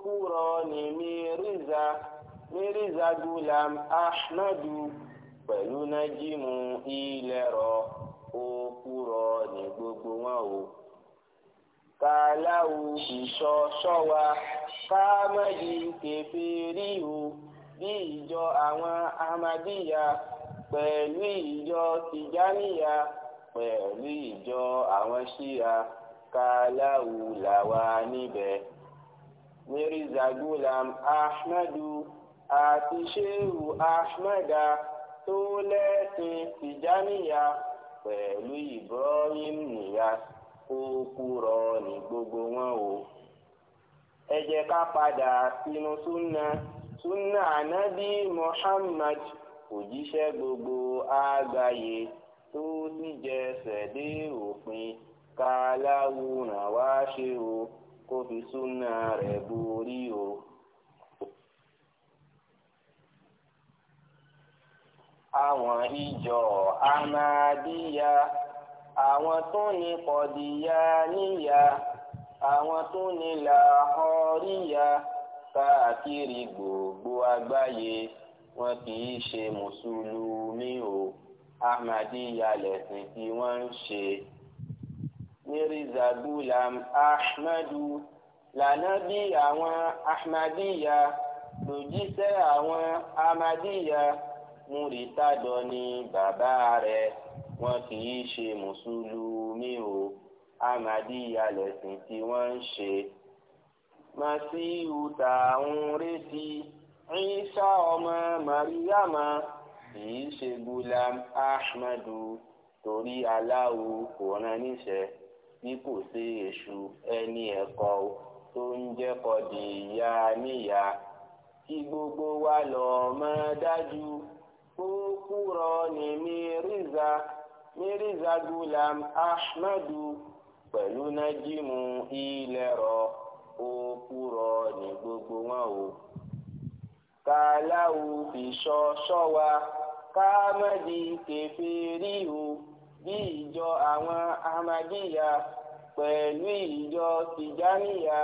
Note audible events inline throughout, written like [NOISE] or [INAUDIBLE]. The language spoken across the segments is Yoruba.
kúrọ ní mírízà mírízà gulam ahmadu pẹ̀lú nájímù ilẹ̀rọ ó kúrọ n'i gbogbo wọn o. kàláwù ìṣọṣọwa kámẹ́lì kẹfẹ́rí o bí ìjọ àwọn ahmadiyya pẹ̀lú ìjọ tìjáníyà pẹ̀lú ìjọ àwọn ṣíya kàláwù làwa níbẹ̀. mirza ahmedu ahmadu àti shehu ahmeda tó lẹ́sìn tìjáníyà pẹ̀lú ibrahim niyas ó kúrọ ní gbogbo wọn o. ẹ jẹ́ ká padà sínú súnà súnà ànábì muhammad òjíṣẹ́ gbogbo àgbáyé tó sì jẹsẹ̀ dé òpin ká wá ṣe kó fi súnà rẹ̀ borí o. àwọn ìjọ amadíyà àwọn tó ní kọdíyà níyà àwọn tó ní làhọríyà káàkiri gbogbo àgbáyé wọn kì í ṣe mùsùlùmí o ahmadíyà lẹ̀sìn tí wọ́n ń ṣe. mirza gulam ahmadu lànàbí àwọn ahmadiyya lòjíṣẹ́ àwọn ahmadiyya múritádọ ni bàbá rẹ̀ wọn kì í ṣe mùsùlùmí o ahmadiyya lẹ̀sìn tí wọ́n ń ṣe. masiu tá retí Ìsá ọmọ mariama kì í ṣe gulam ahmadu torí Allahu kò rán níṣẹ́ bí kò sí èṣù ẹni ẹ̀kọ́ tó ń jẹ́kọ̀ di ìyá níyà kí gbogbo wa lọ mọ̀ dájú ó kúrọ ní mírízà mírízà gulam ahmadu pẹ̀lú nájímù ilẹ̀rọ ó kúrọ ní gbogbo wọn o kàláwù fi ṣọ́ wa ká má di kẹfẹ́ rí o bí ìjọ àwọn ahmadiyya pẹ̀lú ìjọ tijaniya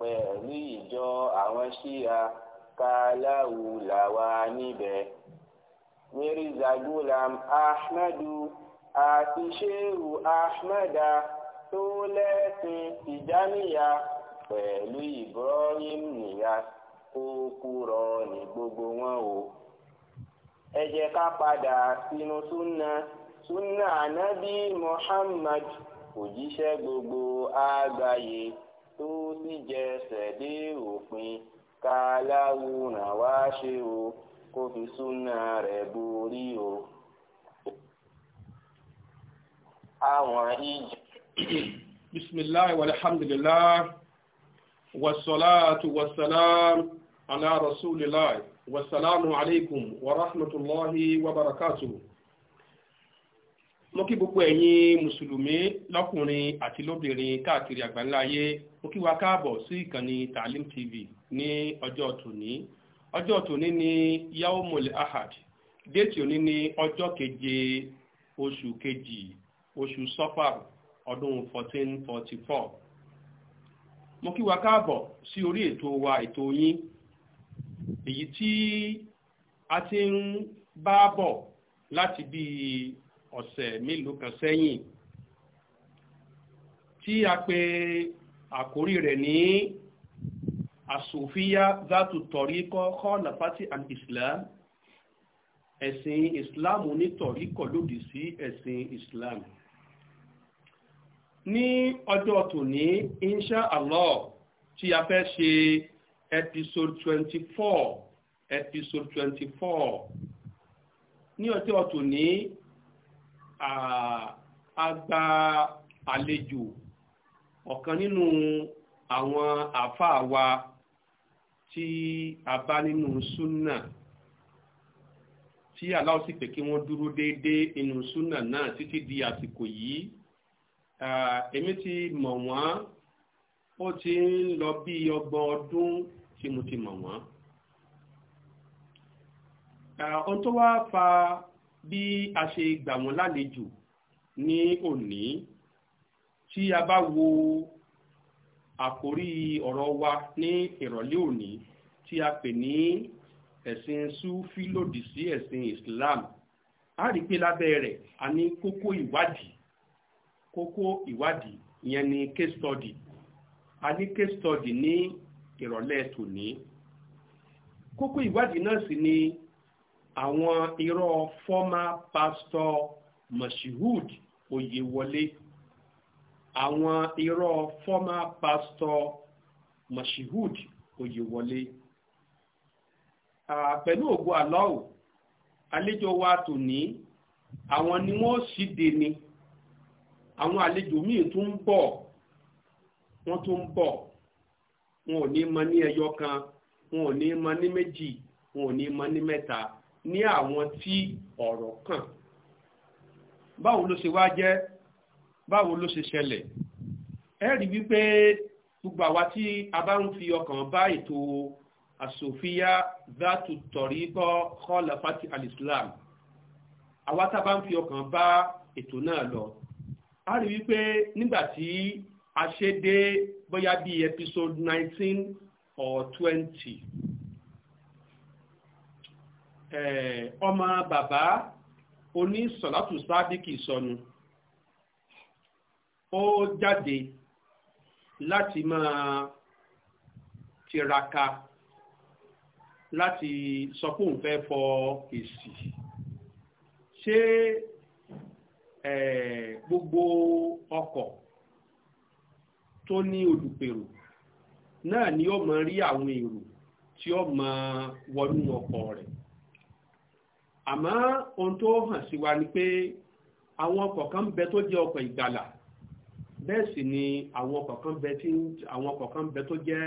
pẹ̀lú ìjọ àwọn shia kàláwù làwà níbẹ̀. mirza gulam ahmadu àti shehu ahmada tó lẹ́sìn tijaniya pẹ̀lú ibrahim nìyà kó kúrọ ní gbogbo wọn o. ẹ jẹ́ ká padà sínú súnà súnà ànábì Muhammad òjíṣẹ́ gbogbo àgbáyé tó sì jẹsẹ̀ dé òpin ká aláwo ràn ṣe o kó fi súnà rẹ̀ borí o. àwọn ìjọ. bisimilahi walhamdulilah wasalaatu wasalaam ala rasulillah wasalaamu alaykum wa rahmatulahi wa barakatuhu mo kí gbogbo ẹ̀yin mùsùlùmí lọ́kùnrin àti lóbìnrin káàkiri àgbáńlá ayé mo kí wa káàbọ̀ sí ìkànnì Taalim TV ní ọjọ́ tòní ọjọ́ tòní ní mole ahad déètì òní ni ọjọ́ keje oṣù kejì oṣù sọ́fàr ọdún 1444 mo kí wa káàbọ̀ sí orí ètò wa ètò yín èyí tí a ti ń bá bọ̀ láti bíi ọ̀sẹ̀ mélòó kan sẹ́yìn tí a pè àkórí rẹ̀ ní àsòfíà zátù tọ̀ríkọ́ kọ́nàfàtì and Islam ẹ̀sìn Islam onítọ̀ríkọ̀ lòdì sí ẹ̀sìn Islam ní ọjọ́ tòní insha Allah tí a fẹ́ ṣe episode twenty four episode twenty four ní ọjọ́ tòní a gba àlejò ọ̀kan nínú àwọn àfáà wa tí a bá nínú súnà tí Allah sì pé kí wọ́n dúró déédéé nínú súnà náà títí di àsìkò yìí èmi ti mọ̀ wọ́n ó ti ń lọ bí ọgbọ̀n ọdún tí mo ti mọ̀ wọ́n. ohun tó wá fa bí a ṣe gbà wọ́n lálejò ní òní tí a bá wo àkórí ọ̀rọ̀ wa ní ìrọ̀lẹ́ òní tí a pè ní ẹ̀sìn sufi lòdì sí ẹ̀sìn Islam a rí pé lábẹ́ rẹ̀ a ní kókó ìwádìí kókó ìwádìí ìyẹn ni case study a ní case study ní ìrọ̀lẹ́ tòní kókó ìwádìí náà sì ni. Koko, àwọn irọ́ former pastor moshood oyewole àwọn irọ́ former pastor moshood oyewole pẹ̀lú ògo àlọ́ọ̀ àlejò wa tòní àwọn ni wọ́n sì dé ni àwọn àlejò míì tún ń bọ̀ wọ́n tún ń bọ̀ wọn ò ní mọ ní ẹyọ kan wọn ò ní mọ ní méjì wọn ò ní mọ ní mẹ́ta ní àwọn tí ọ̀rọ̀ kàn báwo ló ṣe wá jẹ́ báwo ló ṣe ṣẹlẹ̀ ẹ rí wípé gbogbo àwa tí a bá ń fi ọkàn bá ètò àsòfíà dátù tọ̀rí kọ́ kọ́lá fati alislam àwa tá a bá ń fi ọkàn bá ètò náà lọ a rí wípé nígbà tí a ṣe dé bóyá bíi episode nineteen or twenty Eh, ọmọ bàbá oní sọ̀látù sábìkì sọnù ó jáde láti máa tiraka láti sọ pé òun fẹ́ fọ èsì ṣé eh, gbogbo ọkọ̀ tó ní olùpèrò náà ni ó ma rí àwọn èrò tí ó ma wọnú ọkọ̀ rẹ̀ àmọ́ ohun tó hàn sí wa ni pé àwọn ọkọ̀ kan bẹ tó jẹ́ ọkọ̀ ìgbàlà bẹ́ẹ̀ sì ni àwọn ọkọ̀ kan bẹ tí àwọn ọkọ̀ kan bẹ tó jẹ́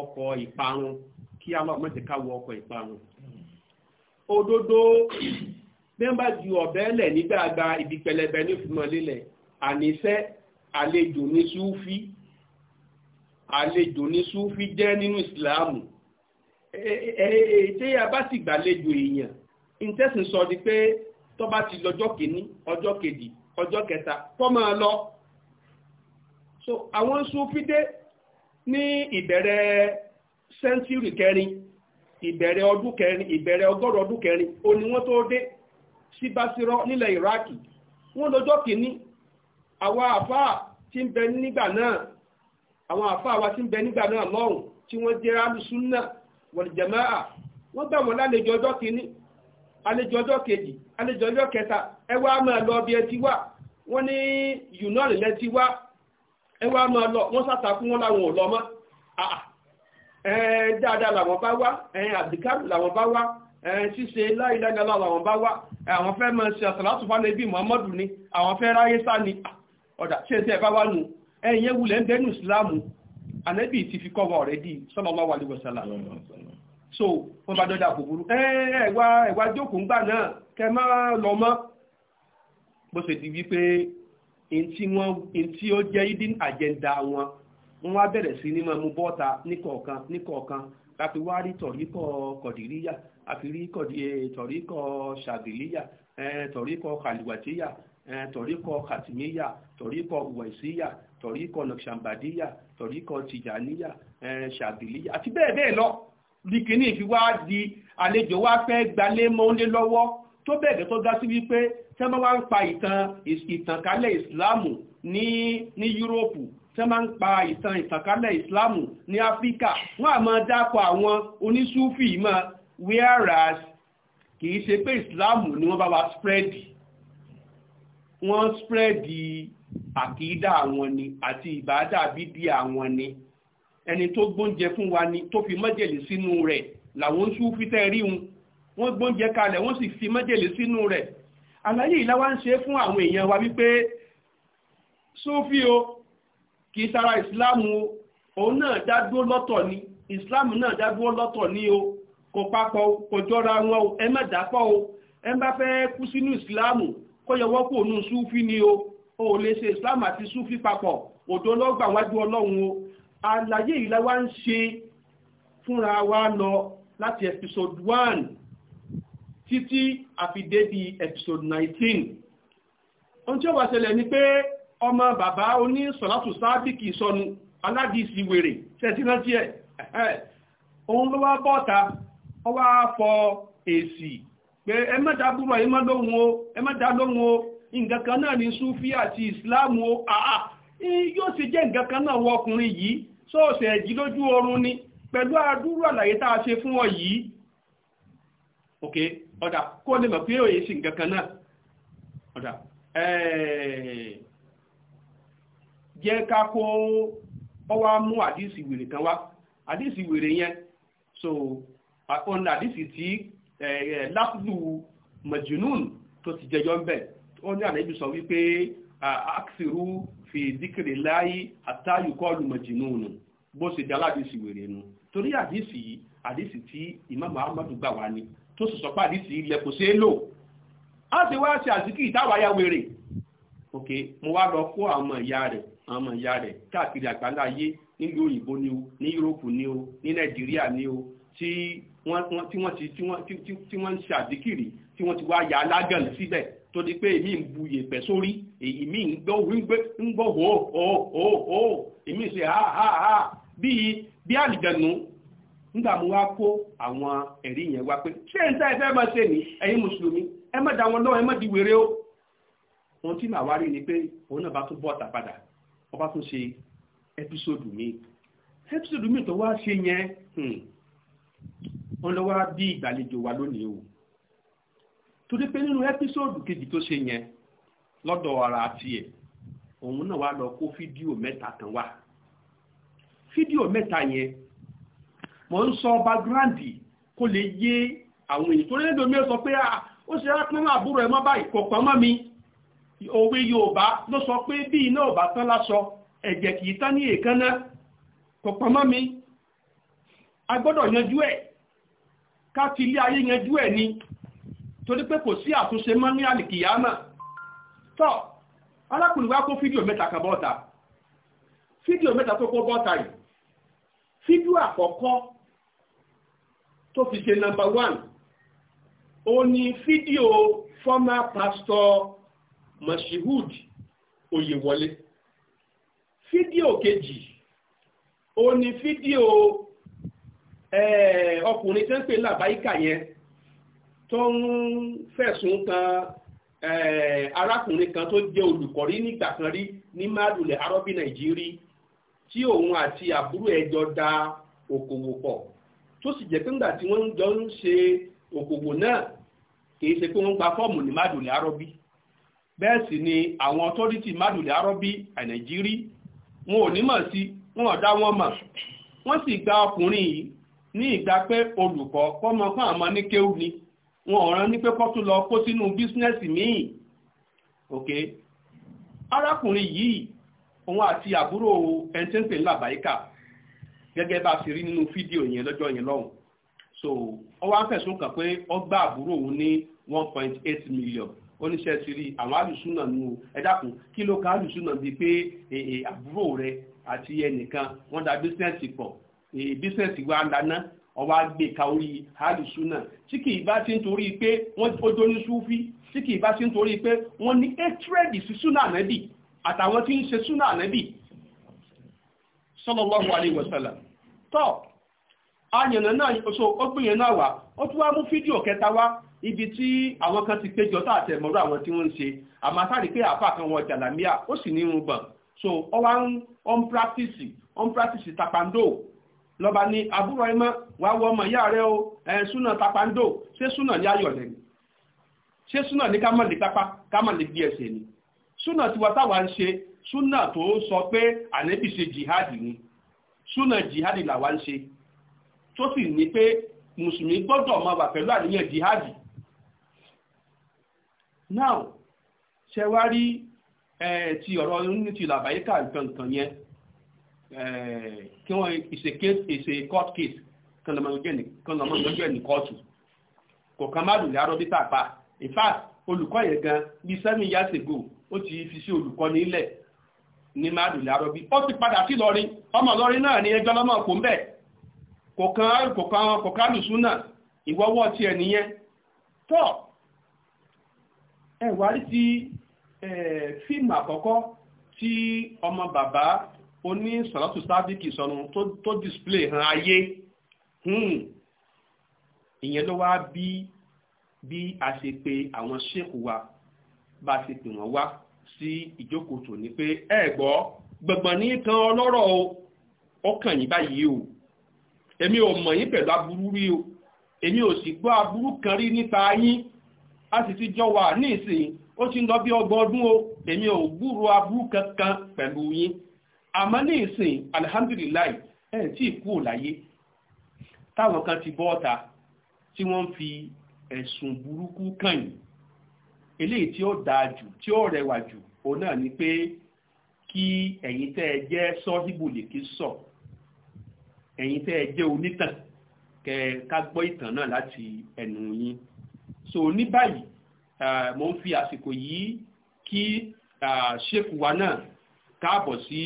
ọkọ̀ ìparun kí aláwọ̀ mẹ́tẹ̀ ká wọ ọkọ̀ ìparun. òdodo bí wọ́n bá ju ọ̀bẹ lẹ̀ nígbàgbà ibi pẹlẹbẹ ní ìfimọ̀ lélẹ̀ àníṣẹ́ àlejò ní súfí àlejò ní súfí jẹ́ nínú ìsìláàmù ètè abásìgbàlejò èèyàn ìtẹ́sìn sọ ni pé tó bá ti lọ́jọ́ kìíní ọjọ́ kejì ọjọ́ kẹta kọ́ máa lọ. so àwọn sufide ní ìbẹ̀rẹ̀ sẹ́ńtírì kẹrin ìbẹ̀rẹ̀ ọdún kẹrin ìbẹ̀rẹ̀ ọgọ́rùn ọdún kẹrin ó ní wọ́n tó dé sí Basirọ nílẹ̀ Iraki wọ́n lọ́jọ́ kìíní àwọn àfáà tí ń bẹ nígbà náà àwọn àfáà wa tí ń bẹ nígbà náà lọ́hùn tí wọ́n jẹ́ alùsùn náà wal wọ́n gbà wọ́n lálejò ọjọ́ kìíní àlejò ọjọ́ kejì àlejò ọjọ́ kẹta ẹ wá máa lọ bí ẹ ti wá wọ́n ní yunọ́ọ̀lì lẹ ti wá ẹ wá máa lọ wọ́n sàtàkùn wọn làwọn ò lọ mọ́ ah, dáadáa làwọn bá wá àdìkárù làwọn bá wá ṣíṣe láìláìlá làwọn bá wá àwọn fẹ́ máa ṣe àsàlátù fálẹ̀ bí Muhammadu ni àwọn fẹ́ ráyé sá ni ah, ọ̀dà ṣe ṣe ẹ̀ bá wá nù ẹ̀yẹ́ wulẹ̀ ń bẹ́nu Ìsìlámù ànẹ́bì ti fi kọ́ wa ọ̀rẹ́dì sallallahu alaihi wasallam so wọ́n bá dọ́jà kò burú ẹ̀wà ẹ̀wà jókòó ńgbà náà kẹ má lọ mọ́ bó ṣe di wípé ntí ó jẹ́ hidden agenda wọn wọ́n wá bẹ̀rẹ̀ sí ní máa mú bọ́ta níkọ̀ọ̀kan níkọ̀ọ̀kan láti wá rí tọ̀ríkọ̀ kọ̀dìríyà àti rí tọ̀ríkọ̀ ṣàbìlíyà tọ̀ríkọ̀ kàlìwàtíyà tọ̀ríkọ̀ kàtìmíyà tọ̀ríkọ̀ wẹ̀síyà tọ̀ríkọ̀ nàkṣàmbàdíyà tọ̀ríkọ̀ tìjàníyà ṣàbìlíyà àti bẹ́ẹ̀ bẹ́ẹ̀ lọ bikini fi wá di àlejò wá fẹ́ gbalé mọ́lé lọ́wọ́ tó bẹ̀rẹ̀ tó dá sí wípé tí wọ́n wá ń pa ìtàn ìtànkálẹ̀ ìsìláàmù ní ní yúróòpù tí wọ́n máa ń pa ìtàn ìtànkálẹ̀ ìsìláàmù ní áfíríkà wọ́n á máa dákọ̀ àwọn onísúfì mọ́ whereas kì í ṣe pé ìsìláàmù ni wọ́n bá wa spread wọ́n spread àkídà àwọn ni àti ìbádà bídí àwọn ni ẹni tó gbóúnjẹ fún wa ni tó fi májèlé sínú rẹ̀ làwọn ń súfí tẹ́ rí un wọ́n gbóúnjẹ kalẹ̀ wọ́n sì fi májèlé sínú rẹ̀ àlàyé yìí la wá ń ṣe fún àwọn èèyàn wa wípé súfí o kì í sara ìsìláàmù o òun náà dá dúró lọ́tọ̀ ni ìsìláàmù náà dá dúró lọ́tọ̀ ni o kò papọ̀ kò jọra wọn o ẹ má dàpọ̀ o ẹ bá fẹ́ kú sínú ìsìláàmù kó yẹ wọ́pọ̀ òun súfí ni o o lè ṣe ìsìláàmù àti súfí papọ̀ òdo lọ́gbà wájú ọlọ́run o àlàyé yìí la wá ń ṣe fúnra wa lọ láti episode one títí àfidébí episode nineteen ohun tí ó wá ṣẹlẹ̀ ni pé ọmọ bàbá oní sọ̀látù sábìkì sọnù aládìsí wèrè tẹ́tí rántí ẹ̀ òun ló wá bọ́ta ó wá fọ èsì pé ẹ mẹ́ta búrọ̀ ẹ mẹ́ta lóhun o nǹkan kan náà ni súfí àti ìsìláàmù o àà yóò ṣe jẹ́ nǹkan kan náà wọ yìí sóòsì ẹ̀jí lójú ni pẹ̀lú àdúrú àlàyé tá a ṣe fún ọ yìí ok ọ̀dà kó lè mọ̀ pé òye nǹkan kan náà ọ̀dà jẹ́ ká kó ọwá mú àdísì wèrè kan wá àdísì wèrè yẹn so ọ̀nà àdísì tí lápùlù tó ti jẹjọ́ ń bẹ̀ ó ní àlejò sọ fi díkìrì láyé àtàyùkọ́lù mọ̀jìnúùnù bó ṣe di aládìsí wèrè nu torí àdìsí yìí àdìsí tí Imam Ahmadu gbà wá ni tó sì sọ pé àdìsí ilẹ̀ kò ṣeé lò á ti wá ṣe àzíkì ìtawà ya wèrè ok mo wá lọ kó àwọn ìyá rẹ̀ àwọn ìyá rẹ̀ káàkiri àgbáńlá ayé nílùú òyìnbó ni o ní Yúróòpù ni o ní Nàìjíríà ni o tí wọ́n ti tí wọ́n ń ṣe àdìkìrì tí wọ́n ti wá ya alágàn síbẹ̀ tó di pé èmi ń bu yèpẹ̀ sórí èyí mi ń gbọ́ ń gbọ́ hó hó hó èmi ṣe ha ha ha bíi bí àlìjẹnu nígbà mo wá kó àwọn ẹ̀rí yẹn wá pé ṣé n ta ẹ fẹ́ máa ṣe ní ẹ̀yin mùsùlùmí ẹ má da wọn lọ́wọ́ ẹ má di wèrè o ohun tí màá wá rí ni pé òun náà bá tún bọ́ọ̀tà padà wọ́n bá tún ṣe ẹ́písòdù mi ẹ́písòdù mi tó wá ṣe yẹn wọ́n hmm, lọ wá bí ìgbàlejò wa lónìí o torí pé nínú ẹ́písòdù kejì tó ṣe yẹn lọ́dọ̀ ara tiẹ̀ òun náà wá lọ kó fídíò mẹ́ta kan wá fídíò mẹ́ta yẹn mo ń sọ background kó lè yé àwọn èyí tó lé lómi sọ pé ó ṣe rápẹ́ máa búrò ẹ̀ mọ́ báyìí kò pọ̀ mọ́ mi òwe Yorùbá ló sọ pé bí iná ò tán láṣọ ẹ̀jẹ̀ kì í tán ní pọ̀ mọ́ mi a torí pé kò sí àtúnṣe mọ́ ní àlìkìyàmà tọ́ alákùnrin wá kó fídíò mẹ́ta kan bọ́ta fídíò mẹ́ta tó kó bọ́ta yìí fídíò àkọ́kọ́ tó fi ṣe nọ́mbà wán ó ní fídíò former pastor mashihud oyèwọlé fídíò kejì ó ní fídíò eh, ọkùnrin tẹ́ ń pè lábáyíkà yẹn tó ń fẹ̀sùn kan arákùnrin kan tó jẹ́ olùkọ́ rí nígbà kan rí ní mádùlẹ̀ arọ́bí nàìjírí tí òun àti àbúrò ẹjọ́ da okòwò pọ̀ tó sì jẹ́ pé nígbà tí wọ́n jọ ń ṣe okòwò náà kìí ṣe pé wọ́n gba fọ́ọ̀mù ní mádùlẹ̀ arọ́bí bẹ́ẹ̀ sì ni àwọn ọtọ́rítì mádùlẹ̀ arọ́bí nàìjírí wọn ò ní mọ̀ sí wọn ò dá wọn mọ̀ wọ́n sì gba ọkùnrin yìí ní ìgbà pé olùkọ́ kọ́mọ fún àmọ́ ní kéwù ni. Ke wọn ọ̀ràn ní pé kọ́tún lọ kó sínú bísínẹ́sì míì ok arákùnrin yìí òun àti àbúrò ẹntẹ́ǹpẹ̀ ńlá bàyíkà gẹ́gẹ́ bá a ṣe rí nínú fídíò yẹn lọ́jọ́ yẹn lọ́hùn so ó wá ń fẹ̀sùn kàn pé ó gba àbúrò òun ní one point eight million oníṣẹ́ ti rí àwọn alùsùnà nù ẹ dákun kí ló ka alùsùnà bíi pé e, e, àbúrò rẹ àti ẹnìkan wọ́n da bísínẹ́sì pọ̀ e, bísínẹ́sì wa ń dáná ọwọ́ agbè kàórí alùsùnà tí kì í bá ti ń torí pé wọ́n ojó ní súfí tí kì í bá ti ń torí pé wọ́n ní hatred sí súnà ànábì àtàwọn tí ń ṣe súnà ànábì sallallahu alaihi wasallam tọ́ àyànnà náà oṣù ọgbìyàn náà wà ó tún wá mú fídíò kẹta wá ibi tí àwọn kan ti péjọ táàtẹ̀ àwọn tí wọ́n ń ṣe àmọ́ sáré pé àáfà kan wọn jàlámíà ó sì ní irun gbọ̀n so ọ wá ń practice on practice tapando lọ́ba ní àbúrò ẹ mọ́ wàá wọ ọmọ ìyá rẹ o ẹ̀ súnà tapando ṣé súnà ní ayọ̀ lẹ́nu ṣé súnà ní ká mọ̀ lè pápá ká mọ̀ lè bí ẹsẹ̀ ni súnà tiwa táwa ń ṣe súnà tó sọ pé ànẹ́bì ṣe jihadi ni súnà jihadi làwa ń ṣe tó sì ní pé mùsùlùmí gbọ́dọ̀ máa wà pẹ̀lú àníyàn jihadi now ṣe wá rí ẹ̀ ti ọ̀rọ̀ ní ti làbáyíkà nǹkan nǹkan yẹn Eh, kí wọ́n ìṣe court case kan lọ́mọ lọ́jọ́ ẹ̀nì kóòtù kò kan má lùlẹ̀ arọ́ bíta pa in fact olùkọ́ yẹn gan bí seven years ago ó ti fi sí olùkọ́ nílẹ̀ ní má lùlẹ̀ arọ́ bí ó ti padà sí lọ́rin ọmọ lọ́rin náà ní ẹjọ́ lọ́mọ kò ń bẹ̀ kò kan kò kan kò kan lùsùn náà ìwọ́wọ́ tiẹ̀ nìyẹn tọ́ ẹ̀wárí ti eh, fíìmù àkọ́kọ́ tí ọmọ bàbá oní sàlátù sábìkì sọnù tó display hàn ayé hmm. ìyẹn ló wá bí bí a ṣe pe àwọn ṣéèkù wa bá a ṣe pè wọ́n wá sí ìjókòó tòní pé ẹ gbọ́ gbọ̀ngbọ̀n ní kan ọlọ́rọ̀ o ó kàn yín báyìí o èmi ò mọ̀ yín pẹ̀lú aburú rí o èmi ò sì gbọ́ aburú kan rí nípa yín a sì ti jọ wà ní ó ti ń lọ bí ọgbọ̀n ọdún o èmi ò gbúrò aburú kankan pẹ̀lú yín àmọ́ ní ìsìn alihamdulilayi ẹ̀ tí ì kúrò láyé táwọn kan ti bọ́ ọ̀ta tí wọ́n ń fi ẹ̀sùn burúkú kàn yín eléyìí tí ó dáa jù tí ó rẹwà jù òun náà ni pé kí ẹ̀yin tẹ́ ẹ jẹ́ sọ́híbù lè kí sọ ẹ̀yin tẹ́ ẹ jẹ́ onítàn kẹ ká gbọ́ ìtàn náà láti ẹnu yín so ní báyìí mo ń fi àsìkò yìí kí ṣékùwa náà káàbọ̀ sí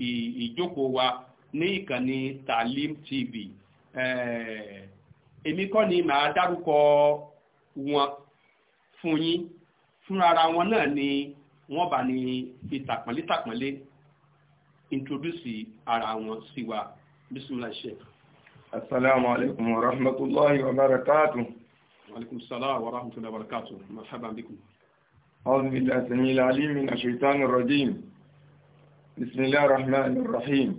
ìjókòó wa ní ìkànnì Talim TV eh, èmi kọ́ ni màá dárúkọ wọn fún yín fúnra ara wọn náà ni wọ́n bá ní fi tàpọ́nlé tàpọ́nlé introduce ara wọn sí wa bisimilahi sheikh. asalaamu alaykum wa rahmatulahi wa barakatuh. alaykum salaam wa rahmatulahi wa barakatuh. marhaban bikum. أعوذ بالله السميع العليم من الشيطان الرجيم bisimilahi rahman rahim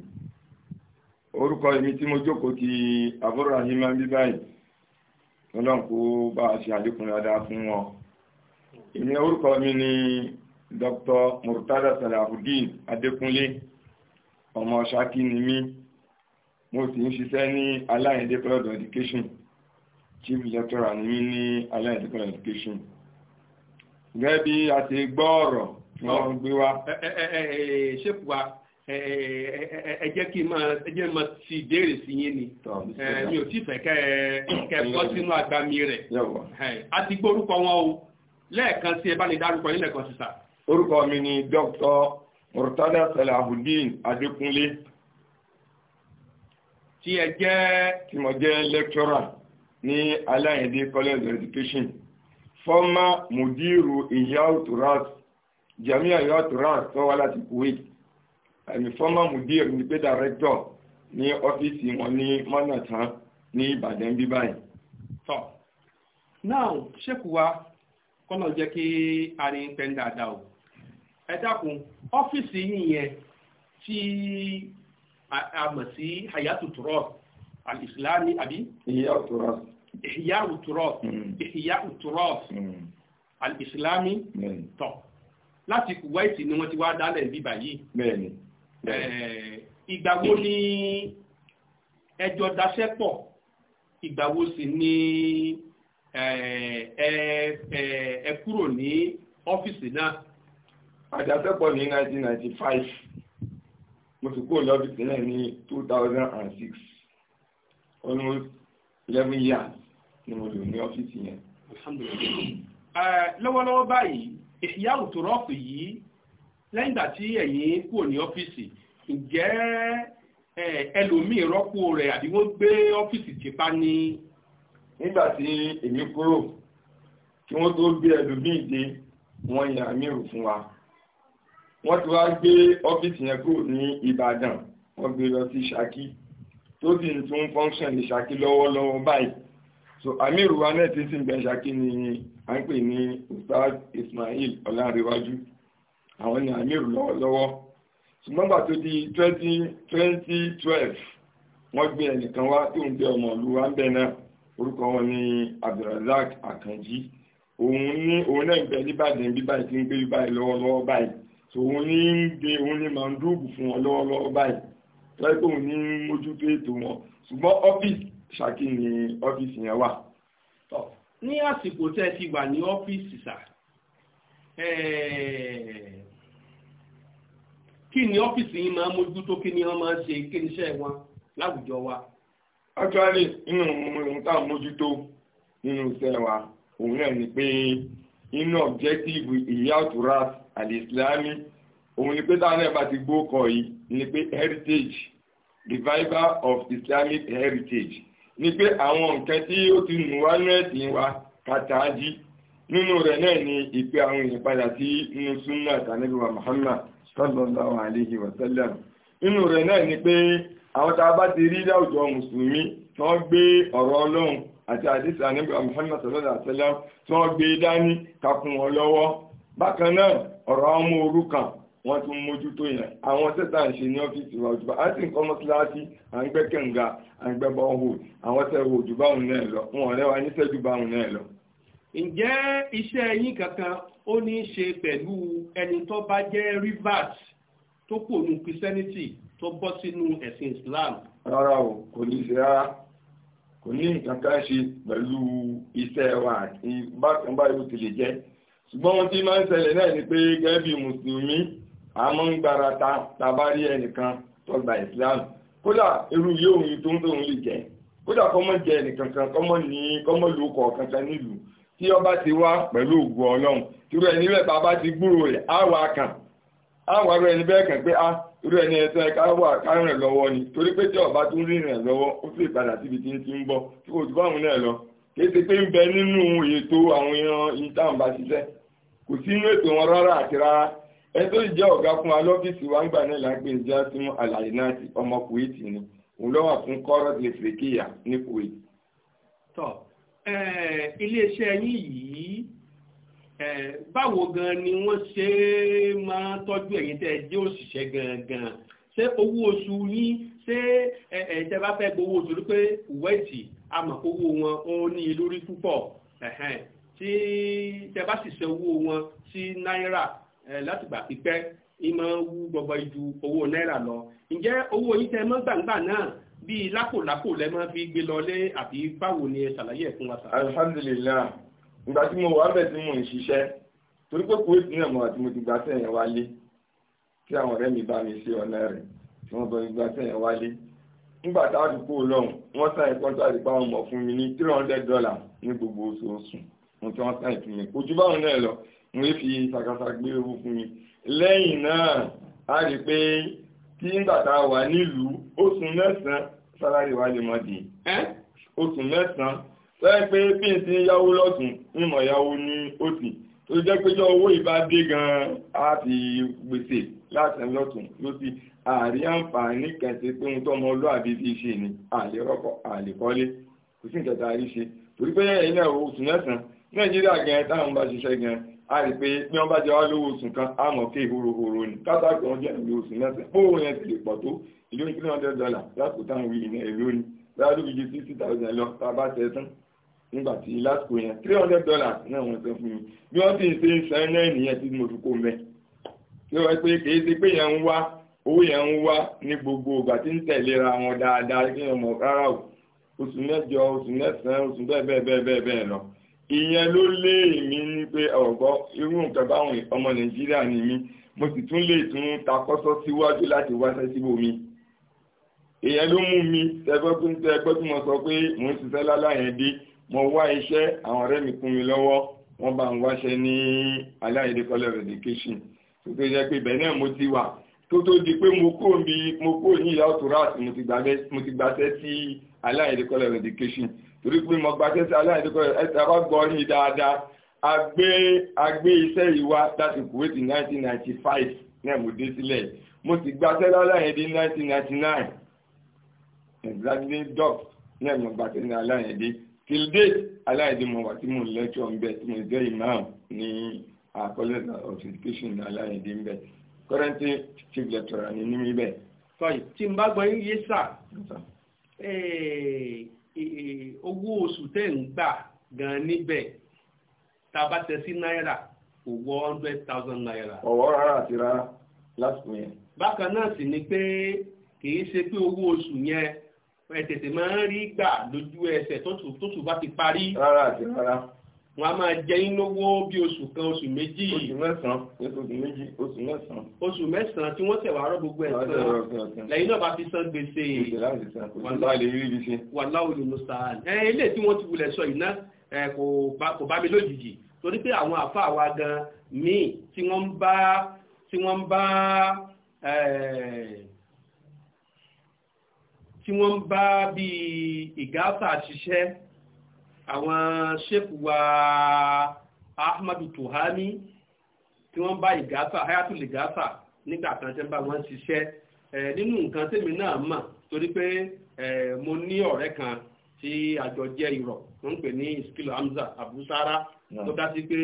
orúkọ èmi tí mo jókòó ti abúrahim bí báyìí ọlọ́run kó bá a ṣe àlékún dáadáa fún wọn èmi orúkọ mi ni dr murtada salahudeen adékúnlé ọmọ ṣákí ni mí mo sì ń ṣiṣẹ́ ní aláìndé product education chief lecturer ni mí ní aláìndé product education gẹ́gẹ́ bí a ti gbọ́ ọ̀rọ̀ tí wọ́n gbé wá. ṣépù wa ẹ jẹ́ kí n máa ti ìbéèrè sí yín ni mi ò tí fẹ́ kẹ́ ẹ bọ́ sínú agbami rẹ̀ a ti gbọ́ orúkọ wọn o lẹ́ẹ̀kan sí ẹ bá ní dárúkọ yín lẹ́ẹ̀kan sísà. orúkọ mi ni dr murtada salahudeen adékúnlé tí ẹ jẹ́ tí mo jẹ́ lecturer ní aláyẹ̀dẹ́ college of education former mudiru ìyá òtúrásì Jamia Yotran tó wá láti Kuwait ẹni former mudir ní pé director ní ọ́fíìsì wọn ní mọ́nàtán ní Ìbàdàn bí báyìí. tọ́ náà ṣékù wa kọ́nà jẹ́ kí a ní pẹ́ dáadáa o ẹ dákun ọ́fíìsì yìí yẹn tí a mọ̀ sí hayatu turọ́ al-islami àbí. ìyá òtúrọ́. ìyá òtúrọ́. ìyá òtúrọ́ al-islami hmm láti Kuwait ni wọ́n ti wá dálẹ̀ bíbà yìí. bẹ́ẹ̀ni. Eh, ìgbà wo ni ẹjọ́ daṣẹ́ pọ̀ ìgbà wo sì ni eh, ẹ kúrò ní ọ́fíìsì náà. àjàṣẹ́ pọ̀ ní 1995 mo sì kúrò lọ́fíìsì náà ní 2006 almost 11 years ni mo lò ní ọ́fíìsì yẹn. Eh, lọ́wọ́lọ́wọ́ báyìí ìyáwó tó rọ́ọ̀pù yìí lẹ́yìn ìgbà tí ẹ̀yin kúrò ní ọ́fíìsì ǹjẹ́ ẹlòmíì rọ́pò rẹ̀ àbí wọ́n gbé ọ́fíìsì tìpa ni. nígbà tí èmi kúrò kí wọ́n tó gbé ẹlòmíì dé wọ́n yan amírù fún wa wọ́n ti wá gbé ọ́fíìsì yẹn kúrò ní Ìbàdàn wọ́n gbé lọ sí Ṣakí tó sì ń tún fọ́nṣọ̀n ní Ṣakí lọ́wọ́lọ́wọ́ báyìí so amírù wa náà ti sìn bẹ́ẹ̀ Ṣakí à ń pè ní ustaz Ismail Ọlárẹ̀wájú àwọn ni amir lọ́wọ́lọ́wọ́ ṣùgbọ́n gbà tó di twenty twenty twelve wọ́n gbé ẹnìkan wá tó ń jẹ́ ọmọ ìlú wa ń bẹ̀ náà orúkọ wọn ni Abdulrasaq Àkànjí òun ní òun náà ń bẹ níbàdàn bíbáyìí tí ń gbé bíbáyìí lọ́wọ́lọ́wọ́ báyìí tòun ní ń gbé òun ní máa ń dúró fún wọn lọ́wọ́lọ́wọ́ báyìí tọ́jú pé òun ní mójútó ètò wọn ṣùgbọ́n ọ́fíìsì Ṣakí ni ọ́fíìsì yẹn wà ní àsìkò tẹ́ ti wà ní ọ́fíìsì sà kí ni ọ́fíìsì yìí máa mójútó kí ni wọ́n máa ṣe kí ni iṣẹ́ wọn láwùjọ wa. actually inú ohun tá mójútó nínú iṣẹ́ wa òun náà ni pé inú objective ìyáàtúrà àlìsílámì òun ni pé táwọn náà bá ti gbó kọ yìí ni pé heritage revival of Islamic heritage ni pé àwọn nǹkan tí ó ti nù wá nú ẹ̀sìn wa kàtà jí nínú rẹ̀ náà ni ìpè àwọn èèyàn padà sí inú súnà tànẹ́bíwá Muhammad sallallahu alayhi wa sallam nínú rẹ̀ náà ni pé àwọn tá a bá ti rí láwùjọ mùsùlùmí tí wọ́n gbé ọ̀rọ̀ ọlọ́run àti àdìsá nígbà Muhammad sallallahu alayhi wa sallam tí wọ́n gbé dání ká wọ́n tún mójútó yẹn àwọn tẹ́tà ń ṣe ní ọ́fíìsì wa òjùbá á sì ń kọ́ mọ́síláàsì à ń gbẹ́ kẹ̀ǹga à ń gbẹ́ bọ́ọ̀hù àwọn tẹ́ wo òjùbá òun náà lọ wọn ọ̀rẹ́ wa níṣẹ́jú bá òun náà lọ. ǹjẹ́ iṣẹ́ yín kankan ó ní í ṣe pẹ̀lú ẹni tó bá jẹ́ rivers tó kù nù christianity tó bọ́ sínú ẹ̀sìn islam. rárá o kò ní í ṣe rárá kò ní nǹkan kan ṣe pẹ̀lú iṣẹ́ wa bákan báyìí ó ti lè jẹ́ máa ń ṣẹlẹ̀ náà ni pé gẹ́gẹ́ bí mùsùlùmí a mọ́ ń gbára ta tàbárí ẹnìkan tó islam kódà irú yóò ohun tó ń tó ń lè jẹ kódà kọ́mọ́ jẹ ẹnìkan kan kọ́mọ́ ní kọ́mọ́ ló kọ̀ kankan nílùú tí ọba ti wá pẹ̀lú ògùn ọlọ́run irú ẹni bẹ́ẹ̀ bàbá ti gbúrò rẹ̀ àwa kàn àwa irú ẹni bẹ́ẹ̀ kàn pé a ah, irú ẹni ẹ̀tọ́ ẹ̀ káwà kárìn lọ́wọ́ ni torí pé tí ọba tún rìn rẹ̀ lọ́wọ́ ó sì padà síbi tí ń ti ń bọ̀ tí kò tún báwọn náà lọ kéde pé ń bẹ nínú ètò àwọn èèyàn ìtàǹbà ṣiṣẹ́ kò sí ètò wọn rárá àti rárá ẹni tó sì jẹ́ ọ̀gá fún wa lọ́fíìsì wa ńgbà náà lágbè jásímù alainati ọmọ kuwait ni òun ló wà fún kọ́rọ́t lè fèkìyà ní kuwait. tọ iléeṣẹ́ yín yìí báwo gan ni wọ́n ṣe máa tọ́jú ẹ̀yin tẹ́ ẹ jẹ́ òṣìṣẹ́ gangan ṣé owó oṣù yín ṣé ẹ̀yin tẹ́ bá fẹ́ gbowó oṣù rí pé wẹ́ẹ̀tì amọ̀kówó wọn ó ní lórí púpọ̀ tí tẹ́ bá sì ṣe owó wọn sí náírà Eh, látìgbà pípẹ́ ìmọ̀ wú gbogbo ju owó náírà lọ ǹjẹ́ owó yìí tẹ́ mọ́ gbàǹgbà náà bíi lákòlákò lẹ máa fi gbé lọlé àbí báwo ni ẹ ṣàlàyé ẹ̀ fún wa. alhamdulilayi ìgbà tí mo wà bẹ́ẹ̀ tí mò ń ṣiṣẹ́ torí pé kúwèé tí náà mo àti mo ti gbà sẹ́yìn wálé kí àwọn ọ̀rẹ́ mi bá mi ṣe ọ̀nà rẹ̀ tí wọ́n bọ̀ gbà sẹ́yìn wálé nígbà táwọn ti kó lọ́hùn wọ́n sáyìn kọ́ńtàdì báwọn mọ̀ fún mi ní three hundred dollars ní gbogbo oṣooṣù mo ti wọ́n sáyìn fún mi kò báwọn náà lọ wọ́n fi sàkàsà gbé ewu fún mi lẹ́yìn náà a rí pé tí gbàtà wà nílùú oṣù mẹ́sàn sálárì wa lè mọ̀ dì oṣù mẹ́sàn lẹ́yìn pé bí n ti yáwó lọ́tún mímọ̀ yáwó ní òsì tó jẹ́ pé jọ owó ìbá dé gan-an á fi gbèsè láti lọ́tún lọ́sì àrí àǹfààní kẹsẹ̀ pé ohun tọ́mọ olóàbí fi ṣe ni àlè rọ́pọ̀ kò sí ìkẹta àríṣe torí pé ẹ̀yìn náà oṣù mẹ́sàn nàìjíríà gan táwọn bá ṣiṣẹ́ gan a rí pé bí wọ́n bá jẹ wá lówó oṣù kan àmọ́ kí ìhòròhòrò ni kátàkì wọn jẹ́ ìlú oṣù mẹ́sàn-án bóòrò yẹn ti lè pọ̀ tó ìlú ní three hundred dollars lásìkò táwọn wí ní èlò ni láàrú ìdí sixty thousand lọ tá a bá tẹ tán nígbà tí lásìkò yẹn three hundred dollars náà wọ́n san fún mi bí wọ́n ti ń ṣe ń san náà nìyẹn tí mo fi kó mẹ́ tí wọ́n pé kì í ṣe pé yẹn ń wá owó yẹn ń wá ní gbogbo ìgbà tí ń tẹ̀léra wọn dáadáa kí wọ́n mọ̀ rárá o oṣù mẹ́jọ oṣù mẹ́sàn-án oṣù bẹ́ẹ̀ bẹ́ẹ̀ bẹ́ẹ̀ bẹ́ẹ̀ lọ ìyẹn ló lé èmi ní pé ọ̀gọ́ irú nǹkan báwọn ọmọ nàìjíríà ni mí mo sì tún lè tún takọ́sọ́ síwájú láti wáṣẹ́ síbò mi ìyẹn ló mú mi tẹgbẹ́ tí mo sọ pé mo ń ṣiṣẹ́ láláyẹn dé mo wá iṣẹ́ àwọn ọ̀rẹ́ mi kún mi lọ́wọ́ wọ́n bá ń wáṣẹ́ ní aláyẹ̀dé college of education tó tó jẹ́ pé ibẹ̀ náà mo ti wà tó tó di pé mo kúrò ní ìyá òtúrà àti mo ti gbàṣẹ́ sí aláyẹ̀dé college of education torí pé mo gba tẹ́sí aláìdíkọ̀ ẹ̀sẹ̀ bá gbọ́ ní dáadáa agbé agbé iṣẹ́ ìwá láti Kuwait 1995 náà mo dé sílẹ̀ mo sì gba tẹ́lá aláìdí 1999 exactly dog náà mo gba tẹ́lá aláìdí till date aláìdí mo wà tí mo lẹ́tọ̀ ń bẹ tí mo jẹ́ imam ní college of education aláìdí ń bẹ currently chief lecturer ni ní mi bẹ. sọ yìí tí n bá gbọ́ yín yé sà. Eh, owó oṣù tẹ́ ń gbà gan níbẹ̀ tá a bá tẹ sí náírà kò wọ hundred thousand naira. ọ̀wọ́ rárá àti rárá lásìkò yẹn. bákan náà sì ni pé kì í ṣe pé owó oṣù yẹn ẹ tètè máa ń rí gbà lójú ẹsẹ̀ tó tù bá ti parí. rárá àti rárá wọ́n a máa jẹ ìnáwó bí oṣù kan oṣù méjì oṣù mẹ́sàn-án oṣù méjì oṣù mẹ́sàn-án oṣù mẹ́sàn-án tí wọ́n tẹ̀wà arọ́ gbogbo ẹ̀sán lẹ́yìn náà bá fi san gbèsè wàláwò lè ló sáà ẹ̀ ilé tí wọ́n ti wulẹ̀ sọ ìná kò bá mi lójijì torí pé àwọn àfáà wa gan míì tí wọ́n ń bá tí wọ́n àwọn ṣéèkù wa ahmadu tuhami tí wọ́n bá ìgáfà hayatul ìgáfà nígbà kan tẹ́ ń bá wọn ṣiṣẹ́ nínú nǹkan tèmi náà mọ̀ torí pé mo ní ọ̀rẹ́ kan tí àjọ jẹ́ ìrọ̀ tó ń pè ní iskilo hamza abusara tó dá sí pé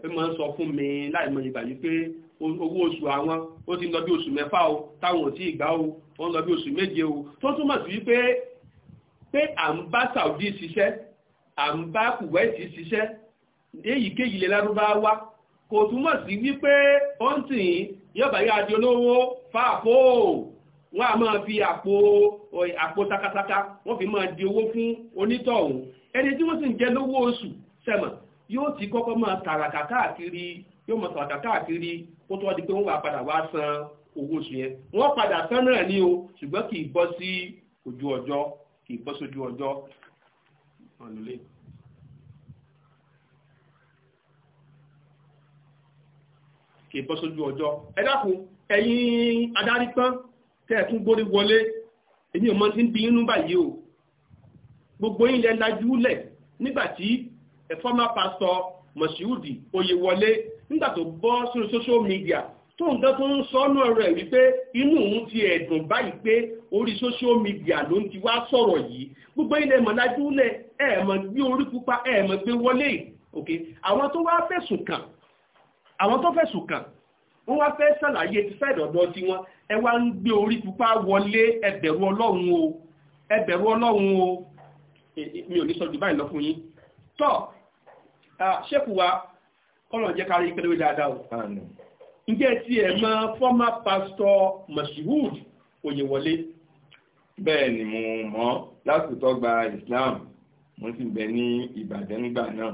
pé máa ń sọ fún mi láì mọ ìgbà yìí pé owó oṣù àwọn ó ti ń lọ bí oṣù mẹ́fà o táwọn ò tí ì gbà o wọ́n ń lọ bí oṣù méje o tó túmọ̀ sí wípé pé à ń bá Saudi ṣiṣẹ́ à ń bá kùwẹ́ẹ̀tì ṣiṣẹ́ èyíkéyìí lè lárúbáwá kò túmọ̀ sí wípé ó ń tì yọba yá di olówó fáàpó wọ́n a máa fi àpò àpò takataka wọ́n fi máa di owó fún onítọ̀hún ẹni tí wọ́n sì ń jẹ lówó oṣù sẹ́mọ̀ yóò ti kọ́kọ́ máa tàràkà káàkiri yóò máa tàràkà káàkiri kó tó wá di pé wọ́n wà padà wá san owó oṣù yẹn wọ́n padà san náà ní o ṣùgbọ́n kì í bọ́ sí ojú ọjọ́ kì í bọ́ sójú ọjọ́ wọn lò lé. kì í bọ́ sójú ọjọ́ ẹ dákun ẹ̀yin adarí pọ́n kẹ́ẹ̀tún gbórí wọlé èmi ò mọ tí ń bí inú báyìí o gbogbo yín lẹ lajú lẹ̀ nígbà tí former pastor Moshood Oyewole nígbà tó bọ́ sórí social media tó nǹkan tó ń sọ́nù ọ̀rọ̀ ẹ̀ wípé inú òun ti ẹ̀dùn báyìí pé orí social media ló ń ti wá sọ̀rọ̀ yìí gbogbo ilẹ̀ mọ̀lájú lẹ̀ ẹ̀ mọ̀ gbé orí pupa ẹ̀ mọ̀ gbé wọlé ok àwọn tó wá fẹ̀sùn kàn àwọn tó fẹ̀sùn kàn wọ́n wá fẹ́ sàlàyé ti fẹ́ ìdọ̀dọ̀ tí wọ́n ẹ wá ń gbé orí pupa wọlé ẹ ọlọ́run o ẹ ọlọ́run o e, e, mi ò ní sọ jù báyìí lọ fún yín tọ́ ṣẹ́kù wa kọ́lọ̀ jẹ́ kárí ìpẹ́lẹ́wé dáadáa o ǹjẹ́ tí ẹ̀ mọ̀ former pastor Mashood Oyewole bẹ́ẹ̀ ni mo mọ̀ lásìkò gba Islam mo sì bẹ ní Ìbàdàn nígbà náà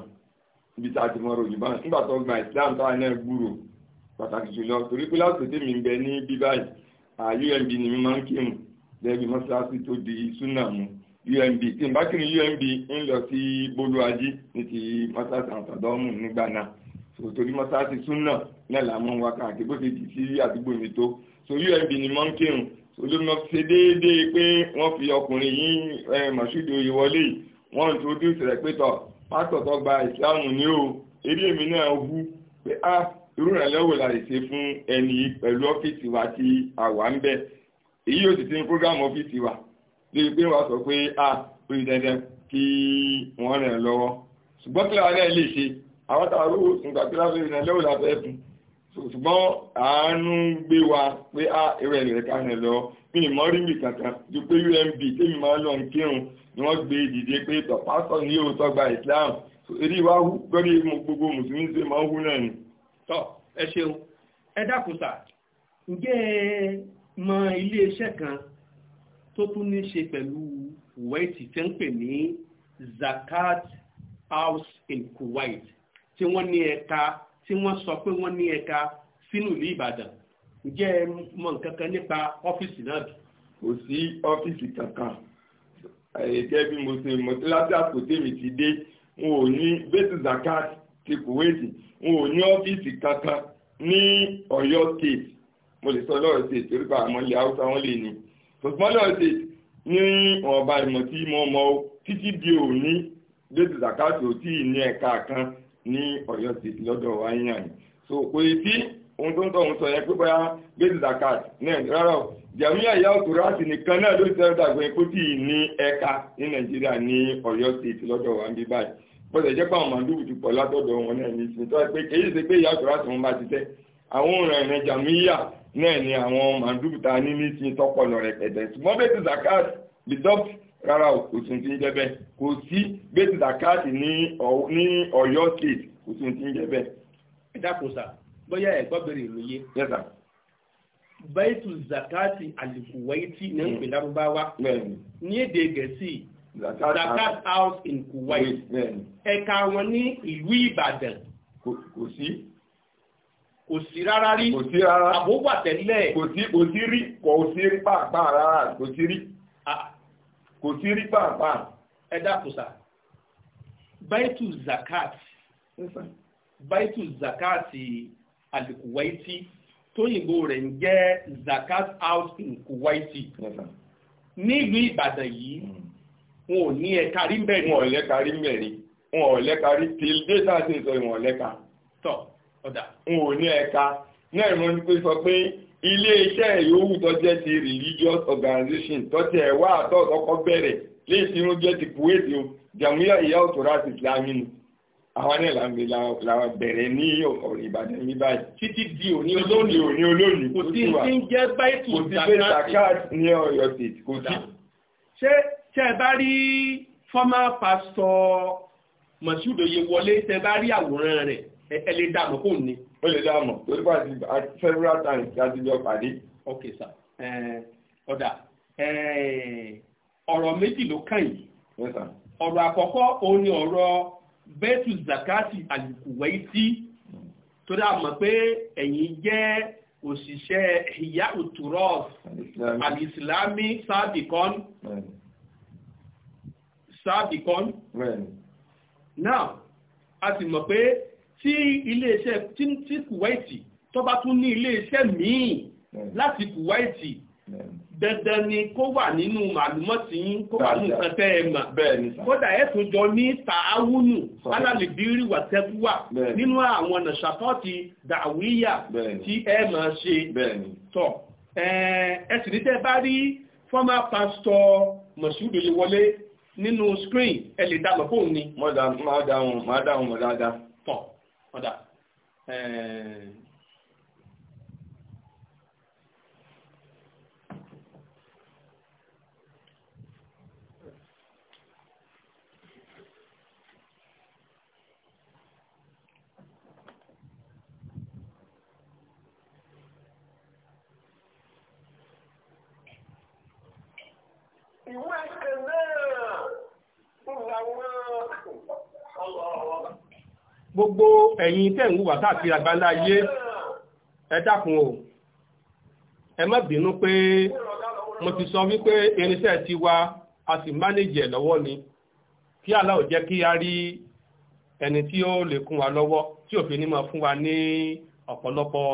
níbi tá a ti mọ̀ ròyìn báyìí nígbà tó gba Islam táwa náà gbúrò pàtàkì jùlọ torí pé lásìkò tèmi ń bẹ ní bíbáyìí UMB ni mi máa ń kírun lẹ́bi mọ́ṣáláṣí tó di súnà mu UMB tí n bá kírun UMB ń lọ sí bolúwájí ní ti mọ́ṣáláṣí àwọn tàdọ́mù nígbà náà torí mọ́sáàsì súnà náà làwọn wa káàkiri bó ṣe jì sí àdúgbò mi tó so umb ni mọ́ ń kírun olómọ ṣe déédéé pé wọ́n fi ọkùnrin yìí mọ̀ṣúdù ìwọlé yìí wọ́n ń introduce rẹ̀ pé tọ̀ pásítọ̀ tó gba ìsìláàmù ní o eré èmi náà wú pé a ah, irú ìrànlọ́wọ́ la lè ṣe fún ẹni pẹ̀lú ọ́fíìsì wa tí a wà ń bẹ̀ èyí yóò sì ti ní program ọ́fíìsì wa lè pé wàá sọ pé a ah, pè dandan kí wọ́n ràn lọ́wọ́ ṣùgbọ́n kí làwọn náà àwọn tààrù ìgbàgbé lásán ìrìnà lẹ́wọ̀ láti ẹ̀fún ṣùgbọ́n àánú gbé wa pé á eré ẹ̀rẹ̀ kanẹ̀ lọ pé ìmọ̀rí mi kankan ju pé umb tèmi máa lọ ń kírun ni wọ́n gbé dìde pé pásítọ̀ ní òótọ́ gba Islam èdè ìwà hù lórí gbogbo mùsùlùmí ṣe máa ń hù náà ni. tọ́ ẹ ṣeun ẹ dákun sà ǹjẹ́ ẹ mọ iléeṣẹ́ kan tó tún ní ṣe pẹ̀lú wẹ́ẹ̀tì tẹ́ ń pè ní Zakat House in Kuwait tí wọ́n ní ẹ̀ka tí wọ́n sọ pé wọ́n ní ẹ̀ka sínú ìlú Ìbàdàn ǹjẹ́ ẹ mọ nǹkan kan nípa ọ́fíìsì náà. kò sí ọ́fíìsì kankan ẹ̀ẹ́dẹ́ bí mo ṣe mọ̀ láti àpòtẹ́ mi ti dé n ò ní bẹ́tù zakat ti Kuwaiti n ò ní ọ́fíìsì kankan ní Ọ̀yọ́ state mo lè sọ lọ́rọ̀ state torí pa àmọ́ ilẹ̀ Haúsá wọn lè ní ṣùgbọ́n lọ́rọ̀ state ní ọ̀ba ìmọ̀ tí mo mọ̀ títí di òní bẹ́tù zakat ò tí ì ní ẹ̀ka kan ní ọ̀yọ́ state lọ́dọ̀ wa yàn so kò yìí tí ohun tó ń tọ̀hún sọ yẹn pé bóyá bẹ́ẹ̀ zakat náà rárá o jàmíyà ìyá òtún ráàsì nìkan náà ló sẹ́rọ̀ dàgbẹ́ kó tì í ní ẹ̀ka ní nàìjíríà ní ọ̀yọ́ state lọ́dọ̀ wa ń bí báyìí bọ́sẹ̀ jẹ́ pé àwọn màdúùbù ti pọ̀ látọ̀dọ̀ wọn náà ní ìsìn tó wá pé èyí ṣe pé ìyá òtún wọn bá ti tẹ́ àwọn òràn ìrìn jàmíyà náà ni àwọn màdúùbù ta ní ní ìsìn tọ́pọ̀ lọ rẹpẹtẹ ṣùgbọ́n bẹ́ẹ̀ ti zakat bidọ́pù rárá kò tún ti ń jẹ́ bẹ́ẹ̀ kò sí gbèsè zakat ní Ọ̀yọ́ state kò tún ti ń jẹ́ bẹ́ẹ̀. ẹ dákun sá bóyá ẹ̀gbọ́n bèrè ìròyìn. yes sir. baitu zakati alikuwaiti ní ìpè mm. lárúbáwá ní èdè gẹ̀ẹ́sì zakat house in kuwait ẹ̀ka wọn ní ìlú ìbàdàn. kò sí kò sí rárá rí kò sí rárá àbúgbà tẹ́lẹ̀ kò sí kò sí rí kò sí rí pàápàá rárá kò sí rí. Ah, kò sí rí pàápàá ẹ dákùsà baitu zakat baitu zakat alikuwaiti tóyìnbó rẹ̀ ń jẹ́ zakat out in kuwaiti nílùú ìbàdàn yìí hmm. wọn ò ní ẹ̀ka rí mẹ́rin wọn ò lẹ́ka rí mẹ́rin wọn ò lẹ́ka rí till data ṣe sọ ìwọ̀n lẹ́ka tọ́ ọ̀dà wọn ò ní ẹ̀ka náà ìmọ̀ ní sọ pé ilé iṣẹ́ yòówù tó jẹ́ ti religious organization tó ti ẹ̀wá àtọ́ ọkọ̀ bẹ̀rẹ̀ léè tí ó jẹ́ ti Kuwait o jàmúyà ìyá òtòrá ti islami ni àwọn ní ìlànà làwọn bẹ̀rẹ̀ ní ọ̀rọ̀ Ìbàdàn ní báyìí títí di òní olóòní òní olóòní kò sí ń jẹ́ báìtù zakat ní Ọ̀yọ́ state kò sí. ṣé ṣe bá rí former pastor Mashood Oyewole tẹ bá rí àwòrán rẹ̀ ẹ lè dààmú kò ní. ó lè dààmú torí pa àti several times láti jọ pàdé. ok sir ọ̀dà ọ̀rọ̀ méjì ló kàn yìí. ọ̀rọ̀ àkọ́kọ́ òun ni ọ̀rọ̀ bẹ́tù zakati al-Kuwaiti hmm. torí a mọ̀ pé ẹ̀yin jẹ́ òṣìṣẹ́ ìyá òtúrọ́ọ̀f al-Islami sábìkọ́n sábìkọ́n now a sì mọ̀ pé tí iléeṣẹ́ tí Kuwaiti tó bá tún ní iléeṣẹ́ míì láti Kuwaiti dandan ni kó wà nínú màlúmọ́tì yín kó wà nínú nǹkan tẹ́ ẹ mà kódà ẹ tún jọ ní tààwùnù alálèbírí wà tẹ́kúwà nínú àwọn ọ̀nà ṣàtọ́ọ̀tì dàwíyà tí ẹ máa ṣe tọ̀ ẹ sì ní tẹ́ bá rí former pastor Moshood Oyewole nínú screen ẹ lè dábọ̀ fóun ni. mo dà máa dáhùn máa dáhùn mọ̀ dáadáa. ìwé gbogbo ẹ̀yin tẹ́ ń wùwà káàkiri àgbáńlá ayé ẹ dákun o ẹ má bínú pé mo ti sọ wípé irinṣẹ́ ti wa a sì mánéjì ẹ̀ lọ́wọ́ ni kí Allah ò jẹ́ kí a rí ẹni tí ó lè kún wa lọ́wọ́ tí òfin ní máa fún wa ní ọ̀pọ̀lọpọ̀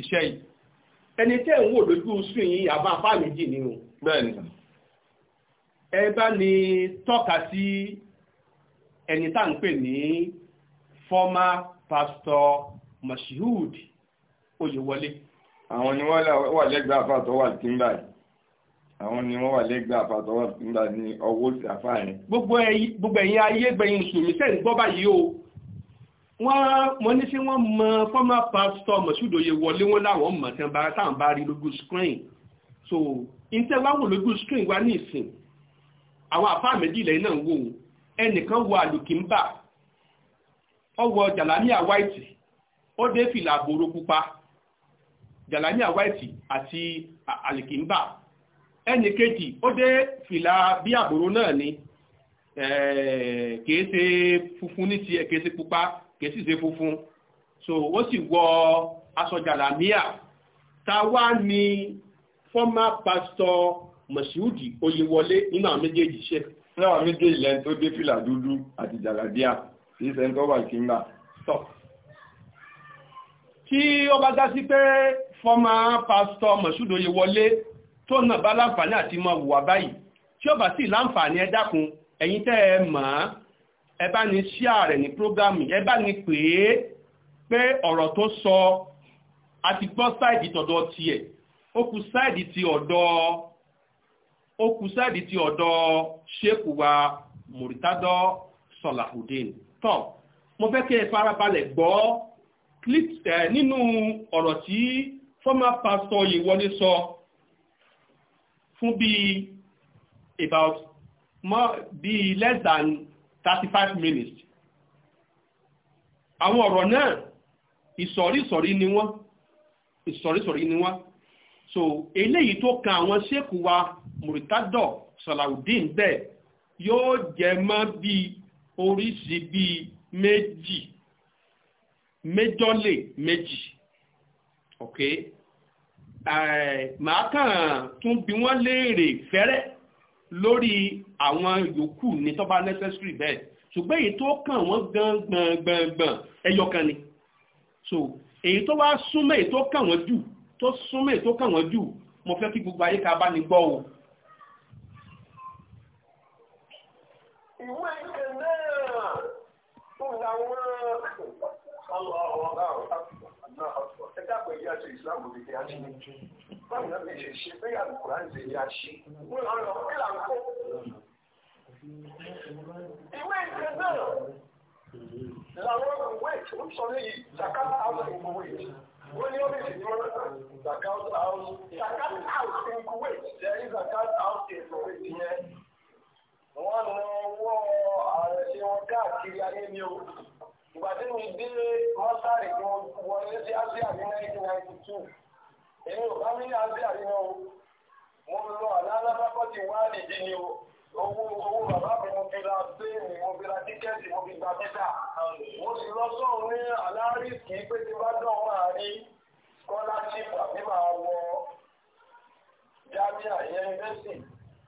iṣẹ́ yìí ẹni tẹ́ ń wò lójú sùn yìí àbá apá méjì ni o ẹ bá ní tọ́ka sí ẹni tá ń pè ní former pastor Mashood Oyèwọlé. àwọn ni wọ́n wà lẹ́gbẹ̀ẹ́ àfàtọ́ wà tí ń báyìí àwọn ni wọ́n wà lẹ́gbẹ̀ẹ́ àfàtọ́ wà tí ń báyìí ní ọwọ́ sí àfà yẹn. gbogbo ẹ̀yin ayé gbẹ̀yìn sùnmí sẹ́yìn gbọ́ báyìí o wọ́n mọ ní sí wọ́n mọ former pastor Mashood Oyèwọlé wọn láwọn mọ̀ tẹ́ bá táwọn bá rí lójú screen so ìtẹ́wáwò lójú screen wa ní ìsìn àwọn àfáà méjì lẹ́yìn náà ń wò ó ẹnìkan wọ àlùkìmbà ó wọ jàlámíà wáìtì ó dé fìlà àbòrò pupa jàlámíà wáìtì àti àlùkìmbà ẹnì kejì ó dé fìlà bí àbòrò náà ni kìí ṣe funfun ní tiẹ̀ kìí ṣe pupa kìí sì ṣe funfun so ó sì wọ aṣọ jàlámíà ta wá former pastor mọ̀ṣíùdì oyèwọlé nínú àwọn méjèèjì ṣe. nínú àwọn méjèèjì lẹ́ni tó dé fìlà dúdú àti jàlàdíà kì í sẹ́ni tó wà kíńgbà sọ. tí ó bá dá sí pé fọ́mà pásítọ̀ mọ̀ṣíùdì oyèwọlé tó nà bá láǹfààní àti mọ wùwà báyìí tí ó bá sì láǹfààní ẹ dákun ẹ̀yin tẹ́ ẹ mọ̀ ọ́ ẹ bá ní ṣíà rẹ̀ ní prógámì ẹ bá ní pè pé ọ̀rọ̀ tó sọ àti gbọ́ sáìdì tọ̀dọ̀ tiẹ̀ ó kù sáìdì ti ọ̀dọ̀ ó kù sáàdì ti ọ̀dọ̀ ṣéèkù wa mùrítádọ́ sọ̀làhùdín tó mo fẹ́ kí ẹ farabalẹ̀ gbọ́ nínú ọ̀rọ̀ tí former pastor Yewole sọ fún bíi about bíi less than thirty five minutes àwọn ọ̀rọ̀ náà ìsọ̀rísọ̀rí ni wọ́n ìsọ̀rísọ̀rí ni wọ́n so eléyìí tó kan àwọn ṣéèkù wa mùrítádọ̀ sàlàudín bẹ́ẹ̀ yóò jẹ mọ́ bí oríṣi bí méjì méjọ́lè méjì ok eh, màá kàn tún bí wọ́n léèrè fẹ́rẹ́ lórí àwọn yòókù ní tó bá necessary bẹ́ẹ̀ ṣùgbọ́n èyí tó kàn wọ́n gan gbọ̀ngbọ̀ngbọ̀n ẹyọkan ni so èyí tó wá súnmọ́ èyí tó kàn wọ́n jù tó súnmọ́ èyí tó kàn wọ́n jù mo fẹ́ kí gbogbo ayé ká bá ní gbọ́ o. ìwé ìṣe náà tó làwọn ẹ̀dàpọ̀ ìyá ṣe ìsìláàmù lè yá ṣe báwo náà lè ṣe ṣe bẹ́ẹ̀ àlùkùrá ń ṣe yá ṣe wọ́n lọ lọ kí là ń kó. ìwé ìṣe náà làwọn ìwé tó ń sọ léyìí zakat house in Kuwait wọ́n ní ọ́fíìsì ní wọ́n zakat house zakat house in Kuwait jẹ́ zakat house in Kuwait yẹn wọ́n lọ wọ́ ààrẹ tí wọ́n káàkiri ayé ni o ìgbà tí mi dé mọ́sárì tí wọ́n wọlé sí asia ní 1992 èmi ò bá mi ní asia ní o mo lọ àná alábàkọ́tì wáàlì yìí ni o owó owó bàbá mi mo fi ra bẹ́ẹ̀ni mo fi ra tíkẹ́ẹ̀tì mo fi gba bíta mo sì lọ sọ́run ní aláàrí kì í pé ti bá dán máa rí scholarship àbí máa wọ jámíà yẹn mẹ́sìn.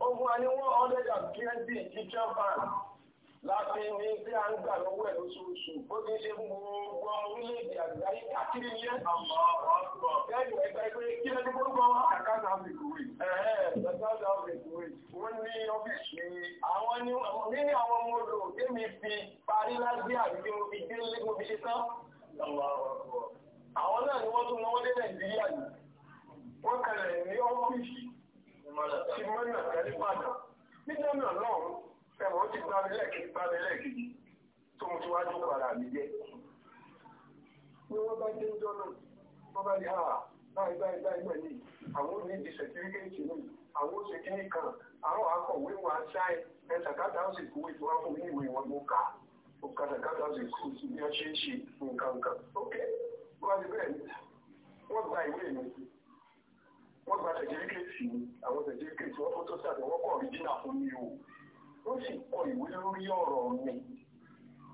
ó fún wa ní one hundred and twenty láti ní tí a ń gbà lọ́wọ́ ẹ̀ lóṣooṣù ó ti ṣe fún gbogbo orílẹ̀-èdè àgbáyé káàkiri ní ẹ̀. lẹ́yìn ẹgbẹ́ pé kí lẹ́nu gbogbo wọn. àkáǹtà fi kúrì. àkáǹtà fi kúrì. wọ́n ní ọ́fíìsì àwọn ní àwọn ọmọ odò tèmi fi parí láti àbíké mo fi dé lé mo fi ṣe tán. àwọn náà ni wọ́n tún náwó dé nàìjíríà yìí. wọ́n kẹlẹ̀ ti mọ́nà tẹ́lí padà nígbà náà lọ́hùn ẹ̀wọ̀n ti gbani lẹ́ẹ̀kejì gbani lẹ́ẹ̀kejì tó mo ti wá jókòó ara mi jẹ́ ni wọ́n bá dé ńjọ́ náà wọ́n bá ní àà ah, báyìí báyìí báyìí náà yìí àwọn ní di sẹ̀tífíkẹ́ẹ̀tì náà àwọn oṣù kìíní kan àwọn akọ̀wé wọ́n gba sẹ̀jẹ̀ríkẹ̀tì àwọn sẹ̀jẹ̀ríkẹ̀tì wọ́n fótó sí àtẹ̀wọ́n kọ̀ ọ̀ríjìnà fún mi o wọ́n sì kọ ìwé lórí ọ̀rọ̀ mi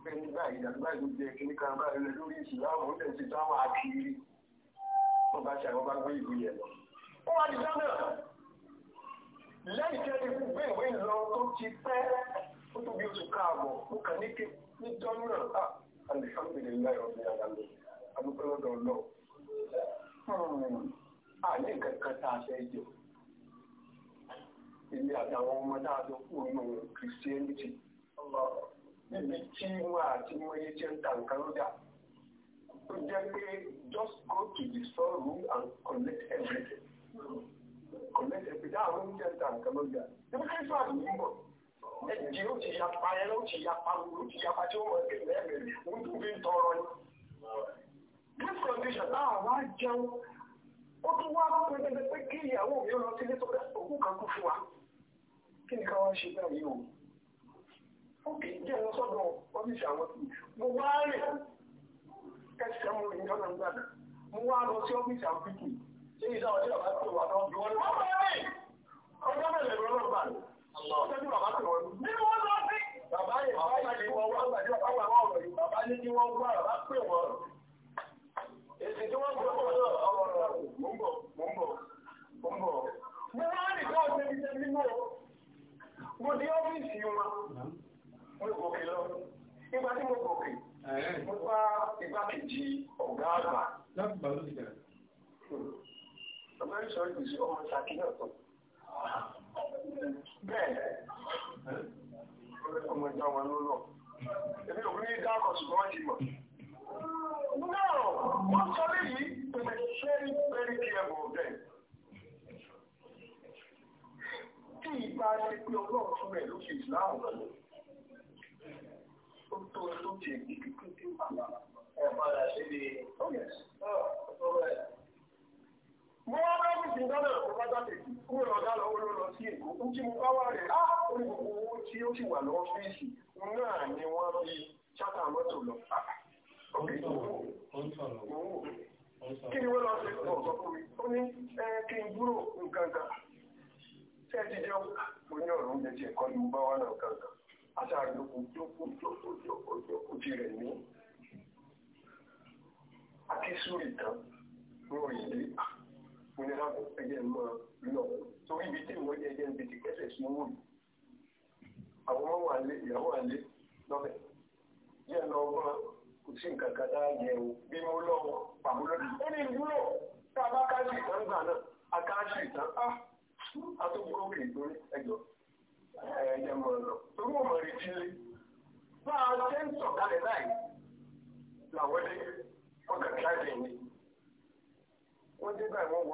ẹni báyìí dàgbà ló jẹ kíní kan báyìí lẹ lórí ìsìláàmù ó tẹ̀sí táwọn akiri wọ́n bá ṣe àwọn bá gbé ìwé yẹn lọ. ó wá di dáná lẹ́yìn tẹ́lẹ̀ fún gbé ìwé lọ tó ti pẹ́ ó tó bí oṣù káàbọ̀ ó kà ní ké níjọ́ náà ah, alhamdulilayi ọ̀gbìn àgbàlẹ̀ adúpẹ́ lọ́dọ̀ ọlọ́ọ̀ hmm àní kankan tá a fẹ́ jẹ ilé àtàwọn ọmọ tá a tó kú nù kìrìsìtẹ́nìtì níbi tí wọn àti mọye ti ń ta nǹkan ó jẹ́ pé just go to the store room and collect everything collect everything dáhùn oúnjẹ ń ta nǹkan lọ́jà níbi kírísítọ́ àti yìnbọn ẹ̀jẹ̀ ó ti yapa ẹ̀ ló ti yapa ló ti yapa tí ó wọ̀ ẹ̀kẹ́ lẹ́ẹ̀mẹ̀rẹ̀ ń tún fi tọrọ ni. this condition náà wá jẹun ó tún wá pẹ́ẹ́dẹ́gbẹ́ pé kí ìyàwó mi ó lọ sílé tó dá òkú kan kú fún wa kí ni ká wá ṣe báyìí o ó kì í jẹ́ lọ sọ́dọ̀ ọ́fíìsì àwọn mo wá rìn ẹsẹ̀ mo rìn lọ́nà gbàdá mo wá lọ sí ọ́fíìsì àwọn pípì ṣé ìdá ọjọ́ bàbá tó wà náà jùlọ wọ́n bá rìn ọjọ́ bẹ̀rẹ̀ lọ́nà gbàdá ọjọ́ tí bàbá tó wọ́n nínú wọn lọ sí. Mo wá nìkan ọ̀sẹ̀ mi tẹ̀lé mọ́. Mo di ọ́fíìsì wọn. Mo gòkè lọ. Nígbà tí mo gòkè, mo bá igbákejì ọ̀gá àgbà. Láti gbà ló ti bẹ̀rẹ̀. Ọmọ ìṣọ́ ìgbésí ọmọ ìṣàkí náà tán. Bẹ́ẹ̀ ọmọ ìjọ wọn ló lọ. Èmi ò ní dákọ̀ ṣùgbọ́n wọ́n ti mọ̀. Náà, wọ́n sọ léyìí be very, very careful of them. Tí ṣe pé ọlọ́run tún rẹ̀ ló ṣe ìsìláàmù lọ́lẹ̀. Ó tó ló ṣe kíkíkí tí ó bàbá. padà ṣe bí. Mo wá bá mi sí dọ́là ọ̀pọ̀ pátákì kúrò lọ́dá lọ́wọ́ ló lọ sí Èkó. Ó tí mo bá wà rẹ̀ á ó gbogbo owó tí ó sì wà lọ́fíìsì náà ni wọ́n fi ṣátà mọ́tò lọ. Ó ń sọ̀rọ̀. Ó kí ni wọ́n lọ sí ọ̀sọ̀ fún mi ó ní kí n dúró nǹkan kan ṣé ẹ ti jẹ́ mo ní ọ̀rọ̀ oúnjẹ tí ẹ̀kọ́ ni mo bá wà náà kankan látàgbòkú jókòó jókòó jókòó jókòó ti rẹ̀ ní akísúrì tán ní òyìnbí mo ní lábọ̀ ẹgbẹ́ mọ́ lọ torí ibi tí mo yẹ ẹgbẹ́ ti kẹsẹ̀ sí owó mi àwọn ọmọ wà lé ìyàwó wà lé lọ́bẹ̀ yẹ́ lọ́gbọ́n kò nǹkan kan yẹ o bí mo lọ́wọ́ pàmò lórí ó ní ìwúlò tá a bá káàṣì ìtàn gbà náà a káàṣì ìtàn á ah! a tó gbúrò kì í torí ẹyẹ mọ lọ torí wọn mọ retí lé bá a ṣe ń báyìí làwọn wọn dé báyìí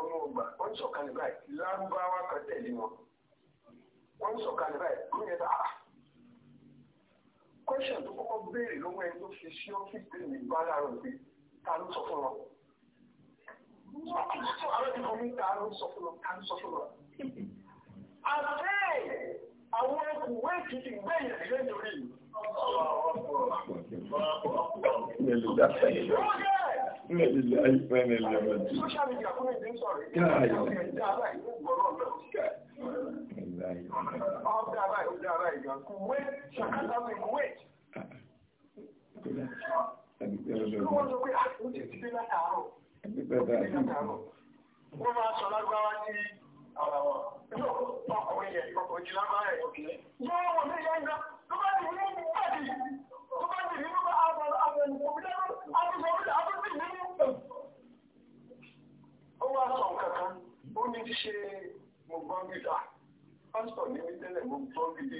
question tó kọ́kọ́ béèrè lọ́wọ́ ẹni tó fi sí ọ́fíìsì mi bá láàárọ̀ pé ta ló sọ fún lọ. àwọn ẹni kan ní ta ló sọ fún lọ ta ló sọ fún lọ. àfẹ́ àwọn ọkùnrin ètò ti gbẹ̀yìn lé lórí. Social media fún mi ní sọ̀rọ̀. Kuwait, Jakarta ní Kuwait. Kí wọ́n sọ pé àìsàn ti ti dé látàárọ̀. Wọ́n máa sọ lágbára ní àwọn ọkùnrin yẹn, ọkùnrin jìnnà máa rẹ̀ ọ̀kẹ́. Yọ́n wọ̀ sí yẹn gan, tó bá ti ní ìpàdé, tó bá ti ní ìpàdé àwọn àwọn ìpòmílẹ́ àbúrò àbúrò nínú. Ó wá sọ nǹkan kan, ó ní ṣe mo gbọ́n gbígbà. Pásítọ̀ ní mi tẹ́lẹ̀ mo gbọ́n gbígbà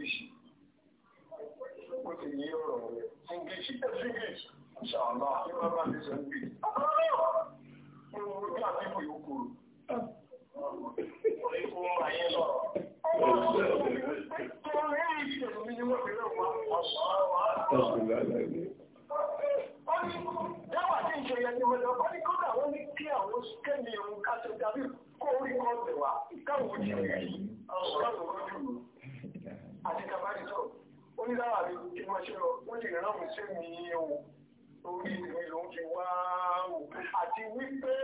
ó ti yí ọ̀rọ̀ rẹ̀ english english ṣàlá ní bàbá mi sọ english ọ̀rọ̀ ọ̀rọ̀ ní àtìkù yòókù ikú ayé lọ́rọ̀ Wọ́n ní dáwà tí ìṣẹ̀yẹ ni wọ́n lọ, wọ́n ní kọ́dà wọ́n ní kí àwọn kẹ́mi ohun ká ṣe dábí kó orí kọ́ tẹ̀wà káwọn òjì rẹ̀ yìí, ọ̀rọ̀ lọ́rọ̀ lójú àti kàbárí sọ̀rọ̀ onídàá mi kí wọ́n ṣe lọ wọ́n lè rán sí mi o orí mi ló ń fi wá o àti wípé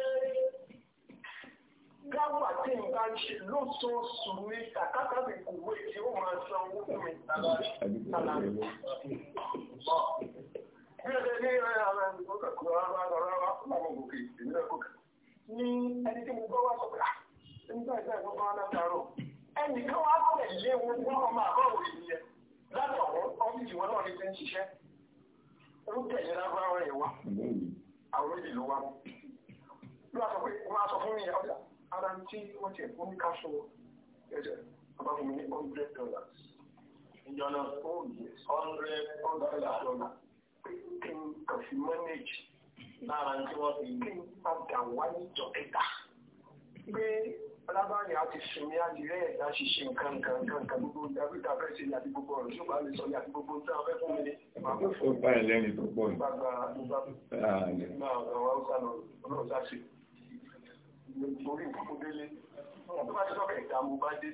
gábà tí n bá ń ṣe lóṣooṣù ní kàkàkà kò wé tí ó máa san owó fún mi tàlàrí. bí ẹgbẹ́ ní ẹ̀rọ ara ẹni tó kàkọ́ ara ara wa fún àwọn òkè ìpínlẹ̀ kọ́kà ní ẹni tí mo bá wá sọ pé ah nígbà ìgbà ìwọ́n máa ń látàárọ̀ ẹnìkan wá tẹ̀lé wọn wọ́n máa bọ̀ wò ìyẹn láti ọ̀wọ́ ọ́fíìsì wọn náà ní ti ń ṣiṣẹ́ orúkẹ yẹn lágbára rẹ̀ wá àwọn méjì ló wá wọ́n á sọ fún mi ọjà ara tí wọ́n tiẹ̀ fún mi ká sọ ẹ̀jẹ̀ bàbá fún mi ní hundred dollars ìjọ náà ó yẹ hundred dollars kí n kàn fi lára tí wọ́n fi kí n padà wá ní jọ̀kẹ́ta pé alábàáyà àti sinmi àti ẹ̀dá ṣiṣẹ́ nǹkan nǹkan nǹkan gbogbo ìdábí ìtafẹ́ sí ní àti gbogbo ọ̀rọ̀ tí lè sọ ní àti gbogbo a fẹ́ fún mi ní ìgbàgbọ́ fún mi. ó bá ẹ lẹ́yìn tó pọ̀ ní. gbàgbà àgbà nígbà àwọn haúsá lọ lọ́rọ̀ sáṣe orí bá ti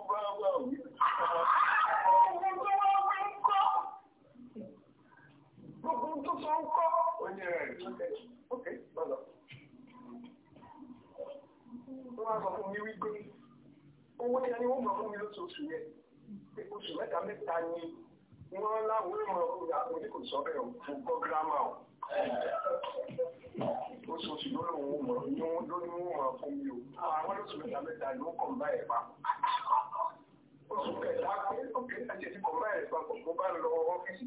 sọ́kẹ̀ tó tó ń kọ́ òní rẹ̀ ok lọ́lọ́. wọ́n wá sọ fún mi wípé owó yẹn ni wọ́n mọ̀ fún mi lóṣooṣù yẹn pé oṣù mẹ́ta mẹ́ta ni wọ́n láwọn ìmọ̀ ọ̀gá òní kò sọ bẹ́ẹ̀ fún kọ́ gírámà o oṣooṣù ló lòun mọ̀ ní wọ́n ló mọ̀ fún mi o àwọn oṣù mẹ́ta mẹ́ta ló kàn bá ẹ̀ pa oṣù kẹta pé ó kẹta jẹ́ bá ẹ̀ pa kò bá lọ ọ́fíìsì.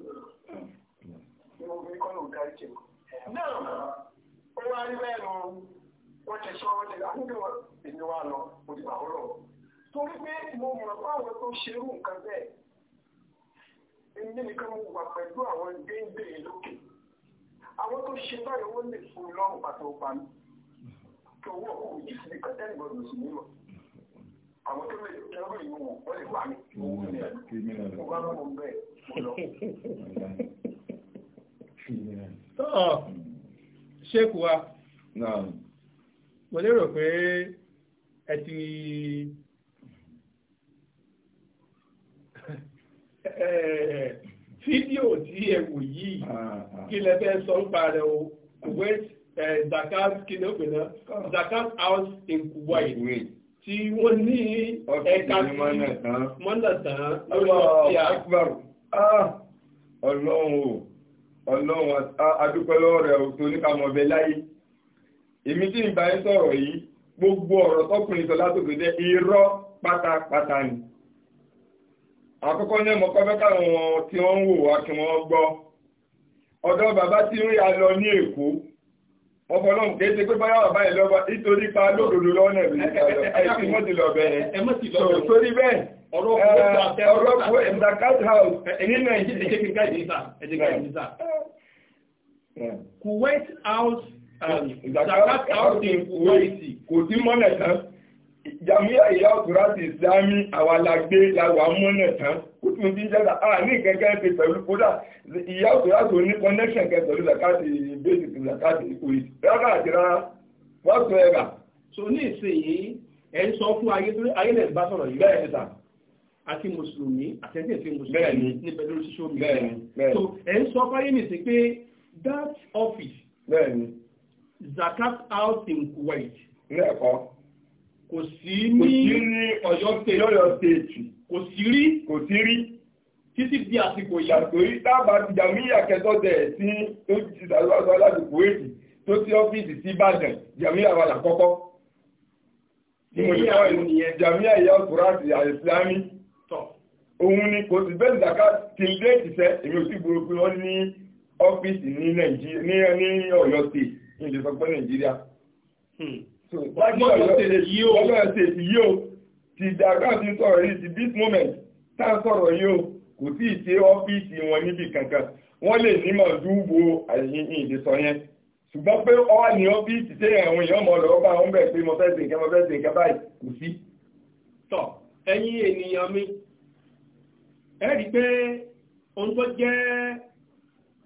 nílò torí pé mo mọ̀ fáwọn tó ṣerú nǹkan bẹ́ẹ̀ èmi nìkan mo wà pẹ̀lú àwọn déńdé lókè àwọn tó ṣe báyìí wọ́n lè fún lọ́rùn pàtó pa mi kí ọkọ̀ yìí fi nìkan tẹ́lẹ̀ gbọdọ̀ sí lọ àwọn tó lè kẹ́rù ìlú wò wọ́n lè pa mi mo bá lọ́mọ bẹ́ẹ̀ lọ. ṣé kò wá mo lérò pé ẹ ti fídíò tí ẹ wò yìí ah, ah. kí lẹ fẹ́ sọ ń parẹ́ o Kuwait Zakat kí ló pè náà Zakat house in Kuwait tí wọ́n ní ẹ̀ka sí mọ́nà tán lórí ọ̀sẹ̀ ah, ọlọ́run o ọlọ́run adúpẹ́ lọ́wọ́ rẹ̀ òtún oníkàmọ́bẹ láyé. èmi tí ń bá yín sọ̀rọ̀ yìí gbogbo ọ̀rọ̀ tọkùnrin sọ látòkè jẹ́ irọ́ pátápátá ni àkọ́kọ́ ní ọmọ kọ́fẹ́ káwọn tí wọ́n ń wò wá kí wọ́n gbọ́ ọ̀dọ́ bàbá tí ń a lọ ní èkó ọkọ̀ náà kìí ṣe pé bàbá yìí lọ́wọ́ nítorí pa lódodo lọ́nà ìlú mọ́tì lọ bẹ́ẹ̀ sórí bẹ́ẹ̀ ọ̀rọ̀ ẹ̀dà cat house ní nàìjíríà Um, zakat out in kuwaiti kò sí mọ́nà tán jàmíyà ìyá ọ̀túnra ti sáámi àwa la gbé làwà mọ́nà tán kó tún ti ń jẹ́ta a ní kẹ́kẹ́ ti pẹ̀lú kódà ìyá ọ̀túnra tó ní connection kẹ́ pẹ̀lú zakat bẹ́ẹ̀sì ti zakat kuwaiti rárá àti rárá wọ́n tó so ní ìsinyìí ẹ̀ ń sọ fún ayélujára bá sọ̀rọ̀ yìí. bẹ́ẹ̀ ni sà àti mùsùlùmí àtẹ́tẹ́ sí mùsùlùmí ní pẹ̀lú social media. so ẹ̀ ń sọ fáyé nìsí pé that office. bẹ́ẹ̀ zakat out in Kuwait. lẹ́ẹ̀kọ́. kò sí ní Ọ̀yọ́ state. lọ́yọ̀ state. kò sí rí. kò sí rí. títí di àsìkò yìí. yàtò ìtàbà jàmíyà kẹtọ́ tẹ̀ sí tó ti sàlùwàsọ láti Kuwait tó ti ọ́fíìsì sí Ìbàdàn jàmíyà wà lákọ́kọ́. jàmíyà ìyẹn jàmíyà ìyá òun ni kò sí bẹ́ẹ̀ zaka ti lé ìtìsẹ́ èmi ò sì gbòòrò pé wọ́n ní ọ́fíìsì ní Nàìjíríà ní Ọ̀yọ́ state ní ìlú sọ pé nàìjíríà lọ́lọ́ ṣe yí o ti dàgbà ti sọ̀rọ̀ yìí ti this moment tá a sọ̀rọ̀ yìí o kò tí ì ṣe ọ́fíìsì wọn níbi kankan wọ́n lè ní mọ̀ dúwò àyíyìn ìdísọ yẹn ṣùgbọ́n pé ọwá ní ọ́fíìsì tí àwọn èèyàn mọ̀ lọ́wọ́ bá wọn bẹ̀ pé mo fẹ́ ṣe nǹkan mo fẹ́ ṣe nǹkan báyìí kò sí. tọ ẹ̀yin ènìyàn mi ẹ rí i pé ohun tó jẹ́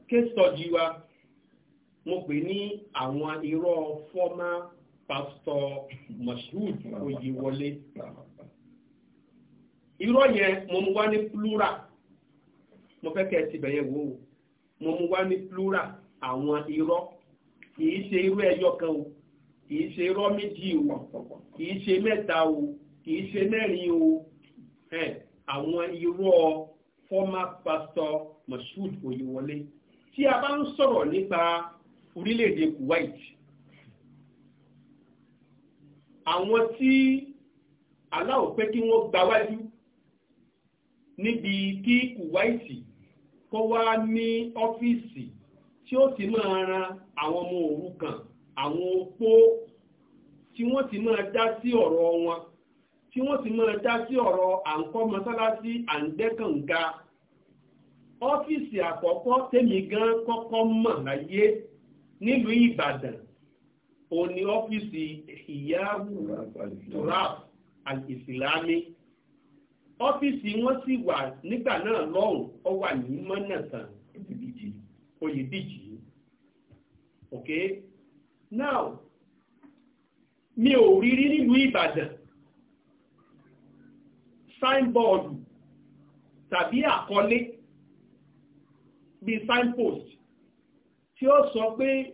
case study wa mo pè ní àwọn irọ́ fọ́mà pásítọ̀ Mashood Oyèwọlé irọ́ yẹn mo mú wá ní plural mo fẹ́ kẹ́ ẹ ti bẹ̀yẹ̀ wò ó mo mú wá ní plural àwọn irọ́ kìí ṣe irú ẹyọ kan o kìí ṣe irọ́ méjì o kìí ṣe mẹ́ta o kìí ṣe mẹ́rin o àwọn irọ́ former pastor Mashood Oyèwọlé tí a bá ń sọ̀rọ̀ nípa orílẹ̀-èdè Kuwait àwọn tí aláwọ̀ pé kí wọ́n gbáwájú níbi kí Kuwait kó wá ní ọ́fíìsì tí ó ti máa ran àwọn ọmọ òrukàn àwọn opó tí wọ́n ti máa dá sí ọ̀rọ̀ wọn tí wọ́n ti máa dá sí ọ̀rọ̀ à mọ́sálásí à ọ́fíìsì àkọ́kọ́ tèmi kọ́kọ́ mọ̀ láyé nílùú ìbàdàn o ní ọ́fíìsì ìyáwó turab al-islami ọ́fíìsì wọn sì wà nígbà náà lọ́hùn ó wà ní mọ́nàtàn oyèdíjì ok now mi ò rí nílùú ìbàdàn signboard tàbí àkọlé bíi signpost tí ó sọ pé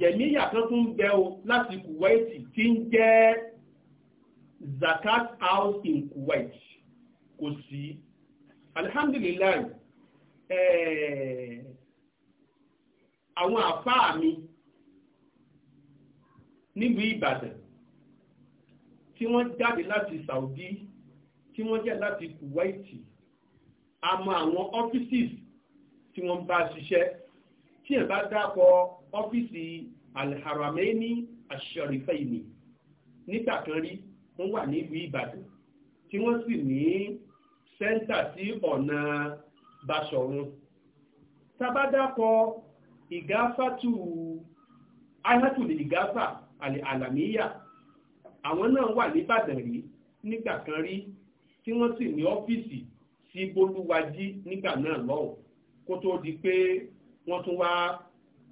jẹ̀míyà tó tún bẹ o láti Kuwait tí ń jẹ́ Zakat House in Kuwait kò sí alihamdulilayi àwọn àfáà mi nílùú Ìbàdàn tí wọ́n jáde láti Saudi tí wọ́n jáde láti Kuwait àmọ́ àwọn offices tí wọ́n bá ṣiṣẹ́ tí ẹ̀ bá dákọ ọ́fíìsì alharameni asharifeni nígbà kan rí wọ́n wà nílùú ìbàdàn tí wọ́n sì ní sẹ́ńtà sí ọ̀nà basọ̀run tabadakọ ìgáfàtù ayatollah ìgáfà alamiya àwọn náà wà níbàdàn rí nígbà kan rí tí wọ́n sì ní ọ́fíìsì sí bolúwájí nígbà náà lọ́wọ́ kó tó di pé wọ́n tún wá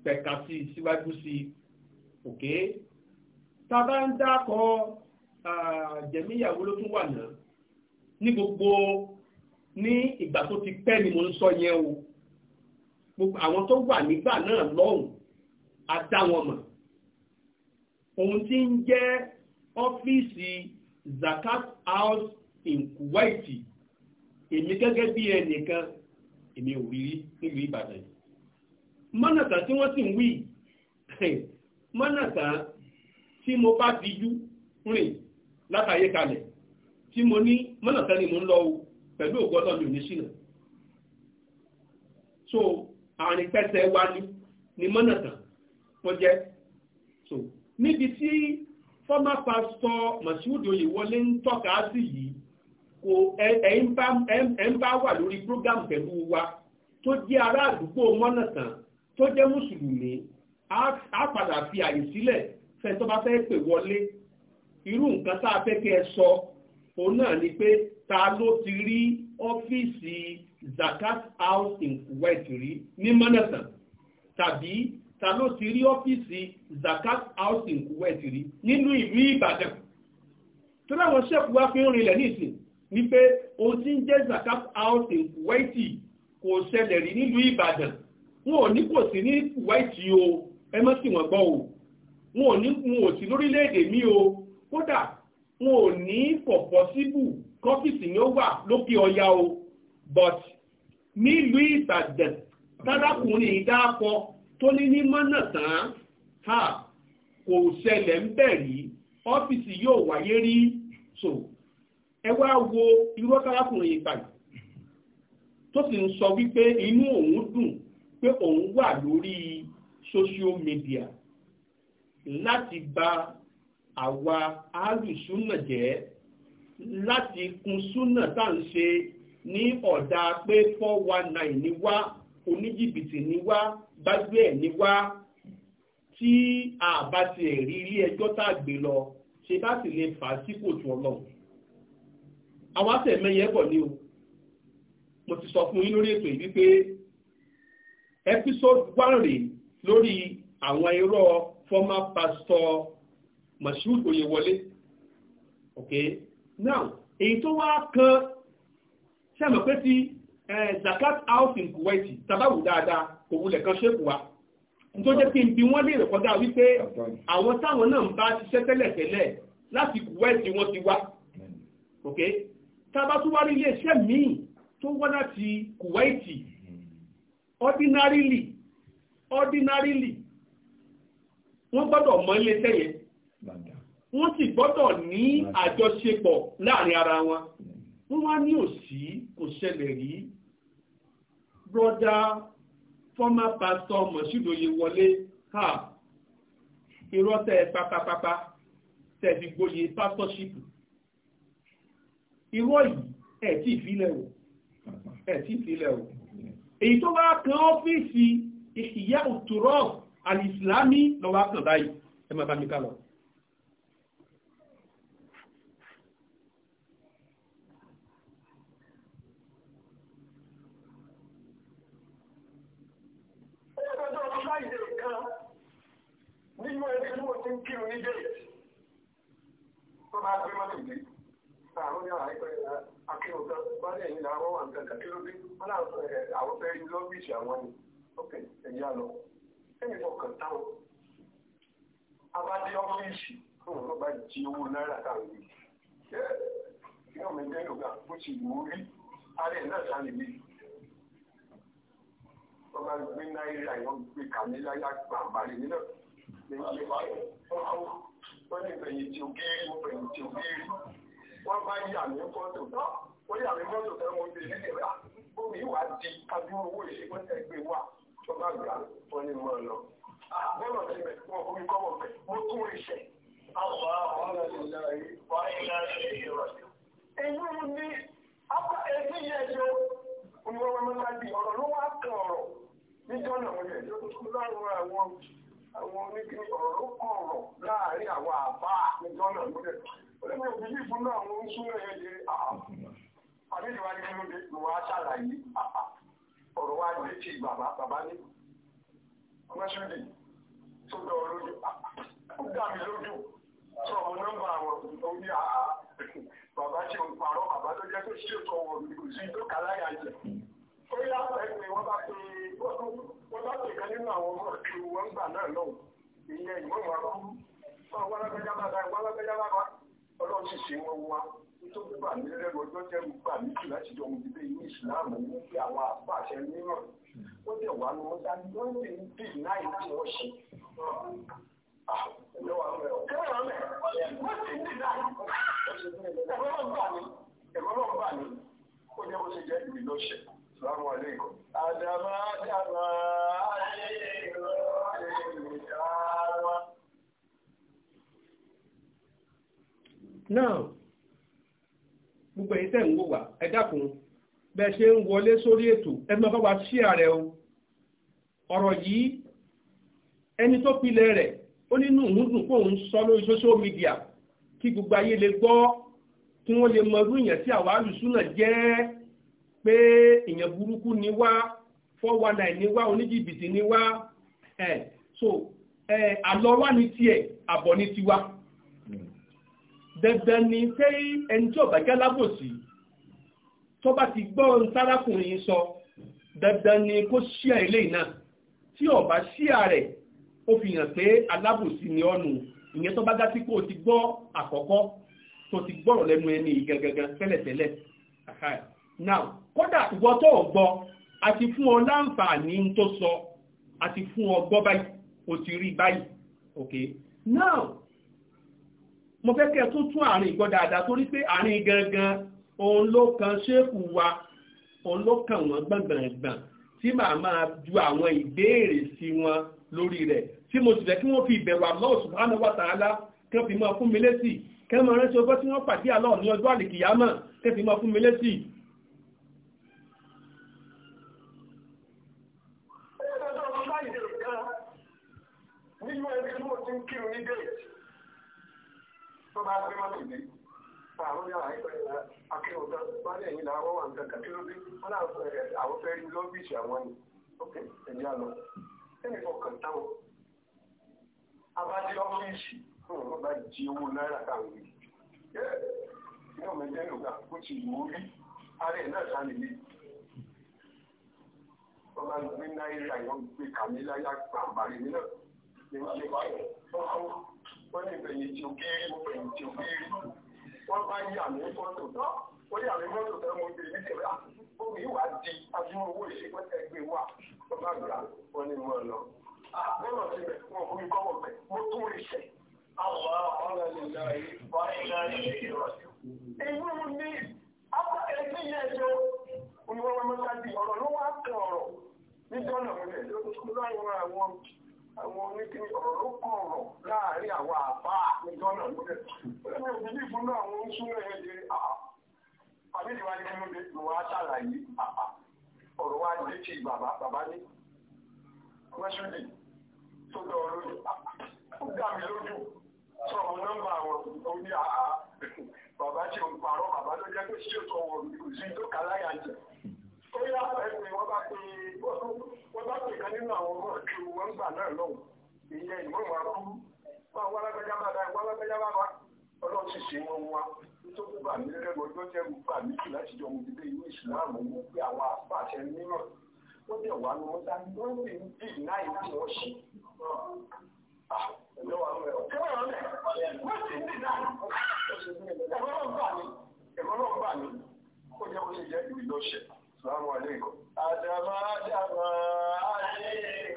pẹ̀ka sí i síwájú sí i òkè tábà ń dákọ jẹ̀míyàwó ló tún wà náà ní gbogbo ní ìgbà tó ti pẹ́ ni mo ń sọ yẹn o gbogbo àwọn tó wà nígbà náà lọ́hùn á dá wọn mọ̀ òun ti ń jẹ́ ọ́fíìsì zakat house in Kuwaiti, èmi gẹ́gẹ́ bí ẹnìkan èmi ò rí nílùú Ìbàdàn mọ́nàkà tí wọ́n sì ń wí mọ́nàkà tí mo bá ti jú rìn látàyé kalẹ̀ tí mo ní mọ́nàkà ni mo ń lọ pẹ̀lú ògbọ́dọ̀ mi ò ní ṣìnà so àárín pẹ́sẹ̀ wá ní ni mọ́nàkà wọ́n jẹ́ so níbi tí former pastor Mashood Oyewole ń tọ́ka sí yìí kò ẹ̀ ń bá wà lórí program pẹ̀lú wa tó jẹ́ ará àdúgbò mọ́nàkà tó jẹ́ mùsùlùmí á padà fi àyè sílẹ̀ fẹ́ tó bá fẹ́ pè wọlé irú nǹkan tá a fẹ́ kẹ́ ẹ sọ òun náà ni pé ta ló ti rí ọ́fíìsì zakat house in Kuwait rí ní mọ́nẹ̀sán tàbí ta ló ti rí ọ́fíìsì zakat house in Kuwait rí nínú ìlú Ìbàdàn tó láwọn ṣẹ́kù wá fi ń rinlẹ̀ nísìn ni pé ohun tí ń jẹ́ zakat house in Kuwait kò ṣẹlẹ̀ rí nílùú Ìbàdàn wọn ò ní kò sí ní kuwaiti o ẹ má sì gbọ́ o wọn ò ní wọn ò sí lórílẹ̀‐èdè mi o kódà wọn ò ní kò pọ́síbù kọ́fíìsì ni ó wà lókè ọya o but nílùú ìbàdàn tálákùnrin ìdáàkọ tó ní ní mọ́nà tán ha kò ṣẹlẹ̀ ń bẹ̀ rí ọ́fíìsì yóò wáyé rí so ẹ wá wo irú tálákùnrin ìbàdàn tó sì ń sọ wípé inú òun dùn pé òun wà lórí social media láti ba àwa alùsúnà jẹ́ láti kun súnà tá ń ṣe ní ọ̀dà pé four ni wá oníjìbìtì ni wá gbágbé ẹ̀ ni wá tí a bá ti rí ilé ẹjọ́ tá a gbé lọ ṣe bá sì lè fà á sí kòtù ọlọ́run àwọn àtẹ̀mẹ́yẹ bọ̀ ni o mo ti sọ fún yín lórí ètò yìí wípé episode one rèé lórí àwọn irọ́ former pastor Mashood Oyewole ok now èyí tó wá kan sẹ́mọ̀ pé ti zakat house in Kuwait tabawu dáadáa kò wulẹ̀ kan ṣéèkù wa tó jẹ́ kí n bí wọ́n lè rẹ̀ kọjá wípé àwọn táwọn náà ń bá ṣiṣẹ́ tẹ́lẹ̀tẹ́lẹ̀ láti Kuwait wọ́n ti wá ok tábàtúwárí iléeṣẹ́ míì tó wá láti Kuwait ordinarily ordinarily wọ́n gbọ́dọ̀ mọ iléeṣẹ́ yẹn wọ́n sì gbọ́dọ̀ ní àjọṣepọ̀ láàrin ara wọn mm. wọ́n wá ní òsì kò ṣẹlẹ̀ rí broda former pastor mọ̀sídòye wọlé ha irọ́ tẹ pápápápá tẹ fi gboyè pastorship irọ́ yìí ẹ̀ tí ìfilẹ̀ o ẹ̀ tí ìfilẹ̀ o èyí tó wá kan ọ́fíìsì ìṣìyà òtúrọ̀ alìsìlámì lọ́wọ́ kan báyìí ẹ máa bá mi ká lọ. nínú ẹgbẹ́ tí ń kírun ní déètì tó bá gbé mọ́tò dé àwọn ní àwọn àìpẹ́ kí o kan bá dẹ̀ yìí làwọn wà nǹkan kàkí lóde wọn náà àwọn fẹ́ ok ẹ̀yà lọ ẹ̀yìn fọkàn táwọn abájẹ́ ọ́fíìsì fún òun bá jí owó náírà táwọn yìí kí wọ́n mi dẹ́nu gbà bó ti wù ú rí alẹ́ náà sáré mi wọ́n bá gbé náírà yọ gbé kàmí láyà gbàǹbàrì nínú wọ́n ní ìfẹ̀yìntì ògiri mo fẹ̀yìntì ògiri wọ́n bá yà mí fọ́tò náà ó yà mí mọ́tò fẹ́ wọn bí ẹ̀jẹ̀ rà bómi ìwà di kájú owó yìí wọ́n tẹ̀ gbé wà tó bá mọ́ lọ. àbọ̀lọ̀ ti bẹ̀ wọ́n kọ́ kọ́ wọ̀ bẹ̀ mo tún ìṣẹ̀. àwọn àwọn ọ̀nà ìlànà yìí wọ́n ń lọ sí ìrọ̀lẹ́. èyí ni ẹbí yẹn jọ olùwọ́wọ́ mọ́tàdì ọ̀rọ̀ ló wá kan ọ̀rọ̀ níjọ́ náà wọ́n yẹn láwọn àwọn àwọn oníkiri ọ̀rọ̀ ló ọ̀rọ̀ láàárín àwọn àbá níjọ́ náà wọ́n yẹn. ó lè mọ̀ wáyé nínú mi mo wá ṣàlàyé àpá ọ̀rọ̀ wá ní ti bàbá bàbá ní mọ́ṣúlì tó dọ̀ lójú ó dà mí lójú ọmọ nọ́mbà àwọn bàbá tí parọ́ bàbá tó jẹ́ tó ṣí òtò ọwọ́ mi kò sí tó kàláyà jẹ ó yá ẹgbẹ́ wọn bá pe wọn bá pe kan nínú àwọn ọmọ wọn gbà náà ìyẹn ìmọ̀ kú wọn tó gbà mí lẹ́rọ tó dẹ́rù gbà mí láti jọ òun ìgbé ìlú ìsìláàmù ní bí àwọn àpàṣẹ mìíràn ó dẹ̀ wà ní wọ́n dá lórí bí náà tí wọ́n ṣe. Adama, adama, ayé ìlú, ayé ìlú, Now, gbogbo ẹ̀yin tẹ̀ ń wò wá ẹ dákun bẹ́ẹ̀ ṣe ń wọlé sórí ètò ẹ máa bá wa ṣí ààrẹ o ọ̀rọ̀ yìí ẹni tó pilẹ̀ rẹ̀ ó nínú ìmúdùn kó òun sọ lórí social media kí gbogbo ayé lè gbọ́ kí wọ́n lè mọ irú ìyẹn tí àwa àlùsúnà jẹ́ pé ìyẹn burúkú ni wá four one nine ni wá oníjìbìtì ni wá ẹ̀ so ẹ̀ àlọ́ wá ní tiẹ̀ àbọ̀ ní tiwa dandan ni pé ẹni tí ọba jẹ́ lábòsí tó bá ti gbọ́ ntárakùnrin sọ dandan ni kó ṣíà eléyìí náà tí ọba ṣíà rẹ̀ ó fi hàn pé alábòsí ni ọ̀nù ìyẹn tó bá dá sí pé o ti gbọ́ àkọ́kọ́ tó ti gbọ́rọ̀ lẹ́nu ẹni gangan tẹ́lẹ̀tẹ́lẹ̀ now kódà ìwọ tó gbọ́ àti fún ọ láǹfààní tó sọ àti fún ọ gbọ́ báyìí o ti rí báyìí okay now mo fẹ́ kẹ́ tún tún àárín ìgbọ́ dáadáa torí pé àárín gangan òun ló kan ṣéèkù wa òun ló kàn wọ́n gbọ̀ngbọ̀ngbọ̀n tí màá máa ju àwọn ìbéèrè sí wọn lórí rẹ̀ tí mo sì fẹ́ kí wọ́n fi ìbẹ̀wò Allah subhanahu wa ta'ala kẹ́ fi máa fún mi lésì kẹ́ máa rántí ọgbọ́n tí wọ́n pàdé Allah ní ọjọ́ àlìkìyámọ̀ kẹ́ fi máa fún mi lésì. nínú ẹni tí mo ti ń kírun níbẹ̀ tó bá gbé mọ́tò dé àwọn ní àwọn ìpẹ́lẹ̀ akẹ́wọ̀tá bá ní ẹ̀yìn làwọn wà nǹkan kàkí ló dé wọn náà fẹ́ ẹ̀ àwọn fẹ́ rí lọ́bìsì àwọn ni ok ẹ̀jẹ̀ àlọ́ ẹnì kọ̀ọ̀kan táwọn abájí ọ́fíìsì fún ọ̀rọ̀ bá jí owó náírà káwọn yìí yẹ inú mi jẹ́ lùgbà ó ti wù ú rí ara ẹ̀ náà sálẹ̀ lé wọn bá gbé náírà yọ gbé kàmíláyà gbàǹbàrì mi náà lè wọ́n ní ìfẹ̀yìntì òkèèrè mo fẹ̀yìntì òkèèrè wọ́n bá yí àmì fọ́tò tó ó yí àmì fọ́tò tó mo bèrè nítorí àbúrò ìwà di abúrò owó ìṣèpẹ́tẹ́ gbé wa wọ́n bá gbà wọ́n ní mọ́ lọ. àbúrò ti bẹ̀ wọ́n fún mi kọ́wọ́ bẹ̀ mo tún rí sẹ̀. àwọn àwọn oníkíní ọ̀rọ̀ ló kọ̀ ọ̀rọ̀ láàrin àwọn àbá àtijọ́nà lókè. Ẹni òbí ní ìfúnná àwọn oúnjẹ ẹ̀jẹ̀ àbí ìwà ní inú mi ló wá ṣàlàyé àpá. Ọ̀rọ̀ wá dé ti bàbá bàbá ní. Wẹ́ṣúdì tó dọ̀ lójú. Ó dà mí lójú. Sọ̀rọ̀ nọ́mbà àwọn oní àá. Bàbá tí òun parọ́ bàbá ló tó kàláyà wọ́n bá pè kan nínú àwọn ọmọ ju wọn gbà náà lọ́wọ́ ìyẹn ìmọ̀ wọn kú wọn wọ́n alágbájá bá dá wọn alágbájá bá wá ọlọ́run sì ṣe wọn wá tó kú bà mí lẹ́gbẹ̀ẹ́ ọjọ́ jẹ́ gbà mí jù láti jọ ohun ìdílé ìlú ìsìláàmù wọn pé àwọn àpá àti ẹni mímọ̀ wọ́n dẹ̀ wá ní wọ́n dání wọ́n sì ń bì náà ìdí wọn ṣe. Ẹ̀rọ náà bà mí, kó jẹ́ kó ṣe jẹ́ ìlú ìlọ́ṣẹ̀. Assalamu alaikum. Àdàmà àdàmà àlè.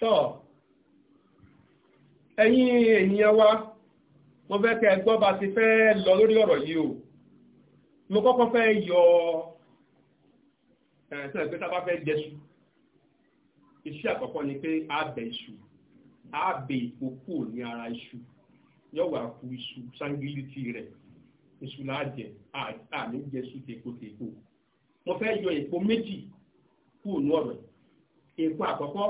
tọ́ ẹ̀yin ènìyàn wa mo fẹ́ kẹ́ ẹ gbọ́ bá ti fẹ́ lọ lórí ọ̀rọ̀ yìí o mo kọ́kọ́ fẹ́ yọ ẹ̀sìn ẹ̀gbẹ́ tá a bá fẹ́ jẹ́sù iṣẹ́ àkọ́kọ́ ni pé a bẹ̀ iṣu a bẹ̀ èpo kù ní ara iṣu yóò wà kú iṣu sángílítì rẹ̀ iṣu láàjẹ àmì jẹ́sù tèpo tèpo mo fẹ́ yọ èpo méjì kù ní ọ̀rọ̀ èpo àkọ́kọ́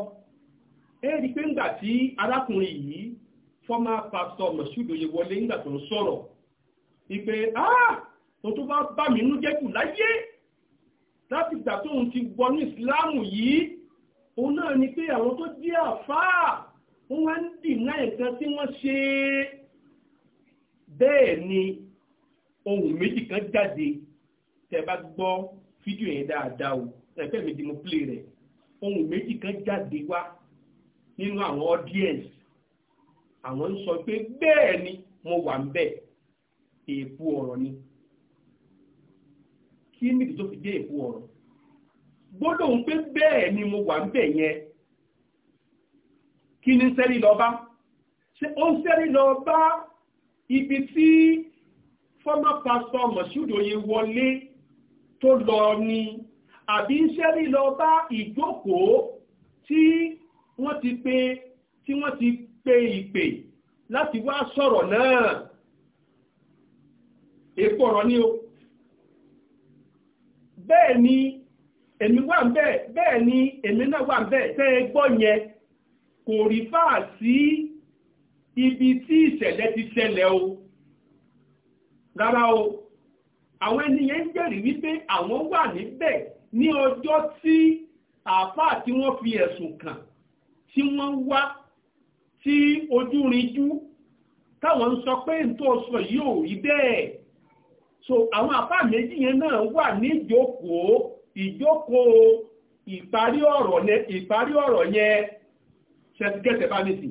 ẹ rí pé ńgbà tí arákùnrin yìí fọ́mà pásítọ̀ mọ̀ṣúdò yẹ wọlé ńgbà tó ń sọ̀rọ̀ ìpè ah tó tó bá bá mi nú jẹ́kù láyé láti ìgbà tó ń ti wọnú ìsìláàmù yìí òun náà ni pé àwọn tó jẹ́ àfáà wọ́n wá ń dìnnà nǹkan tí wọ́n ṣe bẹ́ẹ̀ ni ohun méjì kan jáde tẹ́ bá gbọ́ fídíò yẹn dáadáa o ẹ̀fẹ́ mi di mo play rẹ̀ ohun méjì kan jáde wá nínú àwọn audience àwọn ń sọ pé bẹ́ẹ̀ ni mo wà ń bẹ̀ èèpo ọ̀rọ̀ ni kí nìdí tó fi dé èèpo ọ̀rọ̀ gbọ́dọ̀ ń pé bẹ́ẹ̀ ni mo wà ń bẹ̀ yẹn kí ni sẹ́rí lọ bá ṣé ó ń sẹ́rí lọ bá ibi tí former pastor Moshood Oyewole tó lọ ni àbí ń sẹ́rí lọ ìjókòó tí wọ́n ti pé tí wọ́n ti pé ìpè láti wá sọ̀rọ̀ náà èpo ọ̀rọ̀ ni o bẹ́ẹ̀ ni èmi wà bẹ́ẹ̀ bẹ́ẹ̀ ni èmi náà wà bẹ́ẹ̀ tẹ́ ẹ gbọ́ yẹn kò rí fáà sí ibi tí ìṣẹ̀lẹ̀ ti ṣẹlẹ̀ o rárá o àwọn ènìyàn ń jẹ́rìí wípé àwọn wà níbẹ̀ ní ọjọ́ tí àáfàá tí wọ́n fi ẹ̀sùn kàn tí wọ́n wá tí ojú rinjú táwọn ń sọ pé n tó sọ yìí ò rí bẹ́ẹ̀ so àwọn àpá méjì yẹn náà wà ní ìjókòó ìjókòó ìparí ọ̀rọ̀ yẹn ṣẹ̀tìkẹ́tẹ̀ bá mi sì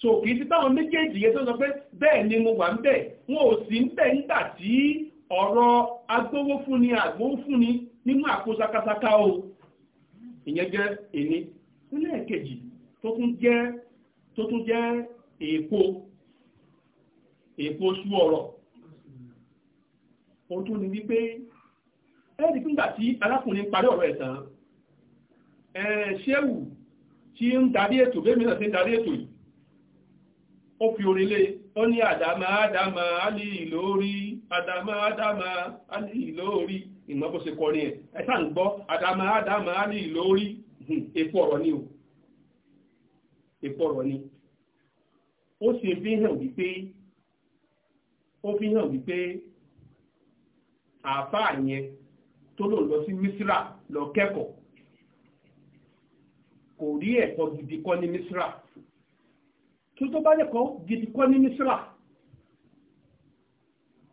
so kì í ti táwọn méjèèjì yẹn tó sọ pé bẹ́ẹ̀ ni mo wà ń bẹ̀ wọn ò sí ń bẹ̀ nígbà tí ọ̀rọ̀ agbówó fúnni àgbówó fúnni nínú àkóso sakasaka o ìyẹn jẹ́ èmi nílẹ̀ kejì tó tún jẹ́ tó tún jẹ́ èèpo èèpo sú ọ̀rọ̀ ó tún ní wípé ẹ̀ẹ́dì fúngbà tí alákùnrin parí ọ̀rọ̀ ẹ̀ tán ṣéwù tí ń darí ètò bẹ́ẹ̀mí náà tí ń darí ètò yìí ó fi orin lé ó ní àdámà àdámà alì ìlórí àdámà àdámà alì ìlórí ìmọ̀ bó ṣe kọrin ẹ̀ ẹ̀ta ń gbọ́ àdámà àdámà alì ìlórí hmm, èpo ọ̀rọ̀ ni o ìpọ̀rọ̀ ni ó sì fi hàn wípé ó fi hàn wípé àáfàá yẹn tó lò lọ sí misra lọ kẹ́kọ̀ọ́ kò rí ẹ̀kọ́ gidi kọ́ ní misra tó tó bá lẹ́kọ̀ọ́ gidi kọ́ ní misra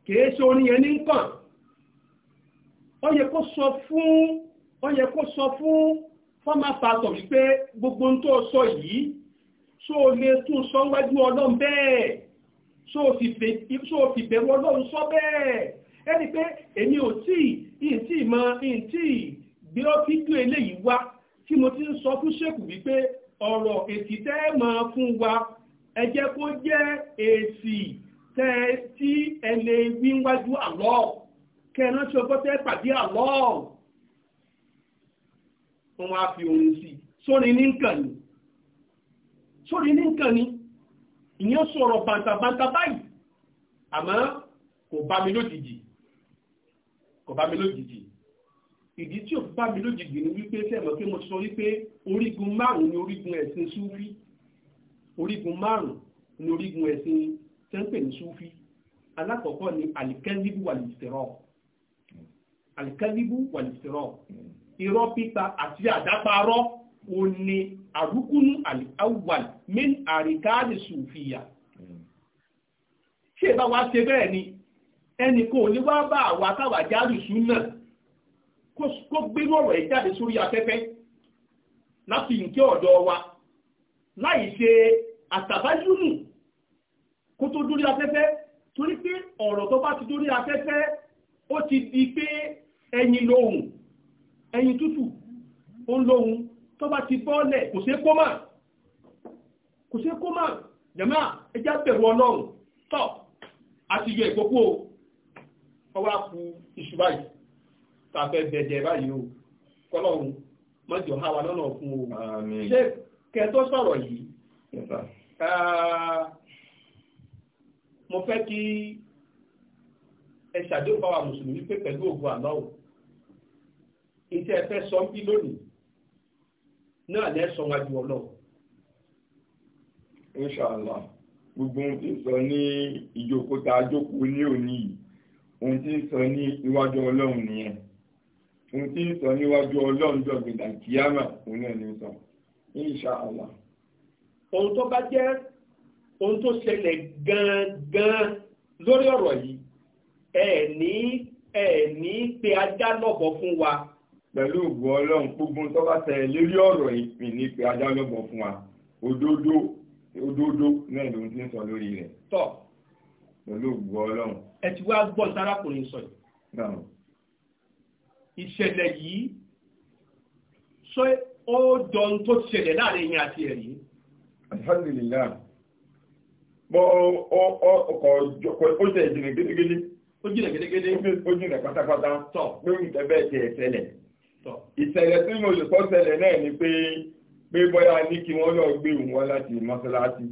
kìí ṣe orin yẹn ní kàn ó yẹ kó sọ fún ó yẹ kó sọ fún fọ́mà pàtó wípé gbogbo ń tó sọ yìí so lè tún sọ́nwájú ọlọ́run bẹ́ẹ̀ so fi bẹ̀rù ọlọ́run sọ bẹ́ẹ̀ ẹni pé èmi ò tí ìtì mọ ìtì gbé fídíò eléyìí wá tí mo ti ń sọ fún ṣèkù wípé ọ̀rọ̀ èsì tẹ́ mọ̀ fún wa ẹ jẹ́ kó jẹ́ èsì tẹ́ tí ẹ lè wí wájú àlọ́ kẹ́ẹ̀rán tí ọgbọ́n tẹ́ pàdé àlọ́ wọn wá fi ohun sí sórin ní nkànnì sórí ní nǹkan ni ìyẹn sọ̀rọ̀ bàǹtàbàǹtà báyìí àmọ́ kò bá mi lójijì kò bá mi lójijì ìdí tí ò bá mi lójijì ni wípé sẹ́mọ̀ pé mo sọ wípé orígun márùn-ún ni orígun ẹ̀sìn súfí orígun márùn-ún ni orígun ẹ̀sìn tẹ́ńpẹ̀ ní súfí alákọ̀ọ́kọ́ ni alikẹ́líbù wàlìsẹ̀rọ̀ alikẹ́líbù wàlìsẹ̀rọ̀ irọ́ pípa àti àdáparọ́ ó arukunu àrùkúnú min àríkáàdì sùfìyà hmm. ṣé ìbá wa ṣe bẹ́ẹ̀ ni ẹnì kan ní wá bá àwa táwa jáde sùn kó gbérú ọ̀rọ̀ ẹ̀ jáde sórí afẹ́fẹ́ láti wa láì ṣe àtàbájúmù kó tó dórí afẹ́fẹ́ torí pé ọ̀rọ̀ tó bá ti dórí afẹ́fẹ́ ti di pé ẹyin lóhùn ẹyin tútù ó tó bá ti bọ́ọ̀lẹ̀ kò ṣe kó mà kò ṣe kó mà jẹ̀mọ́ ẹja bẹ̀rù ọlọ́run tọ́ àti yọ ìkókó ọwọ́ àpò iṣu báyìí tàfẹ́ bẹ̀jẹ̀ báyìí o kọlọ́run mọ́jọ ha wa lọ́nà fún o ṣé kẹ tó sọ̀rọ̀ yìí mo fẹ́ kí ẹ ṣàdéhùn báwa mùsùlùmí pé pẹ̀lú ògùn àlọ́ o iṣẹ́ ẹ fẹ́ sọ ń bí lónìí náà lẹ́sọ̀ wájú ọlọ́run. inṣàlá gbogbo ohun tí ń sọ ní ìjókòó tá a jókòó ní òní yìí ohun tí ń sọ ní iwájú ọlọ́run nìyẹn ohun tí ń sọ níwájú ọlọ́run dọ̀gbìndà kíámà òun náà ní sọ inṣàlá. ohun tó bá jẹ́ ohun tó ṣẹlẹ̀ gan-an lórí ọ̀rọ̀ yìí ẹ̀ ní ẹ̀ ní pé ajá lọ́bọ̀ fún wa pẹ̀lú ògbó ọlọ́run gbogbo tó bá tẹ̀ lérí ọ̀rọ̀ ìpín ní pé ajá lọ́gbọ̀n fún wa òdodo òdodo náà ló ń ti ń sọ lórí rẹ̀ tọ́ pẹ̀lú ògbó ọlọ́run. ẹ ti wá gbọ́ sárákùnrin sọ yìí. ìṣẹ̀lẹ̀ yìí ṣé ó jọ ohun tó ṣẹlẹ̀ láàrin yín àti ẹ̀rí. alhamdulilayi bọ́ ọkọ̀ ó jẹ́ ìjìnlẹ̀ gédégédé. ó jìnlẹ̀ gédégédé. ó jìnlẹ̀ pátápátá. tọ́ pé ìtẹ́bẹ́ẹ̀ ti ẹ̀ ṣẹlẹ̀ ìṣẹ̀lẹ̀ tí mo lè kọ́ ṣẹlẹ̀ náà ni pé pé bóyá ní kí wọ́n lọ gbé òun wá láti mọ́ṣáláṣí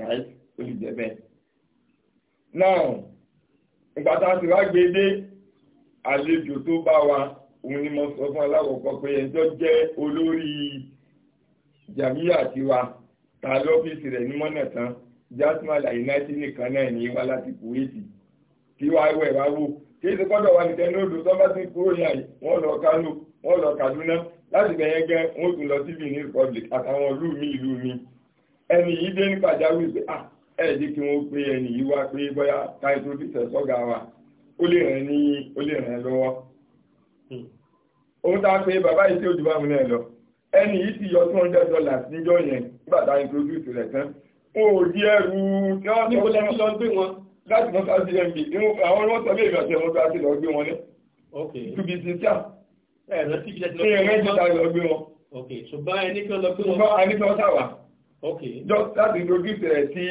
right ó lè jẹ́ bẹ́ẹ̀. now ìgbà tá a ti wá gbé dé àlejò tó bá wa òun ni mo sọ fún alákọ̀ọ́kọ́ pé ẹjọ́ jẹ́ olórí jàmíyà tiwa ta lọ́fíìsì rẹ̀ ní mọ́nà tán jasmine àyínáìtì nìkan náà ní wá láti kúwéètì tí wàá wẹ̀ wá wò kí èsì kọ́dọ̀ wa nìkan ní odò tó bá kúrò yàn wọ́n lọ kánò wọ́n lọ Kaduna láti bẹ̀yẹn gẹ́ wọ́n tún lọ sí Benin Republic àtàwọn ìlú mi ìlú mi ẹni yìí dé ní pàjáwìrì pé ah kí wọ́n pé ẹni yìí wá pé bóyá táìtò dìtẹ̀ sọ́gà wa ó lè ràn ní ó lè ràn lọ́wọ́ òun tá a pé bàbá yìí tí ó ju bá mi náà lọ ẹni yìí ti yọ two hundred dollars níjọ́ yẹn nígbà tá introduce rẹ̀ tán wọn di ẹrù láti mọ́tò àti mb àwọn ọmọ sọ bí èmi àti ẹ̀wọ̀n tó lọ gbé wọn ní ẹ̀rọ tí ìjẹ́ ti lọ gbé wọn. ok ṣùgbọ́n ẹni kan lọ gbé wọn. ṣùgbọ́n ẹni kan sáwà. ok láti introduce rẹ̀ sí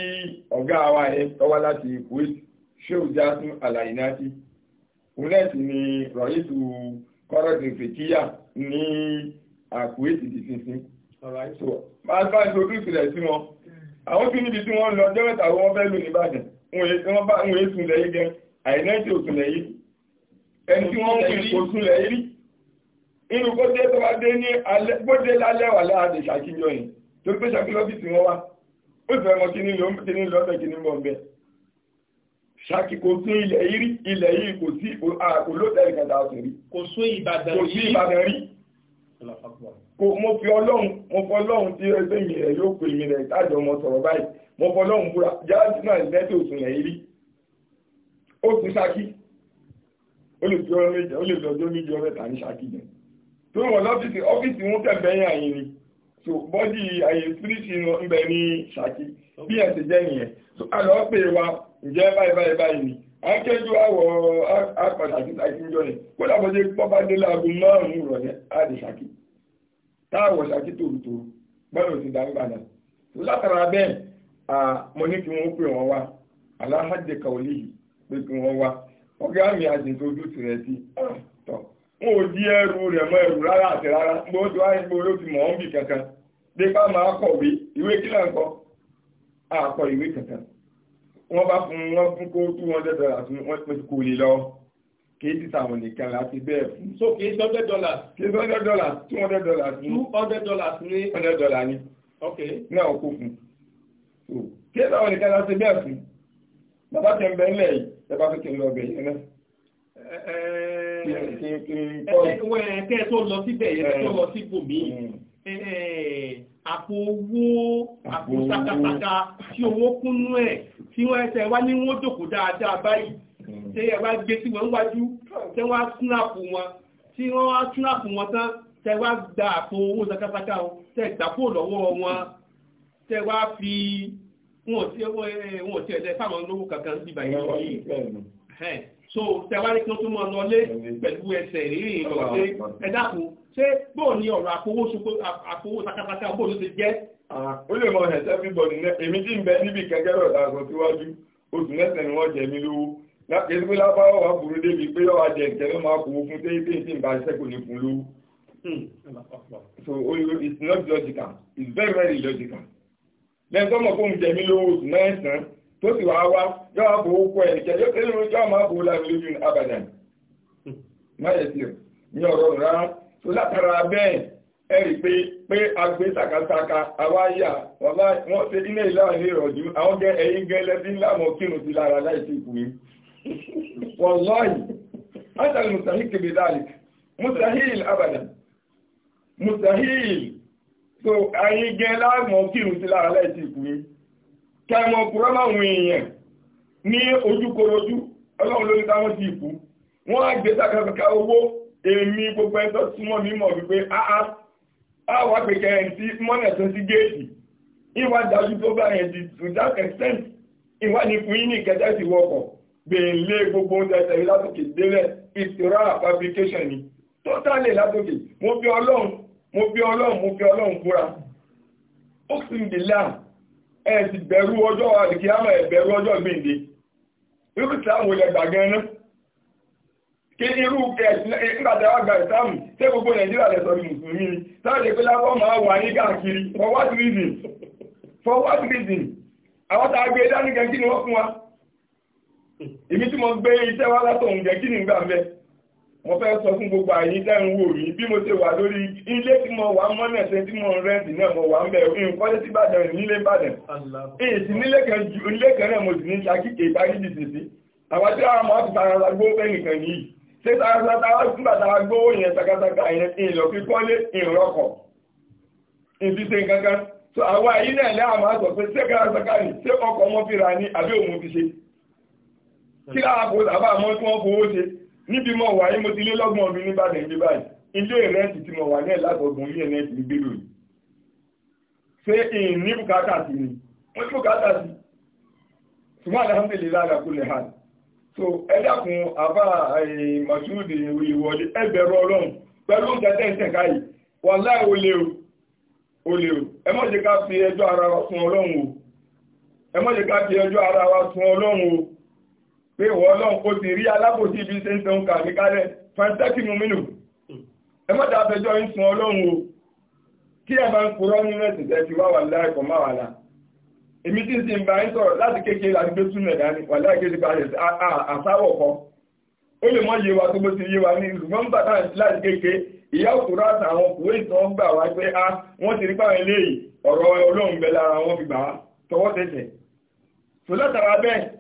ọ̀gá wa ẹ̀ tọ́wá láti Kuwait sheu jasun alainati òun náà sì ni rọ̀yìtù kọ́rọ̀dì fìtíyà ní Kuwait di sísìn. máa bá introduce rẹ̀ sí wọn. àwọn tí níbi tí wọ́n lọ jẹ́ mẹ́ta wọ́n fẹ́ lò nìbàdàn wọn èé sunlẹ̀ yìí gan àìnáìtì òsùnlẹ̀ yìí ẹni tí wọ́n ń pè kò sunlẹ̀ yìí inú bóde tó bá dé ní bóde lálẹ́ wà láàdé ṣàkíyọ yìí tó gbé ṣàkíyọ bí tí wọ́n wá ó sì fẹ́ mọ kí ní lọ kí ní lọ bẹ́ẹ̀ kí ní bọ̀ ń bẹ́ ṣàkí kò sí ilẹ̀ yìí ilẹ̀ yìí kò sí kò lóòótọ́ ìkàtà ọ̀sìn rí kò sí Ìbàdàn rí kò mo fi ọlọ́run mo fọ ọlọ́run tí ẹgbẹ́ mi rẹ̀ yóò pè mí rẹ̀ tájọ mo sọ̀rọ̀ báyìí mo fọ ọlọ́run búra jáde náà lẹ́tọ̀ òsùn rẹ̀ yìí ó ti ṣákí ó lè fi ọjọ́ méjì ọjọ́ méjì ọjọ́ ní ṣákí yẹn tó wọ́n lọ́fíìsì ọ́fíìsì wọn tẹ̀gbẹ́yìn ni so bọ́dì àyè spiriti ń bẹ ní ṣákí bí ẹ̀ ti jẹ́ nìyẹn so a lọ wa ǹjẹ́ báyìí ni a ń kẹ́jú àwọ̀ apàdà sí ń jọ ni kódà bọ́dé pọ́pá dé márùn-ún ìrọ̀lẹ́ àdì gbọ́dọ̀ ti náà so látara bẹ́ẹ̀ mo ní kí wọ́n pè wọ́n wá mo ò di ẹrù rẹ̀ mọ́ ẹrù rárá àti rárá mo ti wá ibo ló fi mọ̀ ọ́n bì kankan nípa máa kọ̀wé ìwé kí náà kọ́ àkọ ìwé kankan wọ́n bá fún wọn fún kó tú wọn dẹ́dọ̀ rà fún wọn pẹ̀lú kò lè lọ kì í ti tàwọn nìkan láti bẹ́ẹ̀ fún. so kì í hundred dollars. kì í hundred dollars two hundred dollars ní. two hundred dollars ní. hundred dollars ní. ok náà kó fún. kì í tàwọn nìkan láti bẹ́ẹ̀ fún. bàbá tẹ̀ ń bẹ́ ńlẹ̀ yìí ẹ bá fi lọ bẹ̀ yẹn náà. kẹ́ ẹ tó lọ síbẹ̀ yẹn tó lọ síbòmí àpò owó àpò sakasaka tí owó kúnnú ẹ̀ tí wọ́n ẹsẹ̀ wá ní wọ́n dáadáa báyìí mm. tí ẹ wá gbé sí wọn wájú tí wọ́n á snapu wọn tí wọ́n á wọn tán wá gba àpò owó sakasaka o tẹ gbàpò lọ́wọ́ wọn wá fi wọn ò tiẹ̀ lẹ fáwọn olówó kankan bíbá so tẹwárí kí ó tún mọ́ lọlé pẹ̀lú ẹsẹ̀ ìrírí lọ sí ṣé bóò ní ọ̀rọ̀ àpòwò takataka bóò ló ti jẹ́. Ah, ó lè mọ ẹ̀sẹ̀ everybody náà èmi tí ń bẹ níbi kẹ́kẹ́ rẹ̀ dàgbọ́ síwájú oṣù mẹ́sẹ̀ ni wọ́n jẹ mí lówó lákèéjú lábáwọ̀ wá burú débi pé ọ̀wá jẹ ìjẹ́ ló máa kó fún téyí téyí tí ń bá iṣẹ́ kò ní fún lówó. Hmm. so it's not logical it's very very illogical. lẹ́yìn tó mọ̀ fóun jẹ mí lówó oṣù mẹ́sàn-án tó sì wá wá yóò wá bò ẹ̀ kẹ́ yóò tẹ́lẹ̀ lójú àwọn àbò láàrin lójú abàdàn máyẹ̀ ní ọ̀rọ̀ rárá tó látara bẹ́ẹ̀ ẹ pé pé agbé sàkàsàkà àwáyà wọ́n ṣe ilé ìrọ̀jú àwọn gẹ ẹ̀yìn gẹ lẹ́bí ńlá kírun lára láìsí látàrí kébé ẹ̀yìn gẹ kírun kẹmọ búrọ́ láwọn èèyàn ní ojúkorojú ọlọ́run lórí táwọn ti kú wọ́n á gbé sákàkàkà owó èmi gbogbo ẹ̀tọ́ súnmọ́ mi mọ̀ wípé áá àwa pé kẹrin tí mọ́nà tó sí géètì ìwà dájú tó bá yẹn ti to that extent ìwà ní fún yín ní ìkẹta ti wọkọ̀ gbèǹlé gbogbo oúnjẹ tẹ̀lé látòkè délẹ̀ ìtura fabrication ni tó tálè látòkè mo fi ọlọ́run mo fi ọlọ́run mo fi ọlọ́run búra ó sì ń dè láàmú e si bẹ̀rù ọjọ́ àdìkí àmọ́ ẹ bẹ̀rù ọjọ́ gbèǹde iru ìsìláàmù ilẹ̀ gbà gan ná irú nígbàtà wà tẹ́ gbogbo nàìjíríà lẹ́sọ̀ mùsùlùmí sáàdì pé lápá máa wà ní for what reason for what reason àwọn tá a gbé dání gan ni wọ́n fún wa èmi tí mo gbé mo fẹ́ sọ fún gbogbo àyín dẹ́rùn wò mí bí mo ṣe wà lórí ilé tí mo wà mọ́nà ṣe tí mo rẹ́ǹtì náà mo wà ń bẹ̀ ìkọ́lé sí Ìbàdàn nílé Ìbàdàn èsì nílé kan náà mo sì ní ṣakíkè ìbáríjì sì àwọn tí àwọn máa fi tara ra gbówó bẹ́ẹ̀ ṣé yẹn yẹn kọ́lé ìrọ́kọ̀ kankan so àwọn náà lẹ́ àwọn pé ṣé níbi mo wà yí mo ti lé lọ́gbọ̀n ọdún nìbàdàn ibi báyìí ilé rẹ́ǹtì tí mo wà ní ẹ̀lágbọ̀gbọ̀n ilé rẹ́ǹtì ń gbé lónìí ṣé ìyìn ní bùkátà sí ni mo ní bùkátà sí ṣùgbọ́n alhamdulillah ala kulli hal so ẹ dákun àbá mọ̀ṣúrùdì ìwọlé ẹgbẹ̀rọ ọlọ́run pẹ̀lú tẹ́tẹ́ǹtẹ̀ káyì wallahi ó lé o ó lé o ẹ má jẹ́ ká fi ẹjọ́ ara wa sun ọlọ́run o pé ìwọ ọlọ́run kó ti rí alábòsí ibi ṣe ń sọ nǹkan mi kálẹ̀ fantaki muminu ẹ má dá abẹjọ́ ń sun ọlọ́run o kí ẹ máa ń kúrọ́ nínú ẹ̀sìn tẹ́ fi wá wà láì kọ́ má wà lá èmi tí ń sin bá ń sọ̀rọ̀ láti kékeré láti gbé túnmẹ̀ dání wà láì kéde bá yẹ àsáwọ̀ kọ́ ó lè mọ iye wa tó bó ti yé wa ní ṣùgbọ́n ń bàtà láti kékeré ìyá òkúrò àtàwọn kùwé ìtàn gbà wá pé a wọ́n ti rí pàwọn eléyìí ọ̀rọ̀ ọlọ́run bẹ lára wọn fi gbà tọwọ́ tẹ̀sẹ̀ so látara bẹ́ẹ̀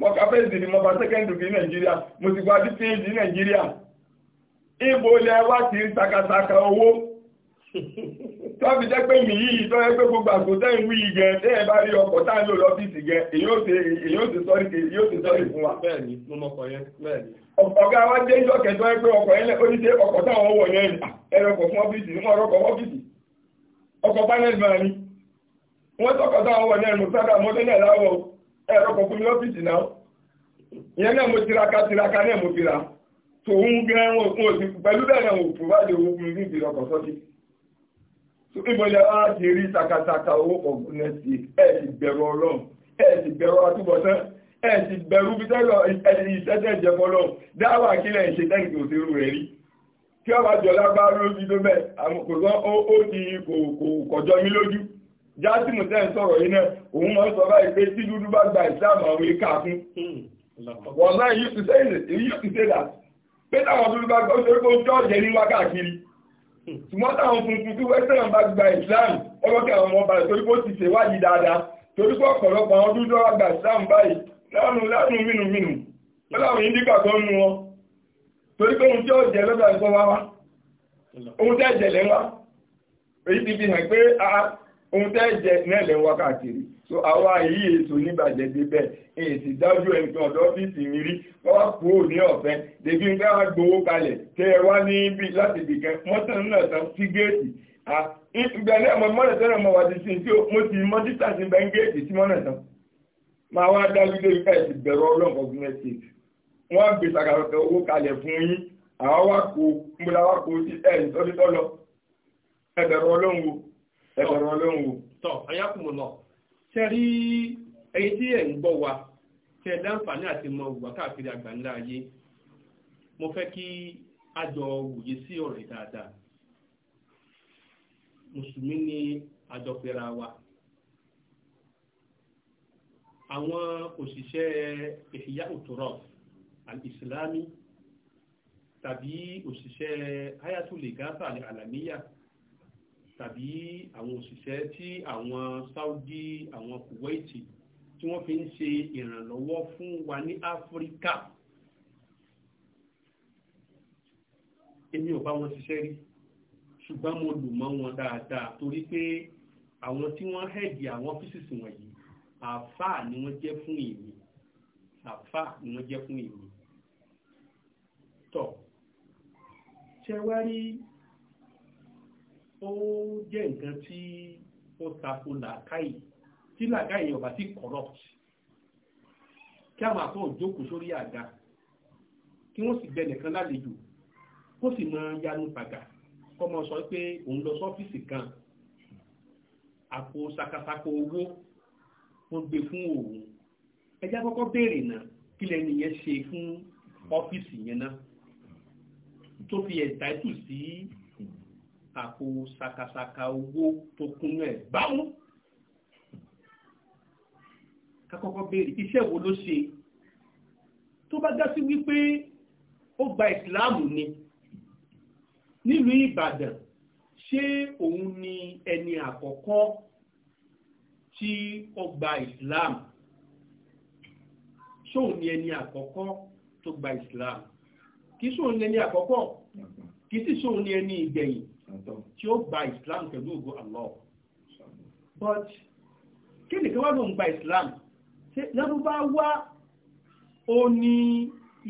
mọka ka fẹ́ǹsì ni mo bá sẹ́kẹ́ndìrì ní nàìjíríà mo ti gba dph ní nàìjíríà ibo ilẹ̀ wa ti ń takataka owó [LAUGHS] tọ́bi jẹ́ gbogbo àgùntàn ìwú yìí gẹ̀ tẹ́ bá rí ọkọ̀ tá à ń lò lọ́fíìsì èyí sọ́rí sọ́rí ọkọ̀ yẹn ó ní ọkọ̀ táwọn wọ̀ yẹn ọkọ̀ fún ọ́fíìsì ní ọ́fíìsì ọkọ̀ ẹ̀rọ kọ̀ fún mi lọ́fíìsì náà ìyẹn náà mo tiraka tiraka náà mo fira tòun gan wọn òkun òsì pẹ̀lú bẹ́ẹ̀ náà wò provide owó fún mi ní ìbílọ̀ kọ̀sọ́tì ìbọ̀lẹ̀ á ti rí takataka owó ọ̀gbọ̀nẹ́sì ẹ̀ ti bẹ̀rù ọlọ́run ẹ̀ ti bẹ̀rù atúbọ̀tán ẹ̀ ti bẹ̀rù bítẹ́lọ̀ ìṣẹ́tẹ̀ jẹmọ́lọ́ dáwà kílẹ̀ ìṣẹ́tẹ̀lì kò sí rú rẹ̀ rí kí ọba jọlá bá lójú tó bẹ́ẹ̀ kò sọ ó di kò kọjọ́ mi lójú jásìmù tẹ́ ń sọ̀rọ̀ yìí náà òun mọ́ sọ báyìí pé tí dúdú bá gba ìsìlámù àwọn ìka fún wọ́n náà yóò ti ṣe that pé táwọn dúdú bá gba ó ṣe pé ó jọ́ọ̀jẹ́ ní wákàkiri ṣùgbọ́n táwọn funfun tí western bá gba ìsìlámù ọlọ́kẹ́ àwọn ọmọ balẹ̀ torí pé ó ti ṣèwádìí dáadáa torí pé ọ̀pọ̀lọpọ̀ àwọn dúdú bá gba ìsìlámù báyìí lánàá lánàá mínúmínú láwọn ìdíkà tó ń nu wọn torí pé ohun tí ó jẹ lọ́dọ̀ àìsàn wá wá ohun tí ẹ̀jẹ̀ lẹ́wà èyí ti fi hàn pé ohun tẹ́ jẹ nẹ́lẹ̀ wákàtí rí so àwa yìí ètò oníbàjẹ́ débẹ̀ èyí ti dájú ẹni pé ọ̀dọ́ ọ́fíìsì mi rí wọ́n kú ò ní ọ̀fẹ́ débi nǹkan wá gbowó kalẹ̀ tẹ́ ẹ wá níbi láti dìkan mọ́tàn náà tán sí géètì ìgbà sin tí mo ti mọ́ ń géètì sí tán máa wá dájú ẹ̀sọ̀rọ̀ ọlọ́run wò. tọ́ ayákùnmọ̀ lọ ṣe rí ẹyin tí ẹ̀ ń gbọ́ wa ṣe ẹ láǹfààní àti mọ òwúwa káàkiri àgbáńlá ayé mo fẹ́ kí a jọ wòye sí ọ̀rọ̀ yìí dáadáa mùsùlùmí ni àjọpẹ̀ra wa àwọn òṣìṣẹ́ ìfìyà òtòrọ̀ al-islami tàbí òṣìṣẹ́ ayatul ghaza al-alamiya. al tàbí àwọn òṣìṣẹ́ tí àwọn Saudi àwọn Kuwaiti tí wọ́n fi ń ṣe ìrànlọ́wọ́ fún wa ní Áfíríkà èmi ò bá wọn ṣiṣẹ́ rí ṣùgbọ́n mo lò mọ́ wọn dáadáa torí pé àwọn tí wọ́n hẹ́ẹ̀dì àwọn ọ́fíìsì wọ̀nyí àfáà ni wọ́n jẹ́ fún èmi àfáà ni wọ́n jẹ́ fún èmi tọ́ ṣẹ́wárí ó jẹ́ nǹkan tí ó tako làákàyè tí làákàyè ọba ti corrupt kí àwọn àpò òjókòó sórí àga kí wọ́n sì gbẹ nìkan lálejò kó sì máa yanu pàgà kọ́ mọ sọ pé òun lọ sọ́fíìsì kan àpò sakasako owó wọ́n gbé fún òun ẹjẹ́ kọ́kọ́ béèrè náà kí lẹ́nu yẹn ṣe fún ọ́fíìsì yẹn náà tó fi ẹ̀dáìtù sí àpò ṣàkàṣàkà owó tó kúnú ẹ̀ báwọn kakọ́kọ́ béèrè iṣẹ́ wo ló ṣe tó bá dá sí wípé ó gba ìsìláàmù ni nílùú Ìbàdàn ṣé òun ni ẹni àkọ́kọ́ tí ó gba ìsìláàmù ṣóun ni ẹni àkọ́kọ́ tó gba ìsìláàmù kì í ṣóun ni ẹni àkọ́kọ́ kì í sì ṣóun ni ẹni ìgbẹ̀yìn tí ó gba islam pẹ̀lú ògo allah but kí nìkan wá lóun gba islam lárúbáwá ó ní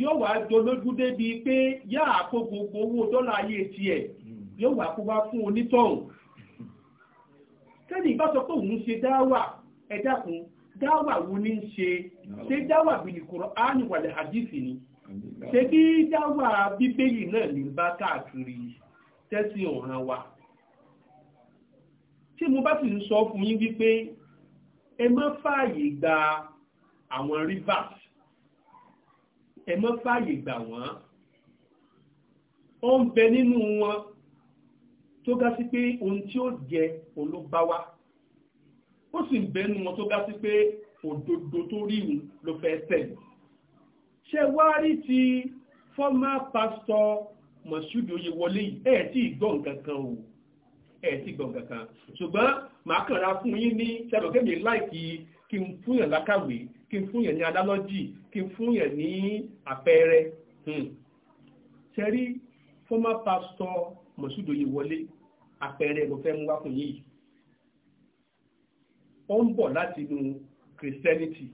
yóò wá jọlójú débi pé yáà kó gbogbo owó dọ́là ayé tiẹ̀ yóò wá kó wá fún onítọ̀hún tẹ́lẹ̀ ìbá sọ pé òun ṣe dáwà ẹ dákun dáwà wo ní ń ṣe ṣé dáwà bìlì Kùránì wàlẹ̀ hadisi ni ṣé kí dáwà bíbélì náà ní bá káàkiri yìí tẹ́sí ọ̀ràn wa tí mo bá sì ń sọ fún yín wípé ẹ má fààyè gba àwọn rivers ẹ má fààyè gbà wọ́n ó ń bẹ nínú wọn tó ga sí pé ohun tí ó jẹ òun ó sì ń bẹ nínú wọn tó ga sí pé òdodo tó rí òun ló fẹ́ tẹ̀lé ṣe wá rí ti former pastor mọ̀súdì oyè wọlé yìí ẹ̀ tí ìgbọ́ nǹkan kan o ẹ̀ tí ìgbọ́ nǹkan kan ṣùgbọ́n màá kàn ra fún yín ní sẹ́dọ̀ kẹ́mi láìkí kí n fún yàn lákàwé kí n fún yàn ní adálọ́jì kí n fún yàn ní àpẹẹrẹ hmm. ṣẹ́rí former pastor mọ̀súdì oyè wọlé àpẹẹrẹ mo fẹ́ mú wá fún yìí ó ń bọ̀ láti inú Christianity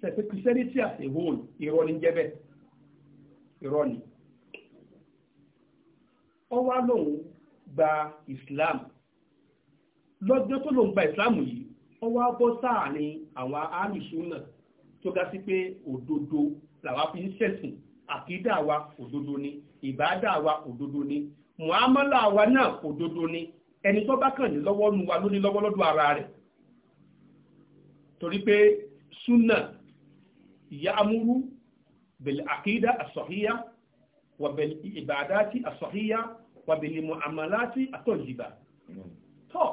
ṣe Christianity as a whole irọ́ ni jẹ́ bẹ́ẹ̀ irọ́ ni ó wá lòun gba Islam lọ́jọ́ tó lòun gba Islam yìí ó wá bọ́ sáàrin àwọn alùsùnà tó ga sí pé òdodo làwa fi ń ṣẹ̀sìn àkídà wa òdodo ni ìbádà wa òdodo ni muamala wa náà òdodo ni ẹni tó bá kàn ní lọ́wọ́ nu wa ló lọ́wọ́ lọ́dọ̀ ara rẹ̀ torí pé súnà ìyá amúrú bẹ̀lẹ̀ àkídà àsọ̀híyá wàbẹ̀lìbàdáti àsọ̀híyá wàbẹ̀lìmọ̀ àmàláti àtọ̀yìbà. tọ́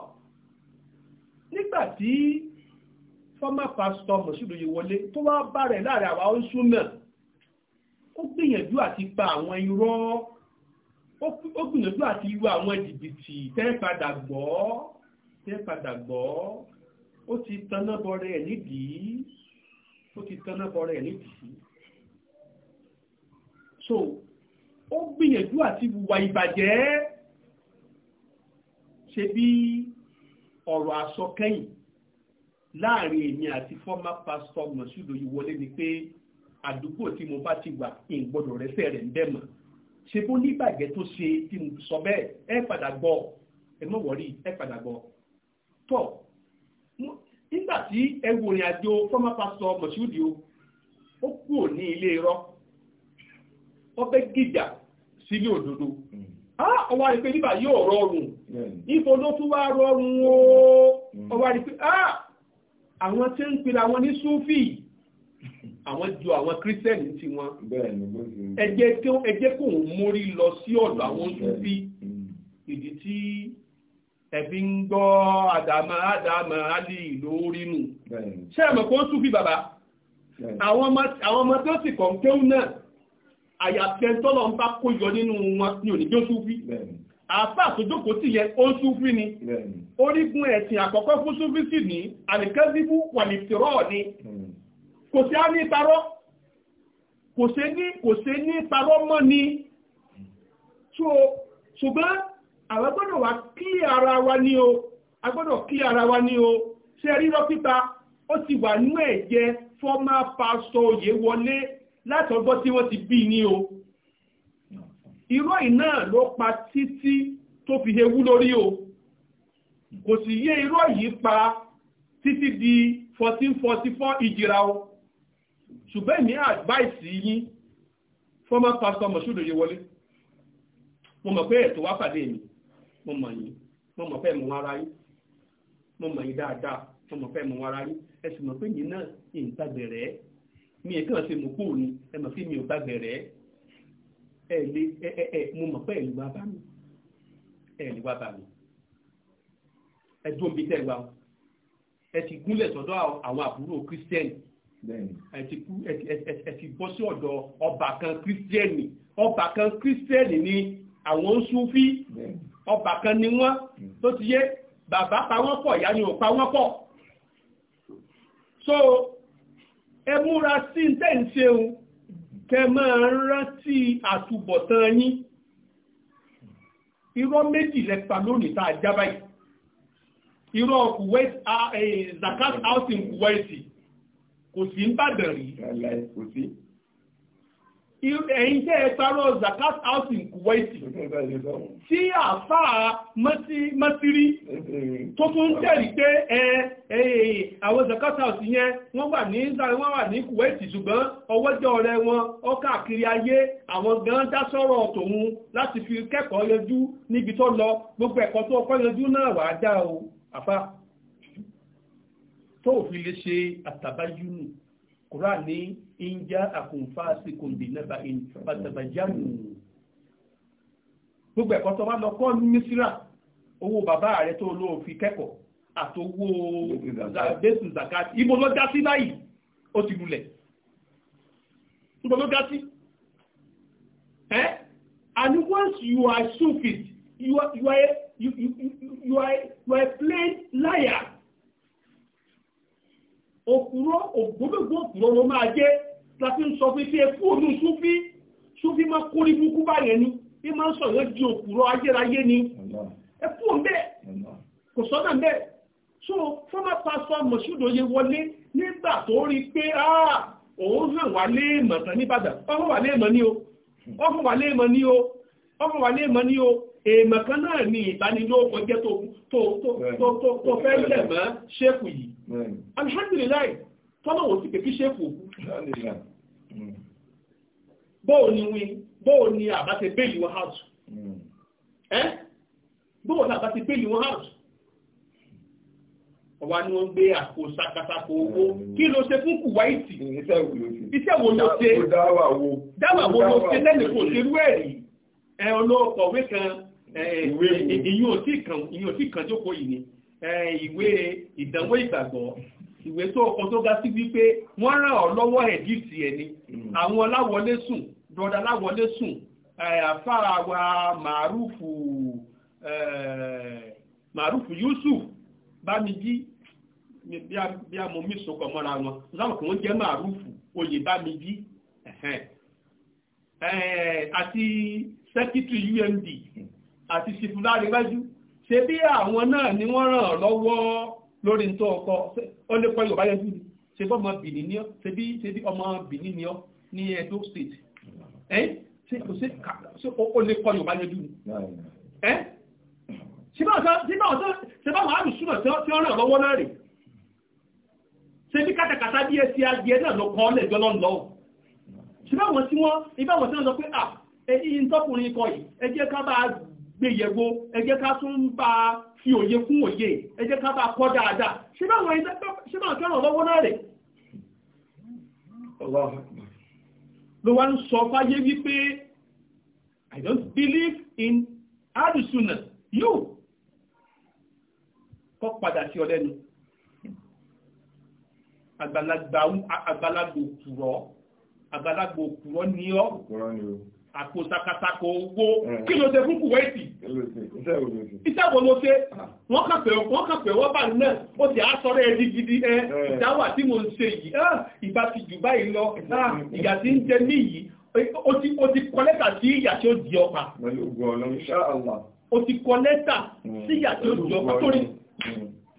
nígbà tí former pastor mọ̀ṣúlù yìí wọlé tó wá bá rẹ̀ láàrin àwa ó ń sún náà ó gbìyànjú àti pa àwọn irọ́ ó gbìyànjú àti irú àwọn jìbìtì tẹ́ padà gbọ́ tẹ́ padà gbọ́ ó ti taná bọ̀rẹ̀ ẹ̀ nídìí ó ti taná bọ̀rẹ̀ ẹ̀ nídìí so ó gbìyànjú àti wùwà ìbàjẹ́ ṣe bí ọ̀rọ̀ àsọkẹ́yìn láàrin èmi àti fọ́mà pásítọ̀ mọ̀súdò yìí wọlé ni pé àdúgbò tí mo bá ti wà ìgbọ́dọ̀ rẹ́fẹ́ rẹ̀ ń bẹ̀ mọ́ ṣe bó ní ìbàjẹ́ tó ṣe tí mo sọ bẹ́ẹ̀ ẹ padà gbọ́ ẹ mọ̀ wọ́rí ẹ padà gbọ́ tọ́ nígbà tí ẹ wòrìn àjò fọ́mà pásítọ̀ mọ̀súdò ó kúrò ní ilé irọ́ wọ́n fẹ́ gìjà sílé òdodo ọwọ́ hmm. àrífẹ́ nígbà yóò rọrùn hmm. níbo ló tún wá rọrùn o ọwọ́ hmm. àrífẹ́ àwọn tí ń pèrè àwọn ní súfì àwọn ju àwọn kírísítẹ́nì tí wọn ẹjẹ́ kò ń mórí lọ sí ọ̀dọ̀ àwọn súfì ìdí tí ẹ̀bí ń gbọ́ àdàmà àdàmà alì lórí nù ṣé ẹ̀mọ̀ kó súfì bàbá àwọn ọmọ tó sì kọ̀ náà àyàfẹ́ tọ́lọ̀ ń bá kó yọ nínú wọn ní oníjó súfí àpá àtòjókò tí yẹ ó súfí ni orígun ẹ̀sìn àkọ́kọ́ fún súfí sì ní àlìkẹ́síbú wà ní tìrọ́ ni hmm. kò sí á ní parọ́ kò sí ní kò sí ní parọ́ mọ́ ni ṣùgbọ́n àwọn gbọ́dọ̀ wá kí ara wa ní o a gbọ́dọ̀ kí ara wa ní o ṣe rírọ́ pípa ó ti wà nú ẹ̀jẹ̀ fọ́mà pásọ òye wọlé látọgbọ́ tí wọ́n ti bí ní o irú ìná ló pa títí tó fi hewú lórí o kò sì yé irú yìí pa títí di 1444 ìjìra o ṣùgbọ́n ní àgbáìsì yín former pastor Moshood Oyewole mo mọ̀ pé ètò wá pàdé mi mo mọ̀ yín mo mọ̀ pé mo ara yín mo mọ̀ yín dáadáa mo mọ̀ pé mo ara yín ẹ mọ̀ pé yín náà ìǹtagbẹ̀rẹ̀ mi ẹ̀ kàn ṣe mọ̀ kúrò ni ẹ mọ̀ sí mi ò bá bẹ̀rẹ̀ ẹ lé ẹ ẹ ẹ mo mọ̀ pé ẹ̀ lè wá bá mi ẹ̀ lè wá bá mi ẹ dúró bí tẹ́ ẹ wá o ẹ ti gúnlẹ̀ sọ́dọ̀ àwọn àbúrò kírísítẹ́nì ẹ ti kú ẹ ti bọ́ sí ọ̀dọ̀ ọba kan kírísítẹ́nì ọba kan kírísítẹ́nì ni àwọn ń súnfí ọba kan ni wọ́n hmm. tó ti yé bàbá pa wọ́n pọ̀ ìyá ni ò pa wọ́n pọ̀ so ẹ múra sí tẹ́ ń ṣeun kẹ máa rántí àtúbọ̀tán yín irọ́ méjì lẹ́pa lónìí tá a já báyìí irọ́ Kuwait eh, zakat house in Kuwait kò sí ń bàdàn rí ẹ̀yin tẹ́ ẹ parọ́ zakat house in Kuwait tí àfáà mọ́sírí tó tún tẹ̀rí pé ẹ àwọn zakat house yẹn wọ́n wà ní wọ́n wà ní Kuwait ṣùgbọ́n ọwọ́jọ́ rẹ wọn ọkàkiri ayé àwọn gan dá sọ́rọ̀ tòun láti fi kẹ́kọ̀ọ́ yanjú níbi tó lọ gbogbo ẹ̀kọ́ tó kọ́ yanjú náà wà á dá o àfáà tó fi lè ṣe àtàbáyúnù Quran ní inja akunfasi kumbi nẹba in pàtàkìjánu gbogbo ẹ̀kọ́ tó wá lọ kọ́ ní Mísírà owó bàbá rẹ tó ló fi kẹ́kọ̀ọ́ àtowó bẹ́sùn zakat ibo ló dá sí báyìí ó ti lulẹ̀ ibo ló dá sí ẹ́ and once you are stupid you are you are you, you, you, are you are a plain liar òkúrọ́ ògbógbògbò òkúrọ́ ló máa jẹ́ láti ń sọ fífí ẹkú ònú súnfí súnfí máa kórí búkú báyẹn ni bí máa ń sọ yẹn di òkúrọ́ ayérayé ni ẹkú òun bẹ́ẹ̀ kò sọ́nà bẹ́ẹ̀ so former pastor mọ̀ṣúdò yẹ wọlé nígbà tó rí pé ah, òun hàn wà léèmọ̀ tán níbàdàn ọkùn wà léèmọ̀ ní o ọkùn wà léèmọ̀ ní o ọkùn wà léèmọ̀ ní o èèmọ̀ kan náà ni ìbánilóòkọ jẹ́ tó fẹ́ lẹ̀ mọ́ ṣéèkù yìí alhamdulilayi tọ́lọ̀ wọ́n ti pè kí ṣéèkù òkú mm. bóò ni wí bóò ni àbá ti bẹ́ẹ̀lì wọn house mm. ẹ́ bóò ni àbá ti bẹ́ẹ̀lì wọn house ọwá ni wọ́n gbé àpò sakasako owó mm. kí ló ṣe fún Kuwaiti iṣẹ́ wo ló ṣe dáwà wo ló ṣe lẹ́nu kò ṣerú ẹ̀rí ẹ̀ ọlọ́kọ̀wé kan ìyún òtí kan jókòó yìí ni ìwé ìdánwò ìgbàgbọ́ ìwé tó ọkàn tó ga sí wípé wọ́n ràn ọ́ lọ́wọ́ ẹ̀díìtì ẹ̀ ni hmm. àwọn aláwọlé sùn dọ́dà aláwọlé sùn àfáà wa màrúfù màrúfù Yusuf bámijí bí a mọ̀ mí sọkọ̀ mọ́ra wọn láwọn kò ń jẹ́ màrúfù oyè bámijí àti sẹ́kítì UMD hmm àti ṣìfúlárí wájú ṣe bí àwọn náà ni wọ́n ràn lọ́wọ́ lórí nítorí ọkọ ó lè kọ́ yorùbá yẹn sí ni ṣe bí ọmọ Benin ni ọ ṣe bí ṣe bí ọmọ Benin ni ọ ní Edo state ẹ ṣe kò ṣe kà ṣe ó lè kọ́ yorùbá yẹn dùn ẹ ṣe bá ọ̀sán ṣe bá ọ̀sán ṣe bá wàhálù súnà tí wọ́n ràn lọ́wọ́ náà rè ṣe bí kátàkátà bí ẹsẹ̀ adìẹ náà lọ kọ́ lẹ́jọ́ lọ́nà lọ́wọ́ ṣe bá wọn tí wọ́n ibà wọn tí wọ́n sọ pé à èyí ń tọkùnrin kọ yìí ẹ jẹ́ ká bá gbéyẹ̀wò ẹ jẹ́ ká tún bá fi òye kún òye ẹ ká bá kọ́ dáadáa ṣé báwọn ẹni lọ́wọ́ náà rẹ̀. ló wá ń sọ fáyé wípé I don't believe in adusuna You. kọ́ padà sí ọ lẹ́nu àgbàlagbà òkùrọ̀ ni ọ́ àpò sakasako owó hmm. kí ló ṣe fún kuwaiti iṣẹ́ wo ló ṣe ah. wọ́n kàpẹ̀ wọ́n kàpẹ̀ wọ́n bá náà ó ti àásọ́rẹ́ ẹni gidi ẹ hmm. ìdáwà tí mo ń ṣe yìí ah, ìgbà ti jù báyìí lọ hmm. ah, ìyà tí ń jẹ níyìí ó ti kọ lẹ́tà sí ìyà tí ó di ọpa ó ti kọ lẹ́tà sí ìyà tí ó di ọpa torí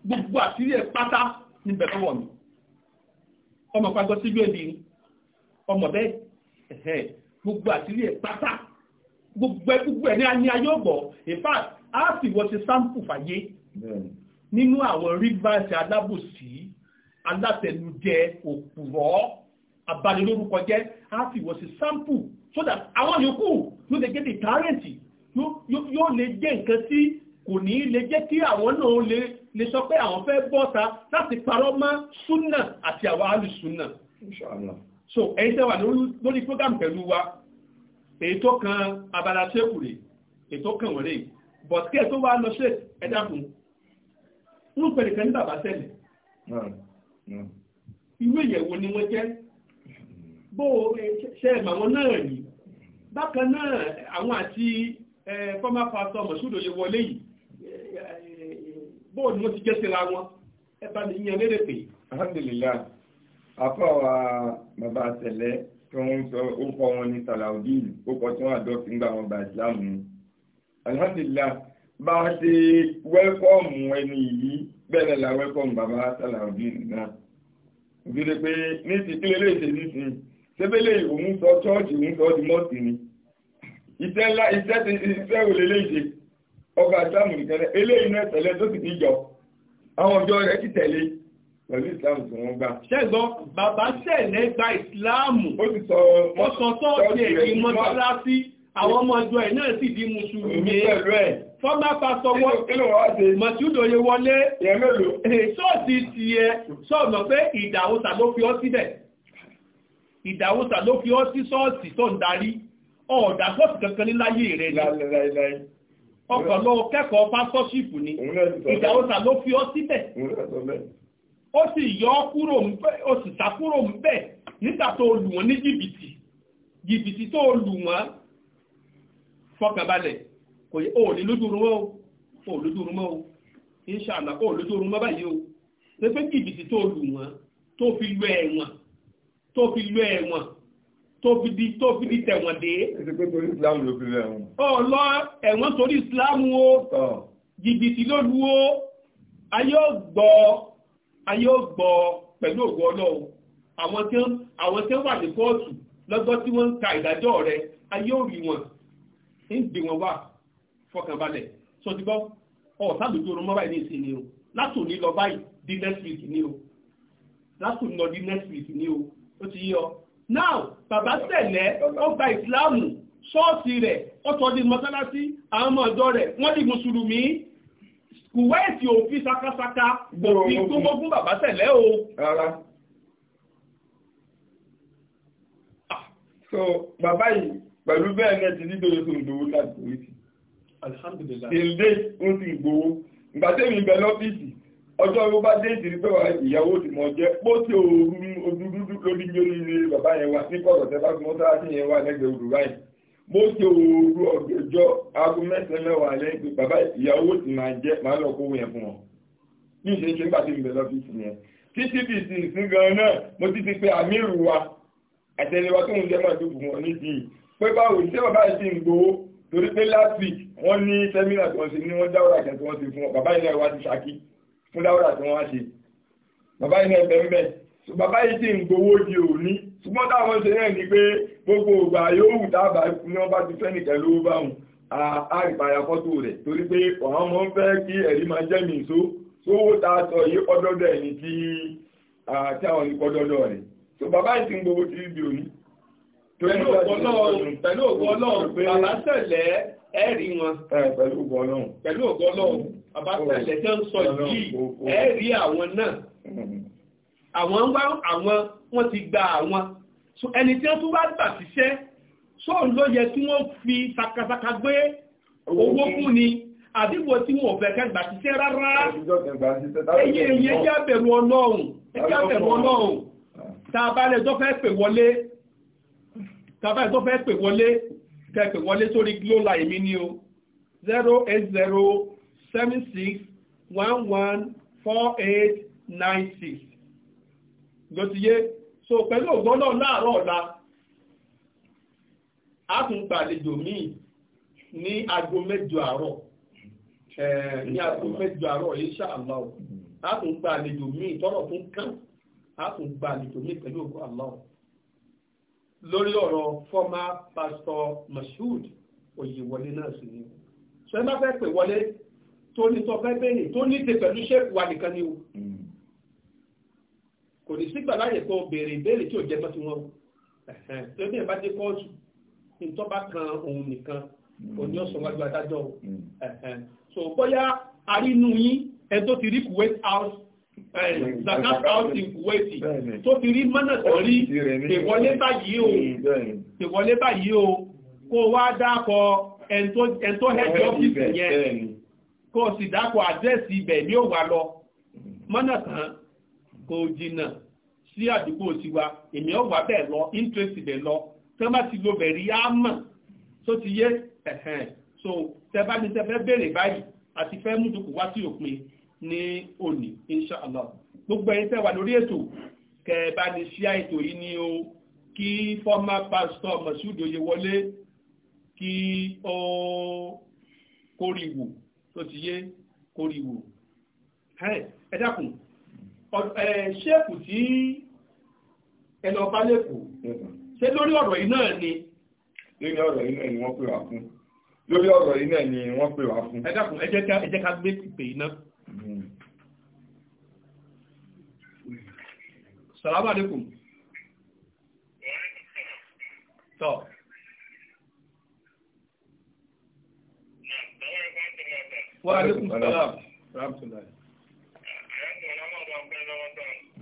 gbogbo àṣírí ẹ̀ pátá ní bẹ̀rẹ̀ wọ̀n ọmọ pàgọ́ sílùú ẹ̀mí gbogbo àtìrí ẹ̀ pátá gbogbo gbogbo ẹ̀ ní ayé ayé ọ̀gbọ̀ in fact a sì wọ́n ti sample fàyè nínú àwọn rivers alábòsí alátẹnujẹ òpùrọ̀ abanilórúkọ jẹ́ a sì wọ́n ti sample so that àwọn yòókù yóò lè gẹ́gẹ́ tààrẹ̀ntì yóò lè jẹ́ nǹkan tí kò ní lè jẹ́ kí àwọn náà lè sọ pé àwọn fẹ́ bọ́ta láti parọ́ mọ́ súnà àti àwọn alùsùnà. Inshallah so ẹ̀yin tẹ́ wà lórí program pẹ̀lú wa èyí tó kan abala ṣékù rè èyí tó kan wọ̀rẹ́ yìí but kí ẹ tó wá lọ ṣe ẹ dákun inú pẹ̀lú kan ní bàbá sẹ́lẹ̀ ìwé ìyẹ̀wò ni wọ́n jẹ́ bó ṣe ẹ̀mà wọn náà yìí bákan náà àwọn àti former pastor mọ̀ṣúdò yẹ wọlé yìí bó ni wọ́n ti jẹ́ síra wọn ẹ bá mi yan lérè pé. alhamdulilayi afọwà bàbá àtẹlẹ tó ń sọ orúkọ wọn ní Salaudeen orúkọ tí wọn àdọ́sí ń gbà wọn bá ìsìlámù ni alhamdulilah bá a ṣe wẹ́kọ̀mù ẹni yìí bẹ́ẹ̀ la wẹ́kọ̀mù baba Salaudeen náà òbíire pé ní ti kílẹ̀ lè ṣe nísìnyí sébélé òun sọ chọ́ọ̀chì òun sọ di mọ́ọ̀sì ni iṣẹ́ ńlá iṣẹ́ ti iṣẹ́ òun lélẹ́yìí ọba àtàmù nìkan eléyìí náà tẹ̀lé tó sì ti jọ àwọn ọjọ́ rẹ̀ ti tẹ̀lé pẹ̀lú ìsìláàmù tí wọ́n gbà. ṣẹ́gbọ́ bàbá ṣẹ̀lẹ̀ gba ìsìláàmù ó ti sọ ọ̀sán tọ́ọ̀tì ẹ̀yìn mọ́sálásí àwọn ọmọ ọjọ́ ẹ̀ náà sì di mùsùlùmí fọ́nà pàṣọ mọ̀túndò yẹ wọlé ṣọ́ọ̀tì ti ẹ sọ̀nà pé ìdàwùsà ló fi ọ́ síbẹ̀ ìdàwùsà ló fi ọ́ sí ṣọ́ọ̀tì tó ń darí ọ̀dà ṣọ́ọ̀tì kankan níláyé rẹ̀ ni ọkọ̀ lọ kẹ́kọ̀ọ́ pásọ́ṣìpù ni ìdàwùsà ló fi ọ́ síbẹ̀ ó sì yọ ọ́ kúrò ńbẹ̀ ó sì sá kúrò ńbẹ̀ nígbà tó lù wọ́n ní jìbìtì jìbìtì tó lù wọ́n fọkànbalẹ̀ kò yẹ òòlì lójúurun mọ́ o lójúurun mọ́ o inṣàlá o lójúurun mọ́ báyìí o pépé jìbìtì tó lù wọ́n tó fi lọ ẹ̀wọ̀n tó fi lọ ẹ̀wọ̀n tó fi di tó fi di tẹ̀wọ̀n dé. èsì pé torí islam ló fi lọ ẹ̀wọ̀n. ọ lọ ẹ̀wọ̀n torí islam o jìbìtì ló lu o ayé ò ayé ó gbọ́ pẹ̀lú ògo ọlọ́run àwọn tí àwọn tí wà ní kóòtù lọ́jọ́ tí wọ́n ń ka ìdájọ́ rẹ ayé ó rí wọn ń gbé wọn wá fọkànbalẹ̀ sọ ti gbọ́ ọ̀ sábìjú orun mọ́bàá ní ìsìn ni o látò ní lọ báyìí di next week ni o látò ní lọ di next week ni o ó ti yí ọ. now bàbá tẹ̀lẹ́ ó gba ìsìláàmù ṣọ́ọ̀ṣì rẹ̀ ó tọ́ di mọ́sálásí àwọn ọmọ ọ̀dọ́ rẹ̀ wọ́n di mùsùlùmí kùwẹ́ẹ̀tì òfin sakasaka òfin tó gbógun bàbá tẹ̀lẹ́ o. rárá ah, so bàbá yìí pẹ̀lú bẹ́ẹ̀ náà ti dídòye tó ń gbowó láti polisi. alhamdulilayi. èlé ó sì gbowó ìgbà tẹ́mi bẹ lọ́fíìsì ọjọ́ ló bá dé ìdílé pé ìyàwó ti mọ̀ jẹ́ pó tí òórùn ojú dúdú lórí ní orí bàbá yẹn wá nípa ọ̀rọ̀ tẹ́ bá gbọ́n sára sí yẹn wá lẹ́gbẹ̀ẹ́ odò báyìí mo ṣe òru ọ̀gẹ̀jọ́ aago mẹ́sàn-án mẹ́wàá lẹ́yìn pé bàbá ìyàwó ti máa jẹ́ máa lọ kówó yẹn fún wọn bí ṣe ṣe ń bá ti ń bẹ lọ́fíìsì yẹn títí bí ìsìn ìsìn gan náà mo ti ti pe àmírù wa àtẹniwa tó ń jẹ́ máa dùn fún wọn nídìí pé báwo ṣé bàbá yìí ti ń gbowó torí pé last week wọ́n ní sẹ́mínà tí wọ́n ṣe ní wọ́n dáwọ́rà kan tí wọ́n ṣe fún wọn bàbá yìí náà wá ti ṣákí fún dáwọ́rà tí wọ́n wá ṣe bàbá yìí náà bẹ́ẹ̀ bẹ́ẹ̀ bàbá yìí ti ń gbowó di òní ṣùgbọ́n táwọn ṣe náà ni pé gbogbo ògbà yóò wù dábà ní wọ́n bá ti fẹ́ nìkan ló bá wù fọ́tò rẹ̀ torí pé ọ̀hán mọ́ ń fẹ́ kí ẹ̀rí máa jẹ́ mi ìṣó sówó ta sọ ọdọ́dọ̀ ẹni tí àwọn ìkọdọ́dọ̀ rẹ̀ so bàbá ìsì ń gbogbo ti ibi òní. pẹ̀lú ògbọ́ ọlọ́run bàbá ń sọ àwọn wọ́n ti gba àwọn so ẹni tí wọ́n tún wá gbà síṣẹ́ sóòn ló yẹ tí wọ́n fi sakasaka gbé owó fún ni àdìgbò tí wọn ò fẹ́ ká gbà síṣẹ́ rárá ẹyẹ ẹyẹ ẹyẹ abẹ̀rù ọlọ́run ẹyẹ abẹ̀rù ọlọ́run tá a bá lè tó fẹ́ pè wọlé tá a bá lè tó fẹ́ pè wọlé kẹ́ pè wọlé sórí glo line mi ni o zero eight zero seven six one one four eight nine six gbòtìyé so pẹ̀lú ògbọ́nà láàárọ̀ ọ̀la a tún gbàlejò míì ní aago mẹ́jọ àárọ̀ ní aago mẹ́jọ àárọ̀ insha Allah a tún gbàlejò míì tọ́rọ̀ tún kàn a tún gbàlejò míì pẹ̀lú ògbọ́n Allah lórí ọ̀rọ̀ former pastor Mashood Oyèwọlé náà sí ni ṣe má fẹ́ pè wọlé tó ní tọ́ fẹ́ bẹ́ẹ̀ tó ní ṣe pẹ̀lú ṣẹ́ẹ̀kù wa nìkan ni o. Mm kò ní sígbà láyè tó béèrè ìbéèrè tí ò jẹ́ mọ́ tiwọn tó bí ẹ̀ bá dé kóòtù ní tó bá kan òun nìkan òní ọ̀sán wájú adájọ́ mm. so bóyá arínú yín ẹ tó ti rí Kuwait house eh, mm. zakat house in Kuwait tó ti rí mọ́nà tó rí ìwọlé báyìí o ìwọlé mm, báyìí o kó wá dákọ ẹni tó hẹ́ẹ̀dì ọ́fíìsì yẹn kó o sì dákọ àdírẹ́sì ibẹ̀ ní òwà lọ mọ́nà tán kò jìnnà sí àdúgbò tiwa èmi ò wá bẹ́ẹ̀ lọ interest bẹ́ẹ̀ lọ tí wọ́n bá ti lo bẹ̀rí á mọ̀ tó ti yé ẹ̀hẹ̀n so tẹ́bá ní tẹ́fẹ́ béèrè báyìí àti fẹ́ mú dùkú wá sí òpin ní òní inṣàlá gbogbo ẹ̀yin tẹ́ wà lórí ètò kẹ́ẹ̀bá ní ṣíà ètò yìí ni o kí former pastor Masud Oyewole kí ó kórìwò tó ti yé kórìwò ẹ dákun ṣéèkù tí ẹnà ọba lẹ́kọ̀ọ́ ṣé lórí ọ̀rọ̀ yìí náà ni. lórí ọ̀rọ̀ yìí náà ni wọ́n pè wá fún lórí ọ̀rọ̀ yìí náà ni wọ́n pè wá fún. ẹ dákun ẹ jẹ́ ká gbé ìpè yìí náà. salamu alaikum. tọ́. wa alaikum salam.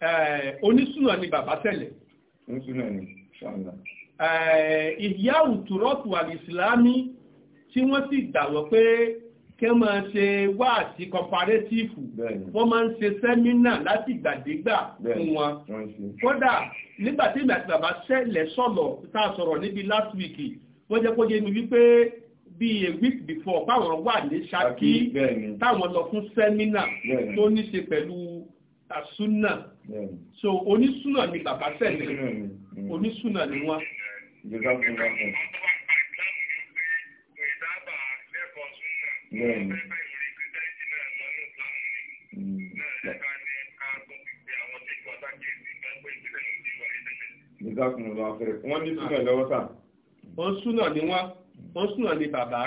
Eh, onísùnà ni bàbá tẹ̀lẹ̀. onísùnà ni ṣàǹdà. Eh, ìyá òtúrọ́pù àlìsìlámì tí wọ́n sì dàwọ̀ pé kẹ́ máa ṣe wá àti kọparétífù wọ́n máa ń ṣe sẹ́mínà láti ìgbàdégbà fún wọn. kódà nígbà tí ìgbà tí bàbá ṣẹlẹ̀ sọ̀lọ̀ tá a sọ̀rọ̀ níbi last week wọ́n jẹ́ kó yé mi wípé bí a week before báwọn wà ní Ṣakí táwọn lọ fún sẹ́mínà tó ní pẹ̀lú àsúnà so onísúnà ni bàbá tẹ̀lé onísúnà ni wọ́n. wọ́n ní súnà lọ́wọ́ sà. wọ́n súnà ni wọ́n wọ́n súnà ni bàbá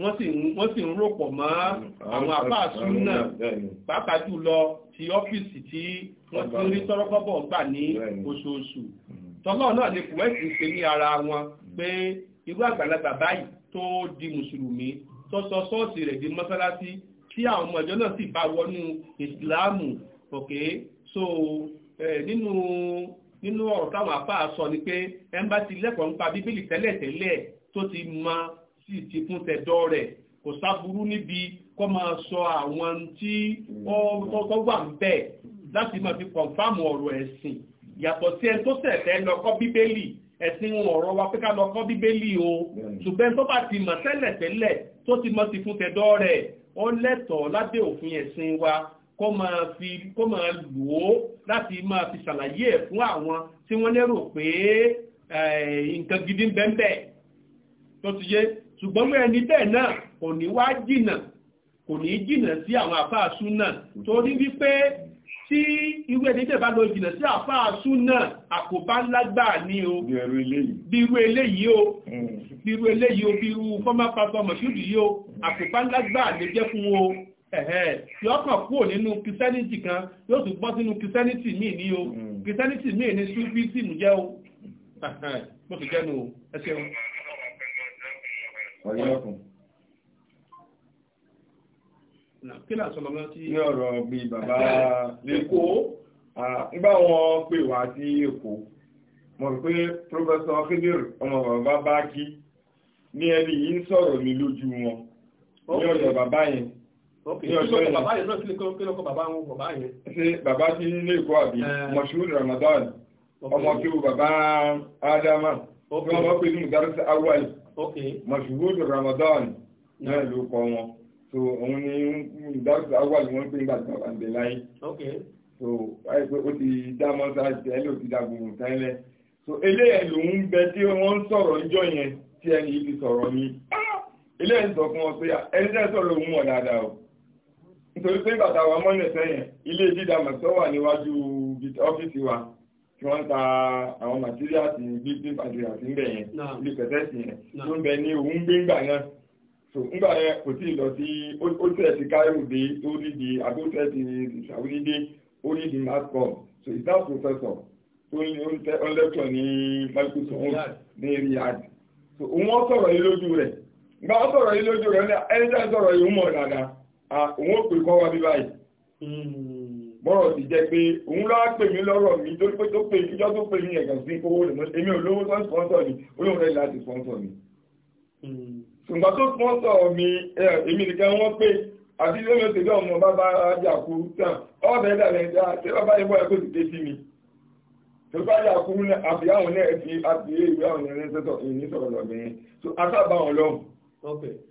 wọ́n sì ń ròpọ̀ mọ́ àwọn àfáàsùn náà pàápàá jùlọ ti ọ́fíìsì tí wọ́n ti ń rí tọ́rọ́kọ́bọ̀ gbà ní oṣooṣù hmm. tọ́lọ́ náà ni kùwẹ́ẹ̀tì ṣe ní ara wọn pé irú àgbàlagbà báyìí tó di mùsùlùmí tó sọ sọ́ọ̀sì rẹ̀ di mọ́sálásí tí àwọn ọmọ ìjọ náà sì bá wọnú ìsìláàmù òkè so nínú nínú ọ̀rọ̀ táwọn àfáà sọ ni pé ẹ ń bá ti lẹ́kọ̀ọ́ nípa bíbélì tẹ́lẹ̀ tẹ́lẹ̀ tó ti mọ sí ìtìkún tẹ̀dọ́ rẹ̀ kò sáburú níbi kọ́ máa sọ àwọn tí ó wà ń bẹ̀ láti máa fi kọ̀nfàmù ọ̀rọ̀ ẹ̀sìn yàtọ̀ sí ẹni tó ṣẹ̀fẹ̀ lọ kọ́ bíbélì ẹ̀sìn wọn ọ̀rọ̀ wa pé ká lọ kọ́ bíbélì o ṣùgbọ́n tó bá ti mọ̀ tẹ́lẹ̀ tẹ́lẹ̀ tó ti mọ̀ ti fún tẹ̀dọ́ rẹ̀ ó lẹ́tọ̀ọ́ lábẹ́ òfin ẹ̀sìn wa kó máa fi kó máa lò ó láti máa fi ṣàlàyé ẹ̀ fún àwọn tí wọ́n lérò pé nǹkan gidi ń bẹ́ńbẹ́ tó ti yé ṣùgbọ́n mú ẹni bẹ́ẹ̀ náà kò ní wá jìnà kò ní jìnà sí àwọn àfáà súnà torí wípé tí irú ẹni tẹ́ bá lọ jìnà sí àfáà súnà àkóbá ńlágbà ní o bí eléyìí o hmm. bí eléyìí o bí irú former pastor moshood àkóbá ńlágbà lè jẹ́ fún o ẹ̀hẹ́ tí kúrò nínú kìsẹ́nìtì kan yóò tún bọ́ sínú kìsẹ́nìtì míì ní o kìsẹ́nìtì hmm. míì ní sufism jẹ́ o mo sì jẹ́nu ẹ ṣeun ọ̀yọ́kùn. kí ni àsọlọmọ tí. ní ọ̀rọ̀ bí bàbá lẹ́kọ́ nígbà wọn pè wá sí èkó mo rò pé pírọfẹsọ fídíò ọmọ bàbá bá kí ní ẹni yìí ń sọ̀rọ̀ mi lójú wọn ní ọ̀dọ̀ bàbá yẹn. Bàbá yẹn náà kí lóko bàbá wọn bàbá yẹn. Ṣé bàbá ti nílé ìkó àbí? Eh. Mọ̀ṣúrù Ramadan, ọmọ kí wo bàbá Ádámà, ọmọ pé ní Mùsàlùsì Awal, mọ̀ṣúgbọ́dù Ramadan náà ló kọ wọn so òun ni dáàbò awà ni wọ́n pè ń gbàgbà àǹdè láyé so báyìí pé ó ti dá mọ́tà tẹ́lẹ̀ ó ti dá gbogbo tẹ́lẹ̀ so eléyẹ̀ lòun ń bẹ tí wọ́n ń sọ̀rọ̀ níjọ́ yẹn tí ẹni yìí ti sọ̀rọ̀ ni ah! eléyẹ̀ ń sọ fún ọ pé ah, ẹni tẹ́ sọ̀rọ̀ òun mọ̀ dáadáa o nítorí pé bàtà wa mọ́nẹ̀ sẹ́yìn ilé dídá mọ̀tọ́ wà níwájú ọ́fíìsì tí wọ́n ń ta àwọn màtíríàsì bíi bíi màtíríàsì ń bẹ̀ yẹn bíi pẹ̀tẹ́sì yẹn ló ń bẹ ní òun gbé ńgbà náà so ńgbà yẹn kò tí ì lọ sí ó tẹ̀ sí káyọ̀dé tó nídi àbí ó tẹ̀ sí ìṣàwídé ó nídi mascom so is that professor tó ń lẹ́tọ̀ ní michael sọ̀hún ní riyadh so òun wọ́n sọ̀rọ̀ yìí lójú rẹ̀ ńgbà wọ́n sọ̀rọ̀ yìí lójú rẹ̀ ẹni tẹ́ sọ̀rọ̀ yìí ó mọ̀ dáadáa òun ó pè kọ́ wa bí báyìí hmm bọ́rọ̀ ti jẹ́ pé òun lọ́wọ́ pè mí lọ́rọ̀ mi torí pé tó pè mí jọ́ tó pè mí ẹ̀gàn sí owó rẹ̀ mọ́ èmi ò lówó tó ń sponsor mi olóhùn rẹ̀ láti sponsor mi. ṣùgbọ́n tó sponsor mi èmi nìkan wọ́n pè àti ilé mi ò tẹ̀lé ọmọ bàbá àjàkú tán ọ̀bẹ̀ dàbẹ̀ dá ṣé bàbá yẹn bọ̀ ẹ̀kọ́ ti dé sí mi. tó bá àjàkú àbí àwọn náà ti àbí ìwé àwọn ẹ̀rẹ́ sẹ́tọ̀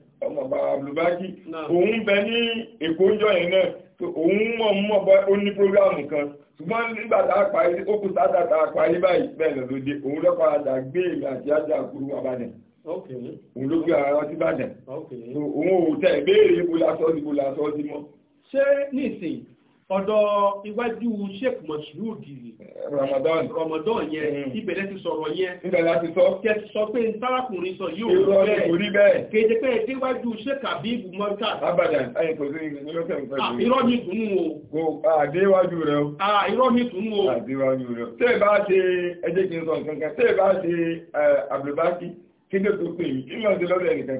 ọmọ bàbá blubaki òun bẹ ní èkó ń jọ yẹn náà òun mọ̀ mọ̀ bọ́ ó ní programu kan ṣùgbọ́n nígbà tá a parí ó kù sáadà tá a parí báyìí bẹ́ẹ̀ lọ lóde òun lọ́ padà gbé èmi àti ajá àkúrú abàdàn òun ló gbé ara sí Ìbàdàn òun ò tẹ̀ béèrè ibo la sọ́ọ́ sí ibo la sọ́ọ́ sí mọ́. ṣé nísìnyí ọ̀dọ̀ iwájú sheik mọ̀ṣúrùdì ramadan ramadan yẹn ìbẹ̀lẹ̀ mm. ti sọ̀rọ̀ yẹn ìbẹ̀lẹ̀ ti sọ kẹ ti sọ pé ntárakùnrin sọ yóò rí bẹ́ẹ̀ kéde pé déwájú sheik abibu mọ́ta abadan ayé kò sí ìrọ́kẹ́ nǹkan ah, irọ́ ní ìtùnú o àdéwájú rẹ o ah, irọ́ ní ìtùnú o àdéwájú rẹ o tẹ́ẹ̀ bá ṣe ẹjẹ́ kí n sọ nǹkan kan tẹ́ẹ̀ bá ṣe eh, abdulbaki kéde tó pè mí kí n lọ sí lọ́dọ̀ ẹnìkan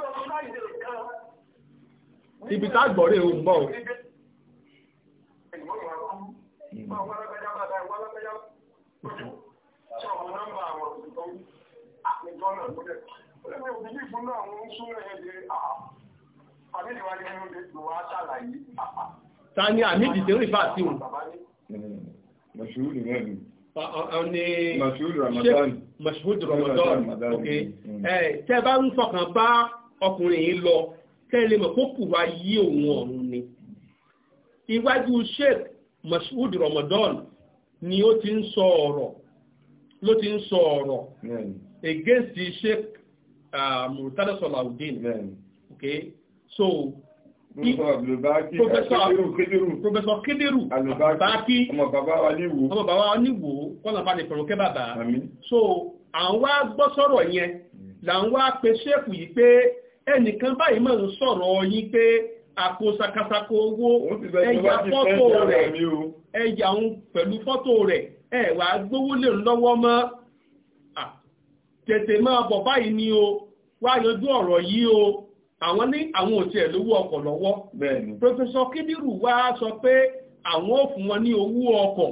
ibi tá gbọ́rẹ̀ ohun bọ́ ta ni àmìdì tí ó rí fà sí òun mọ̀ṣúrù náà ni ramadan ok mm. ẹ̀ tẹ́ bá ń fọkàn bá ọkùnrin yìí lọ kẹ́lẹ́ mọ̀ kó kùrọ̀ ayé òun ọ̀run ni iwájú sheikh mashood ramadan ni ó ti ń sọ ọ̀rọ̀ ló ti ń sọ ọ̀rọ̀ against sheikh uh, murtada salawudeen okay so Professor Kederu Alubaki ọmọ bàbá wa níwò kọ́nà bá ní pẹ̀lúkẹ́ bàbá. So, àwọn wá gbọ́ sọ̀rọ̀ yẹn, là ń wá pe ṣéèkù yìí pé ẹnìkan báyìí máa ń sọ̀rọ̀ yín pé sakasako owó ẹ̀yà fọ́tò rẹ̀ ẹ̀yà òun pẹ̀lú fọ́tò rẹ̀ ẹ̀ wà á gbówó lè lọ́wọ́ mọ́ tètè máa bọ̀ ni o wá yanjú ọ̀rọ̀ yìí o àwọn ní àwọn ò tiẹ̀ lówó ọkọ̀ lọ́wọ́ pòfẹ́sọ kídírù wá sọ pé àwọn ò fún wọn ní owó ọkọ̀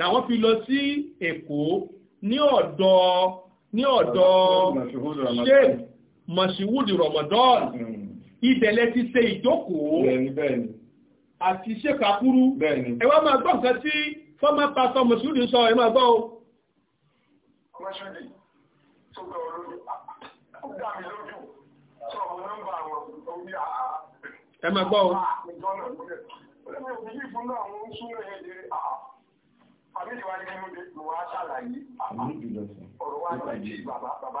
làwọn fi lọ sí èkó ní ní sheikh mọ̀ṣíwúdì Ramadan hmm. ìbẹ̀lẹ̀ ti ṣe ìjókòó àti ṣe kàkúrú ẹ wá máa gbọ́ tí fọ́mà pásọ mọ̀ṣíwúdì sọ ẹ máa gbọ́ o. mọ̀ṣíwúdì tó gbọ́ olójú ó dà mí lójú sọ ọmọ nọ́mbà àwọn orí àá. ẹ máa gbọ́ o. Àmì ìwádìí mú mi wá ṣàlàyé. Ọ̀rọ̀ wá ṣàlàyé bàbá bàbá.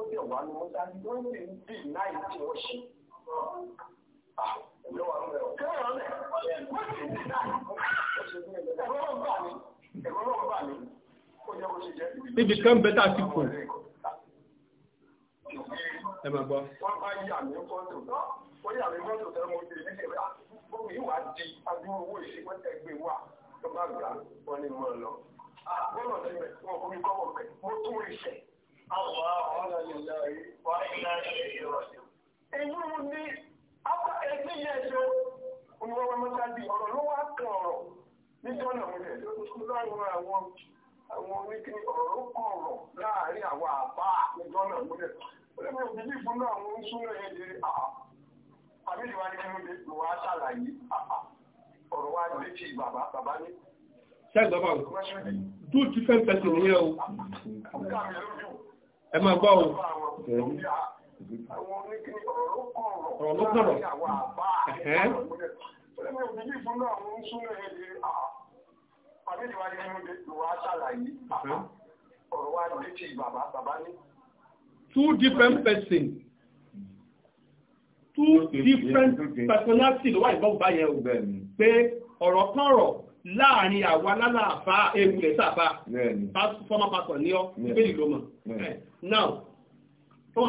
ó yẹ̀ wá ní ti kù. Ẹ máa gbọ́. Wọ́n bá yà mí kọ́ńtò wọ́n yà mí kọ́ńtò tẹ́lẹ̀ mo ti rí ìrà. Bómi ìwà di adúrú owó ìṣègùn ẹgbẹ́ wa tó gbà wọ́n ní mọ́ lọ. Bọ́lọ̀ ti rẹ̀ wọ́n kú mi kọ́kọ̀ pẹ̀, mo tún rí Inú ni ẹgbẹ́ yẹn ṣe olùwọ́wọ́ mọ́sáàdì ọ̀rọ̀ ló wá kan ọ̀rọ̀ ní jọ́nà múlẹ̀ lọ́rùn àwọn àwọn oníkiri ọ̀rọ̀ ló láàárín àwọn àbá ní jọ́nà múlẹ̀. Olébùn different persons ẹ máa gbọ́ o. ọ̀rọ̀ ló kọ̀rọ̀. Two different persons two different personalities ló wà ìbọn bá yẹn o pé ọ̀rọ̀ kan rọ̀ láàrin àwa lálàáfà ewu ẹ̀ former pastor ní ọ́ níbẹ̀ ìlú mọ̀ now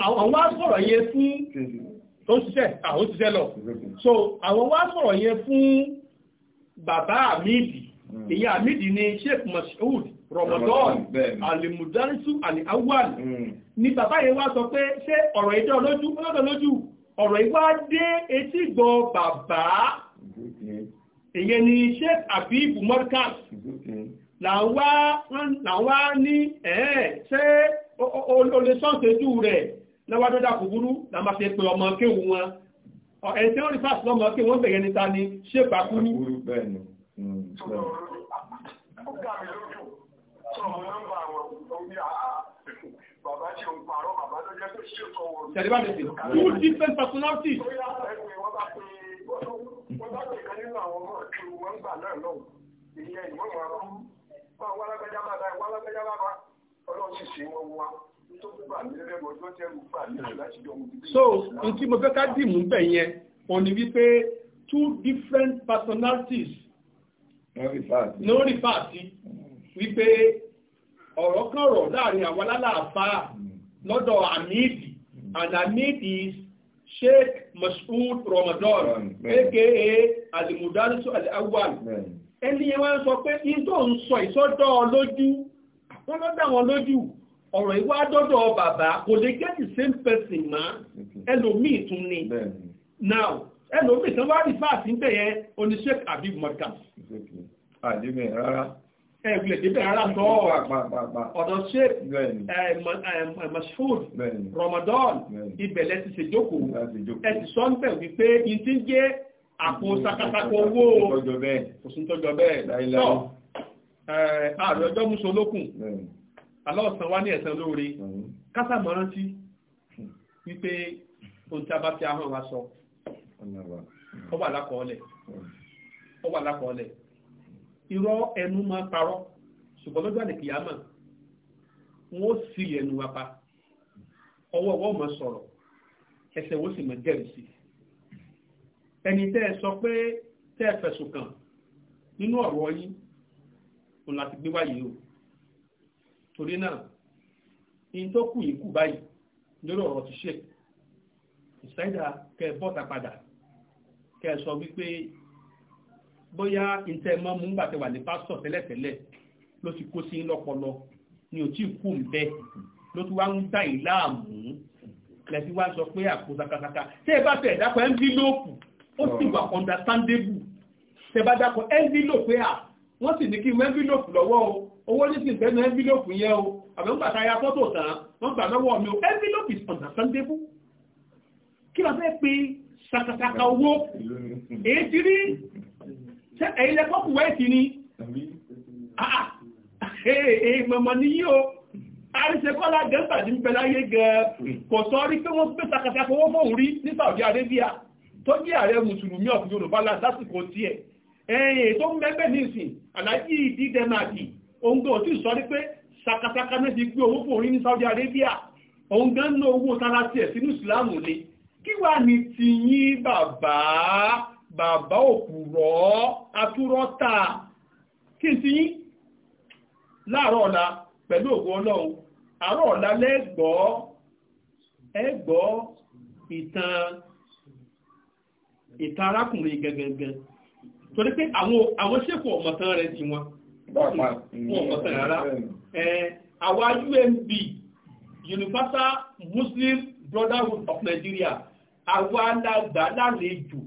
àwọn wá sọ̀rọ̀ yẹn fún tó ń ṣiṣẹ́ àwọn ṣiṣẹ́ lọ so àwọn wá sọ̀rọ̀ yẹn fún bàbá àmìdì èyí àmìdì ni sheikh mashood ramadan alimudarisu aliawal hmm. ni bàbá yẹn wá sọ pé ṣé ọ̀rọ̀ ìjọ lójú ọlọ́dọ̀ lójú ọ̀rọ̀ ìwá dé etí gbọ́ bàbá èyí ni sheikh abib mordecai làwa ní ẹ̀ẹ́ ṣé olè sọ́ọ̀tẹ́jú rẹ̀ lọ́wọ́ tó dà kúburú làwọn fi pe ọmọ kéwù wọn ẹ̀sìn orí fásitì lọ́mọ kí wọ́n bẹ̀rẹ̀ níta ni ṣé pàkúrú hmm, two different personalities. Ìyẹn ìwọ̀n máa rú so in tí mo fẹ́ ká dì mú bẹ̀ yẹn ò ní wípé two different personalities no refer sí wípé ọ̀rọ̀ kan rọ̀ láàrin àwọn alálàáfáà lọ́dọ̀ àmìdì hmm. and àmìdì is Sheikh Mas'ud Ramadan hmm. aka Al-Mudarris Al-Awwal. Hmm ẹni yẹn wọ́n sọ pé ìjọ ń sọ ìsọdọ̀ lójú wọ́n lọ́dọ̀ wọn lójú ọ̀rọ̀ ìwà dọ́dọ̀ bàbá kò lè get the same person mọ́ ẹlòmíì tún ni now ẹlòmíì tán wá rí fáàsì ń bẹ̀ yẹn oníṣẹ́ àbí mọ̀ká. àdébẹ̀ rárá. ẹ wulẹ̀ débẹ̀ rárá sọ ọ̀dọ̀ ṣe mashood Ramadan ibẹ̀ lẹ́sìn ṣèjókòó ẹ ti sọ ń bẹ̀ wípé ìdíje àpò sakasako owó o bẹ́ẹ̀ ààrẹ ọjọ́ mú solókùn alọ́ọ̀sán wá ní ẹ̀san lóore kásàmọ́ rántí wípé ohun tí a bá fi ahọ́n wa sọ ó wà ẹnu máa parọ́ ṣùgbọ́n lọ́jọ́ ẹnu wa pa ọwọ́ ọwọ́ sọ̀rọ̀ ẹsẹ̀ ẹni tẹ́ ẹ sọ pé tẹ́ ẹ fẹ̀sùn kàn nínú ọ̀rọ̀ yín òun láti gbé wáyé o torí náà in tó kù yìí kù báyìí lórí ọ̀rọ̀ ti ṣe ìsáyà kẹ bọ́ta padà kẹ sọ wípé bóyá ìtẹ̀mọ́ mú gbàtẹ̀ wà ní pásítọ̀ tẹ́lẹ̀tẹ́lẹ̀ ló ti kó sí lọ́pọlọ ni ò tí kù ń ló ti wá ń dá ìláàmú lẹ́sí wá sọ pé àpò sakasaka tẹ́ ẹ bá tẹ̀ dákọ̀ ẹ́ ń bí lóòkù ó sì wà understandable tẹ̀bádàpọ̀ envelope à wọ́n sì ní kí n envelope lọ́wọ́ o owó ní sì ń bẹ́nu envelope yẹn o àbẹ̀ ń gbà táyà fọ́tò tán wọ́n gbà lọ́wọ́ mi o envelope is understandable kí ló fẹ́ pe sakasaka owó èyí ti rí ẹ̀yìn lẹ́kọ́ kúwẹ́ẹ̀tì ni èyí mọ̀mọ́ ni yí o àríṣẹ́kọ́lá gẹ́gbàdínpẹ́láyé gẹ̀ẹ́ kò sọ rí pé wọ́n gbé sakasaka owó fóun rí ní Saudi Arabia tó jẹ́ ààrẹ mùsùlùmí ọ̀pọ̀ yorùbá lásìkò tiẹ̀ ẹ̀yìn tó ń mẹ́fẹ́ nísìn aláàjì dídẹ́màdì ohun tó ti sọ rí pé sakasaka náà ti gbé owó fún orí ní Saudi Arabia òun gan ná owó tara tiẹ̀ sínú ìsìláàmù ni kí wàá ní ti yín bàbá bàbá òpùrọ̀ atúrọ́tà kí n ti yín láàárọ̀ ọ̀la pẹ̀lú ògùn ọlọ́run àárọ̀ ọ̀la lẹ́gbọ́ ẹgbọ́ ìtàn ìta arákùnrin gẹ́gẹ́gẹ́ torí pé àwọn ṣẹ́kù ọmọtán rẹ̀ ti wọn ọmọtán rárá mm. àwa UMB Universal Muslim Brotherhood of Nigeria àwa alágbà lálejò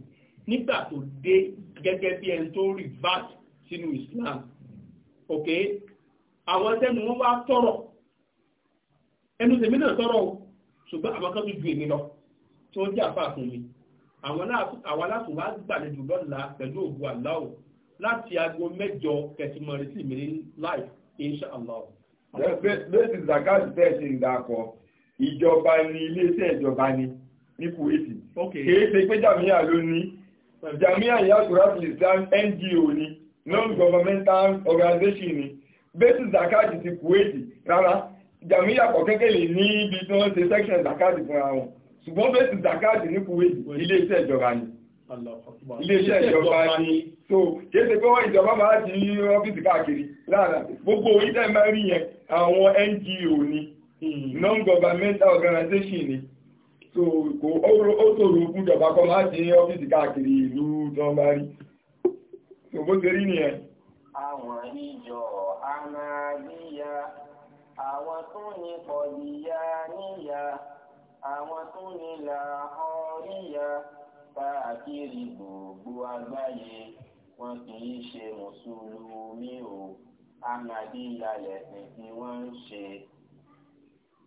nígbà tó dé gẹ́gẹ́ bí ẹni tó rí vat sínú Islam ok àwọn tẹ́nu wọn wá tọrọ ẹnu tèmi náà tọrọ ṣùgbọ́n àwọn kan tó ju èmi lọ tó ń jà fún mi àwọn aláàtún wá gbàlejò lọ́la pẹ̀lú òbu aláwọ̀ láti aago mẹ́jọ kẹtìmọ̀rì sí mi live insha allah. lẹ́sìn zakati tẹ́ ṣe ń dakọ̀ ìjọba ni iléeṣẹ́ ìjọba ni ní kuwait kìí ṣe pé jamiya ló ní jamiya yasura islam ngo ni non-governmental organization ni bẹ́sìn zakati ti kuwait rárá jamiya kọ̀kẹ́kẹ́ lè ní ibi tí wọ́n ṣe section zakati fúnra wọn ṣùgbọ́n bẹ́sì zakati ní Kuwait ilé iṣẹ́ ìjọba ni ilé iṣẹ́ ìjọba ni so kéèsè pé wọ́n ìjọba máa ti ní ọ́fíìsì káàkiri lára gbogbo orílẹ̀ máa rí yẹn àwọn NGO ni hmm. non-governmental organization ni so kò ó tòrò fún ìjọba kan máa ti ní ọ́fíìsì káàkiri ìlú tí wọ́n bá rí so bó ṣe rí nìyẹn. àwọn ìjọ àmàlíyà àwọn tó ní kọ̀ọ̀dìyà níyà àwọn tó ní làhọ́ríyà káàkiri gbogbo àgbáyé wọn kì í ṣe mùsùlùmí o ahmadiyya lẹ̀sìn tí wọ́n ń ṣe.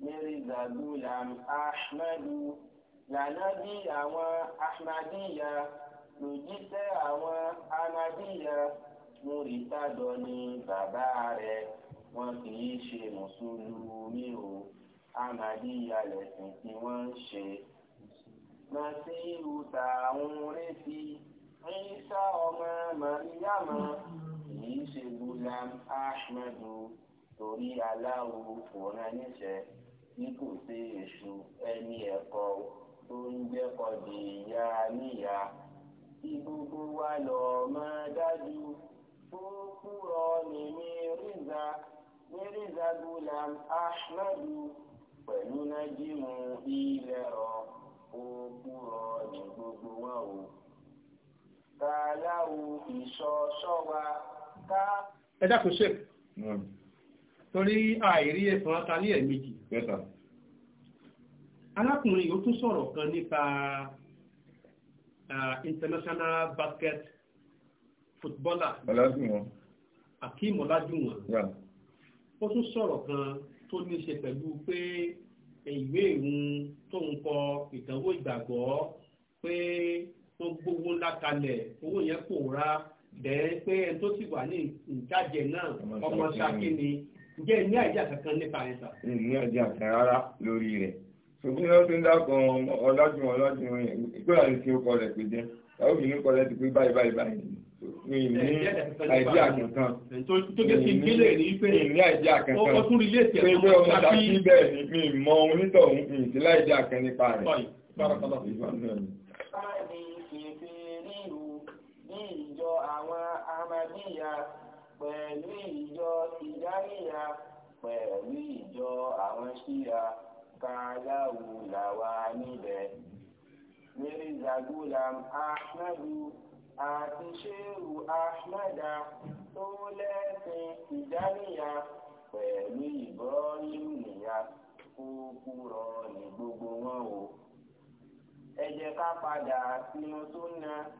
mirza gulam ahmadu lànàbí àwọn ahmadiyya lòjíṣẹ́ àwọn ahmadiyya múrítàdọ́ ni bàbá rẹ̀ wọn kì í ṣe mùsùlùmí o. Ahmadiyya lẹ̀sìn tí wọ́n ń ṣe. Màsíhù tààrùn retí Ìsá ọmọ Màríyàmọ́ kì í ṣe Gulam Ahmadu torí aláwo kò rán níṣẹ́ bí kò sí èṣù ẹni ẹ̀kọ́ tó ń gbẹ́kọ̀ dé ìyá níyà. Tí gbogbo wa lọ máa dájú fún kúrọ̀ ní Mírízà Mírízà Gulam Ahmadu pẹ̀lú nájímù ilẹ̀ rọ òkúrọ̀ ní gbogbo wọn o. kàláwù ìṣọṣọ́ wa ká. ẹ dákun ṣe torí àìrí ẹ̀fọn atalé ẹ̀ méjì. alákùnrin yóò tún sọ̀rọ̀ kan nípa ah, international basket footballer. alájùmọ̀. akim ọlájùmọ̀. ó tún sọ̀rọ̀ kan tó ní ṣe pẹ̀lú pé ìwé ìrun tó ń kọ ìdánwò ìgbàgbọ́ pé wọ́n gbówó ńlá kalẹ̀ owó yẹn pòórá bẹ́ẹ̀ pé ẹni tó sì wà ní ìjájẹ náà ọmọ ṣáké ni ǹjẹ́ ní àìjà kankan nípa ẹ̀ sà. ní àìjà kan rárá lórí rẹ̀ ṣùgbọ́n ó ti ń dákan ọlọ́dún ọlọ́dún ìpínlẹ̀ ti ń kọlẹ̀ pé jẹ́ táwọn obìnrin kọlẹ̀ ti pé báyìí báyìí báyìí mi ní àìdí àkànkan ní àìdí àkànkan pé pé ọmọ tàbí bẹ́ẹ̀ ni mi mọ onítọ̀hún mi sí láìdí àkàn nípa rẹ̀. Ìjọ àwọn Amadíyà pẹ̀lú ìjọ Tìjáníyà pẹ̀lú ìjọ àwọn Ṣíyà káyáwó làwa níbẹ̀. Mary Zagulam àti ṣéèrù ahmeda tó lẹ́sìn ìdáníyà pẹ̀lú ìbọ́límù nìyà kúkú rọ ní gbogbo wọn o. ẹ jẹ́ ká padà sínú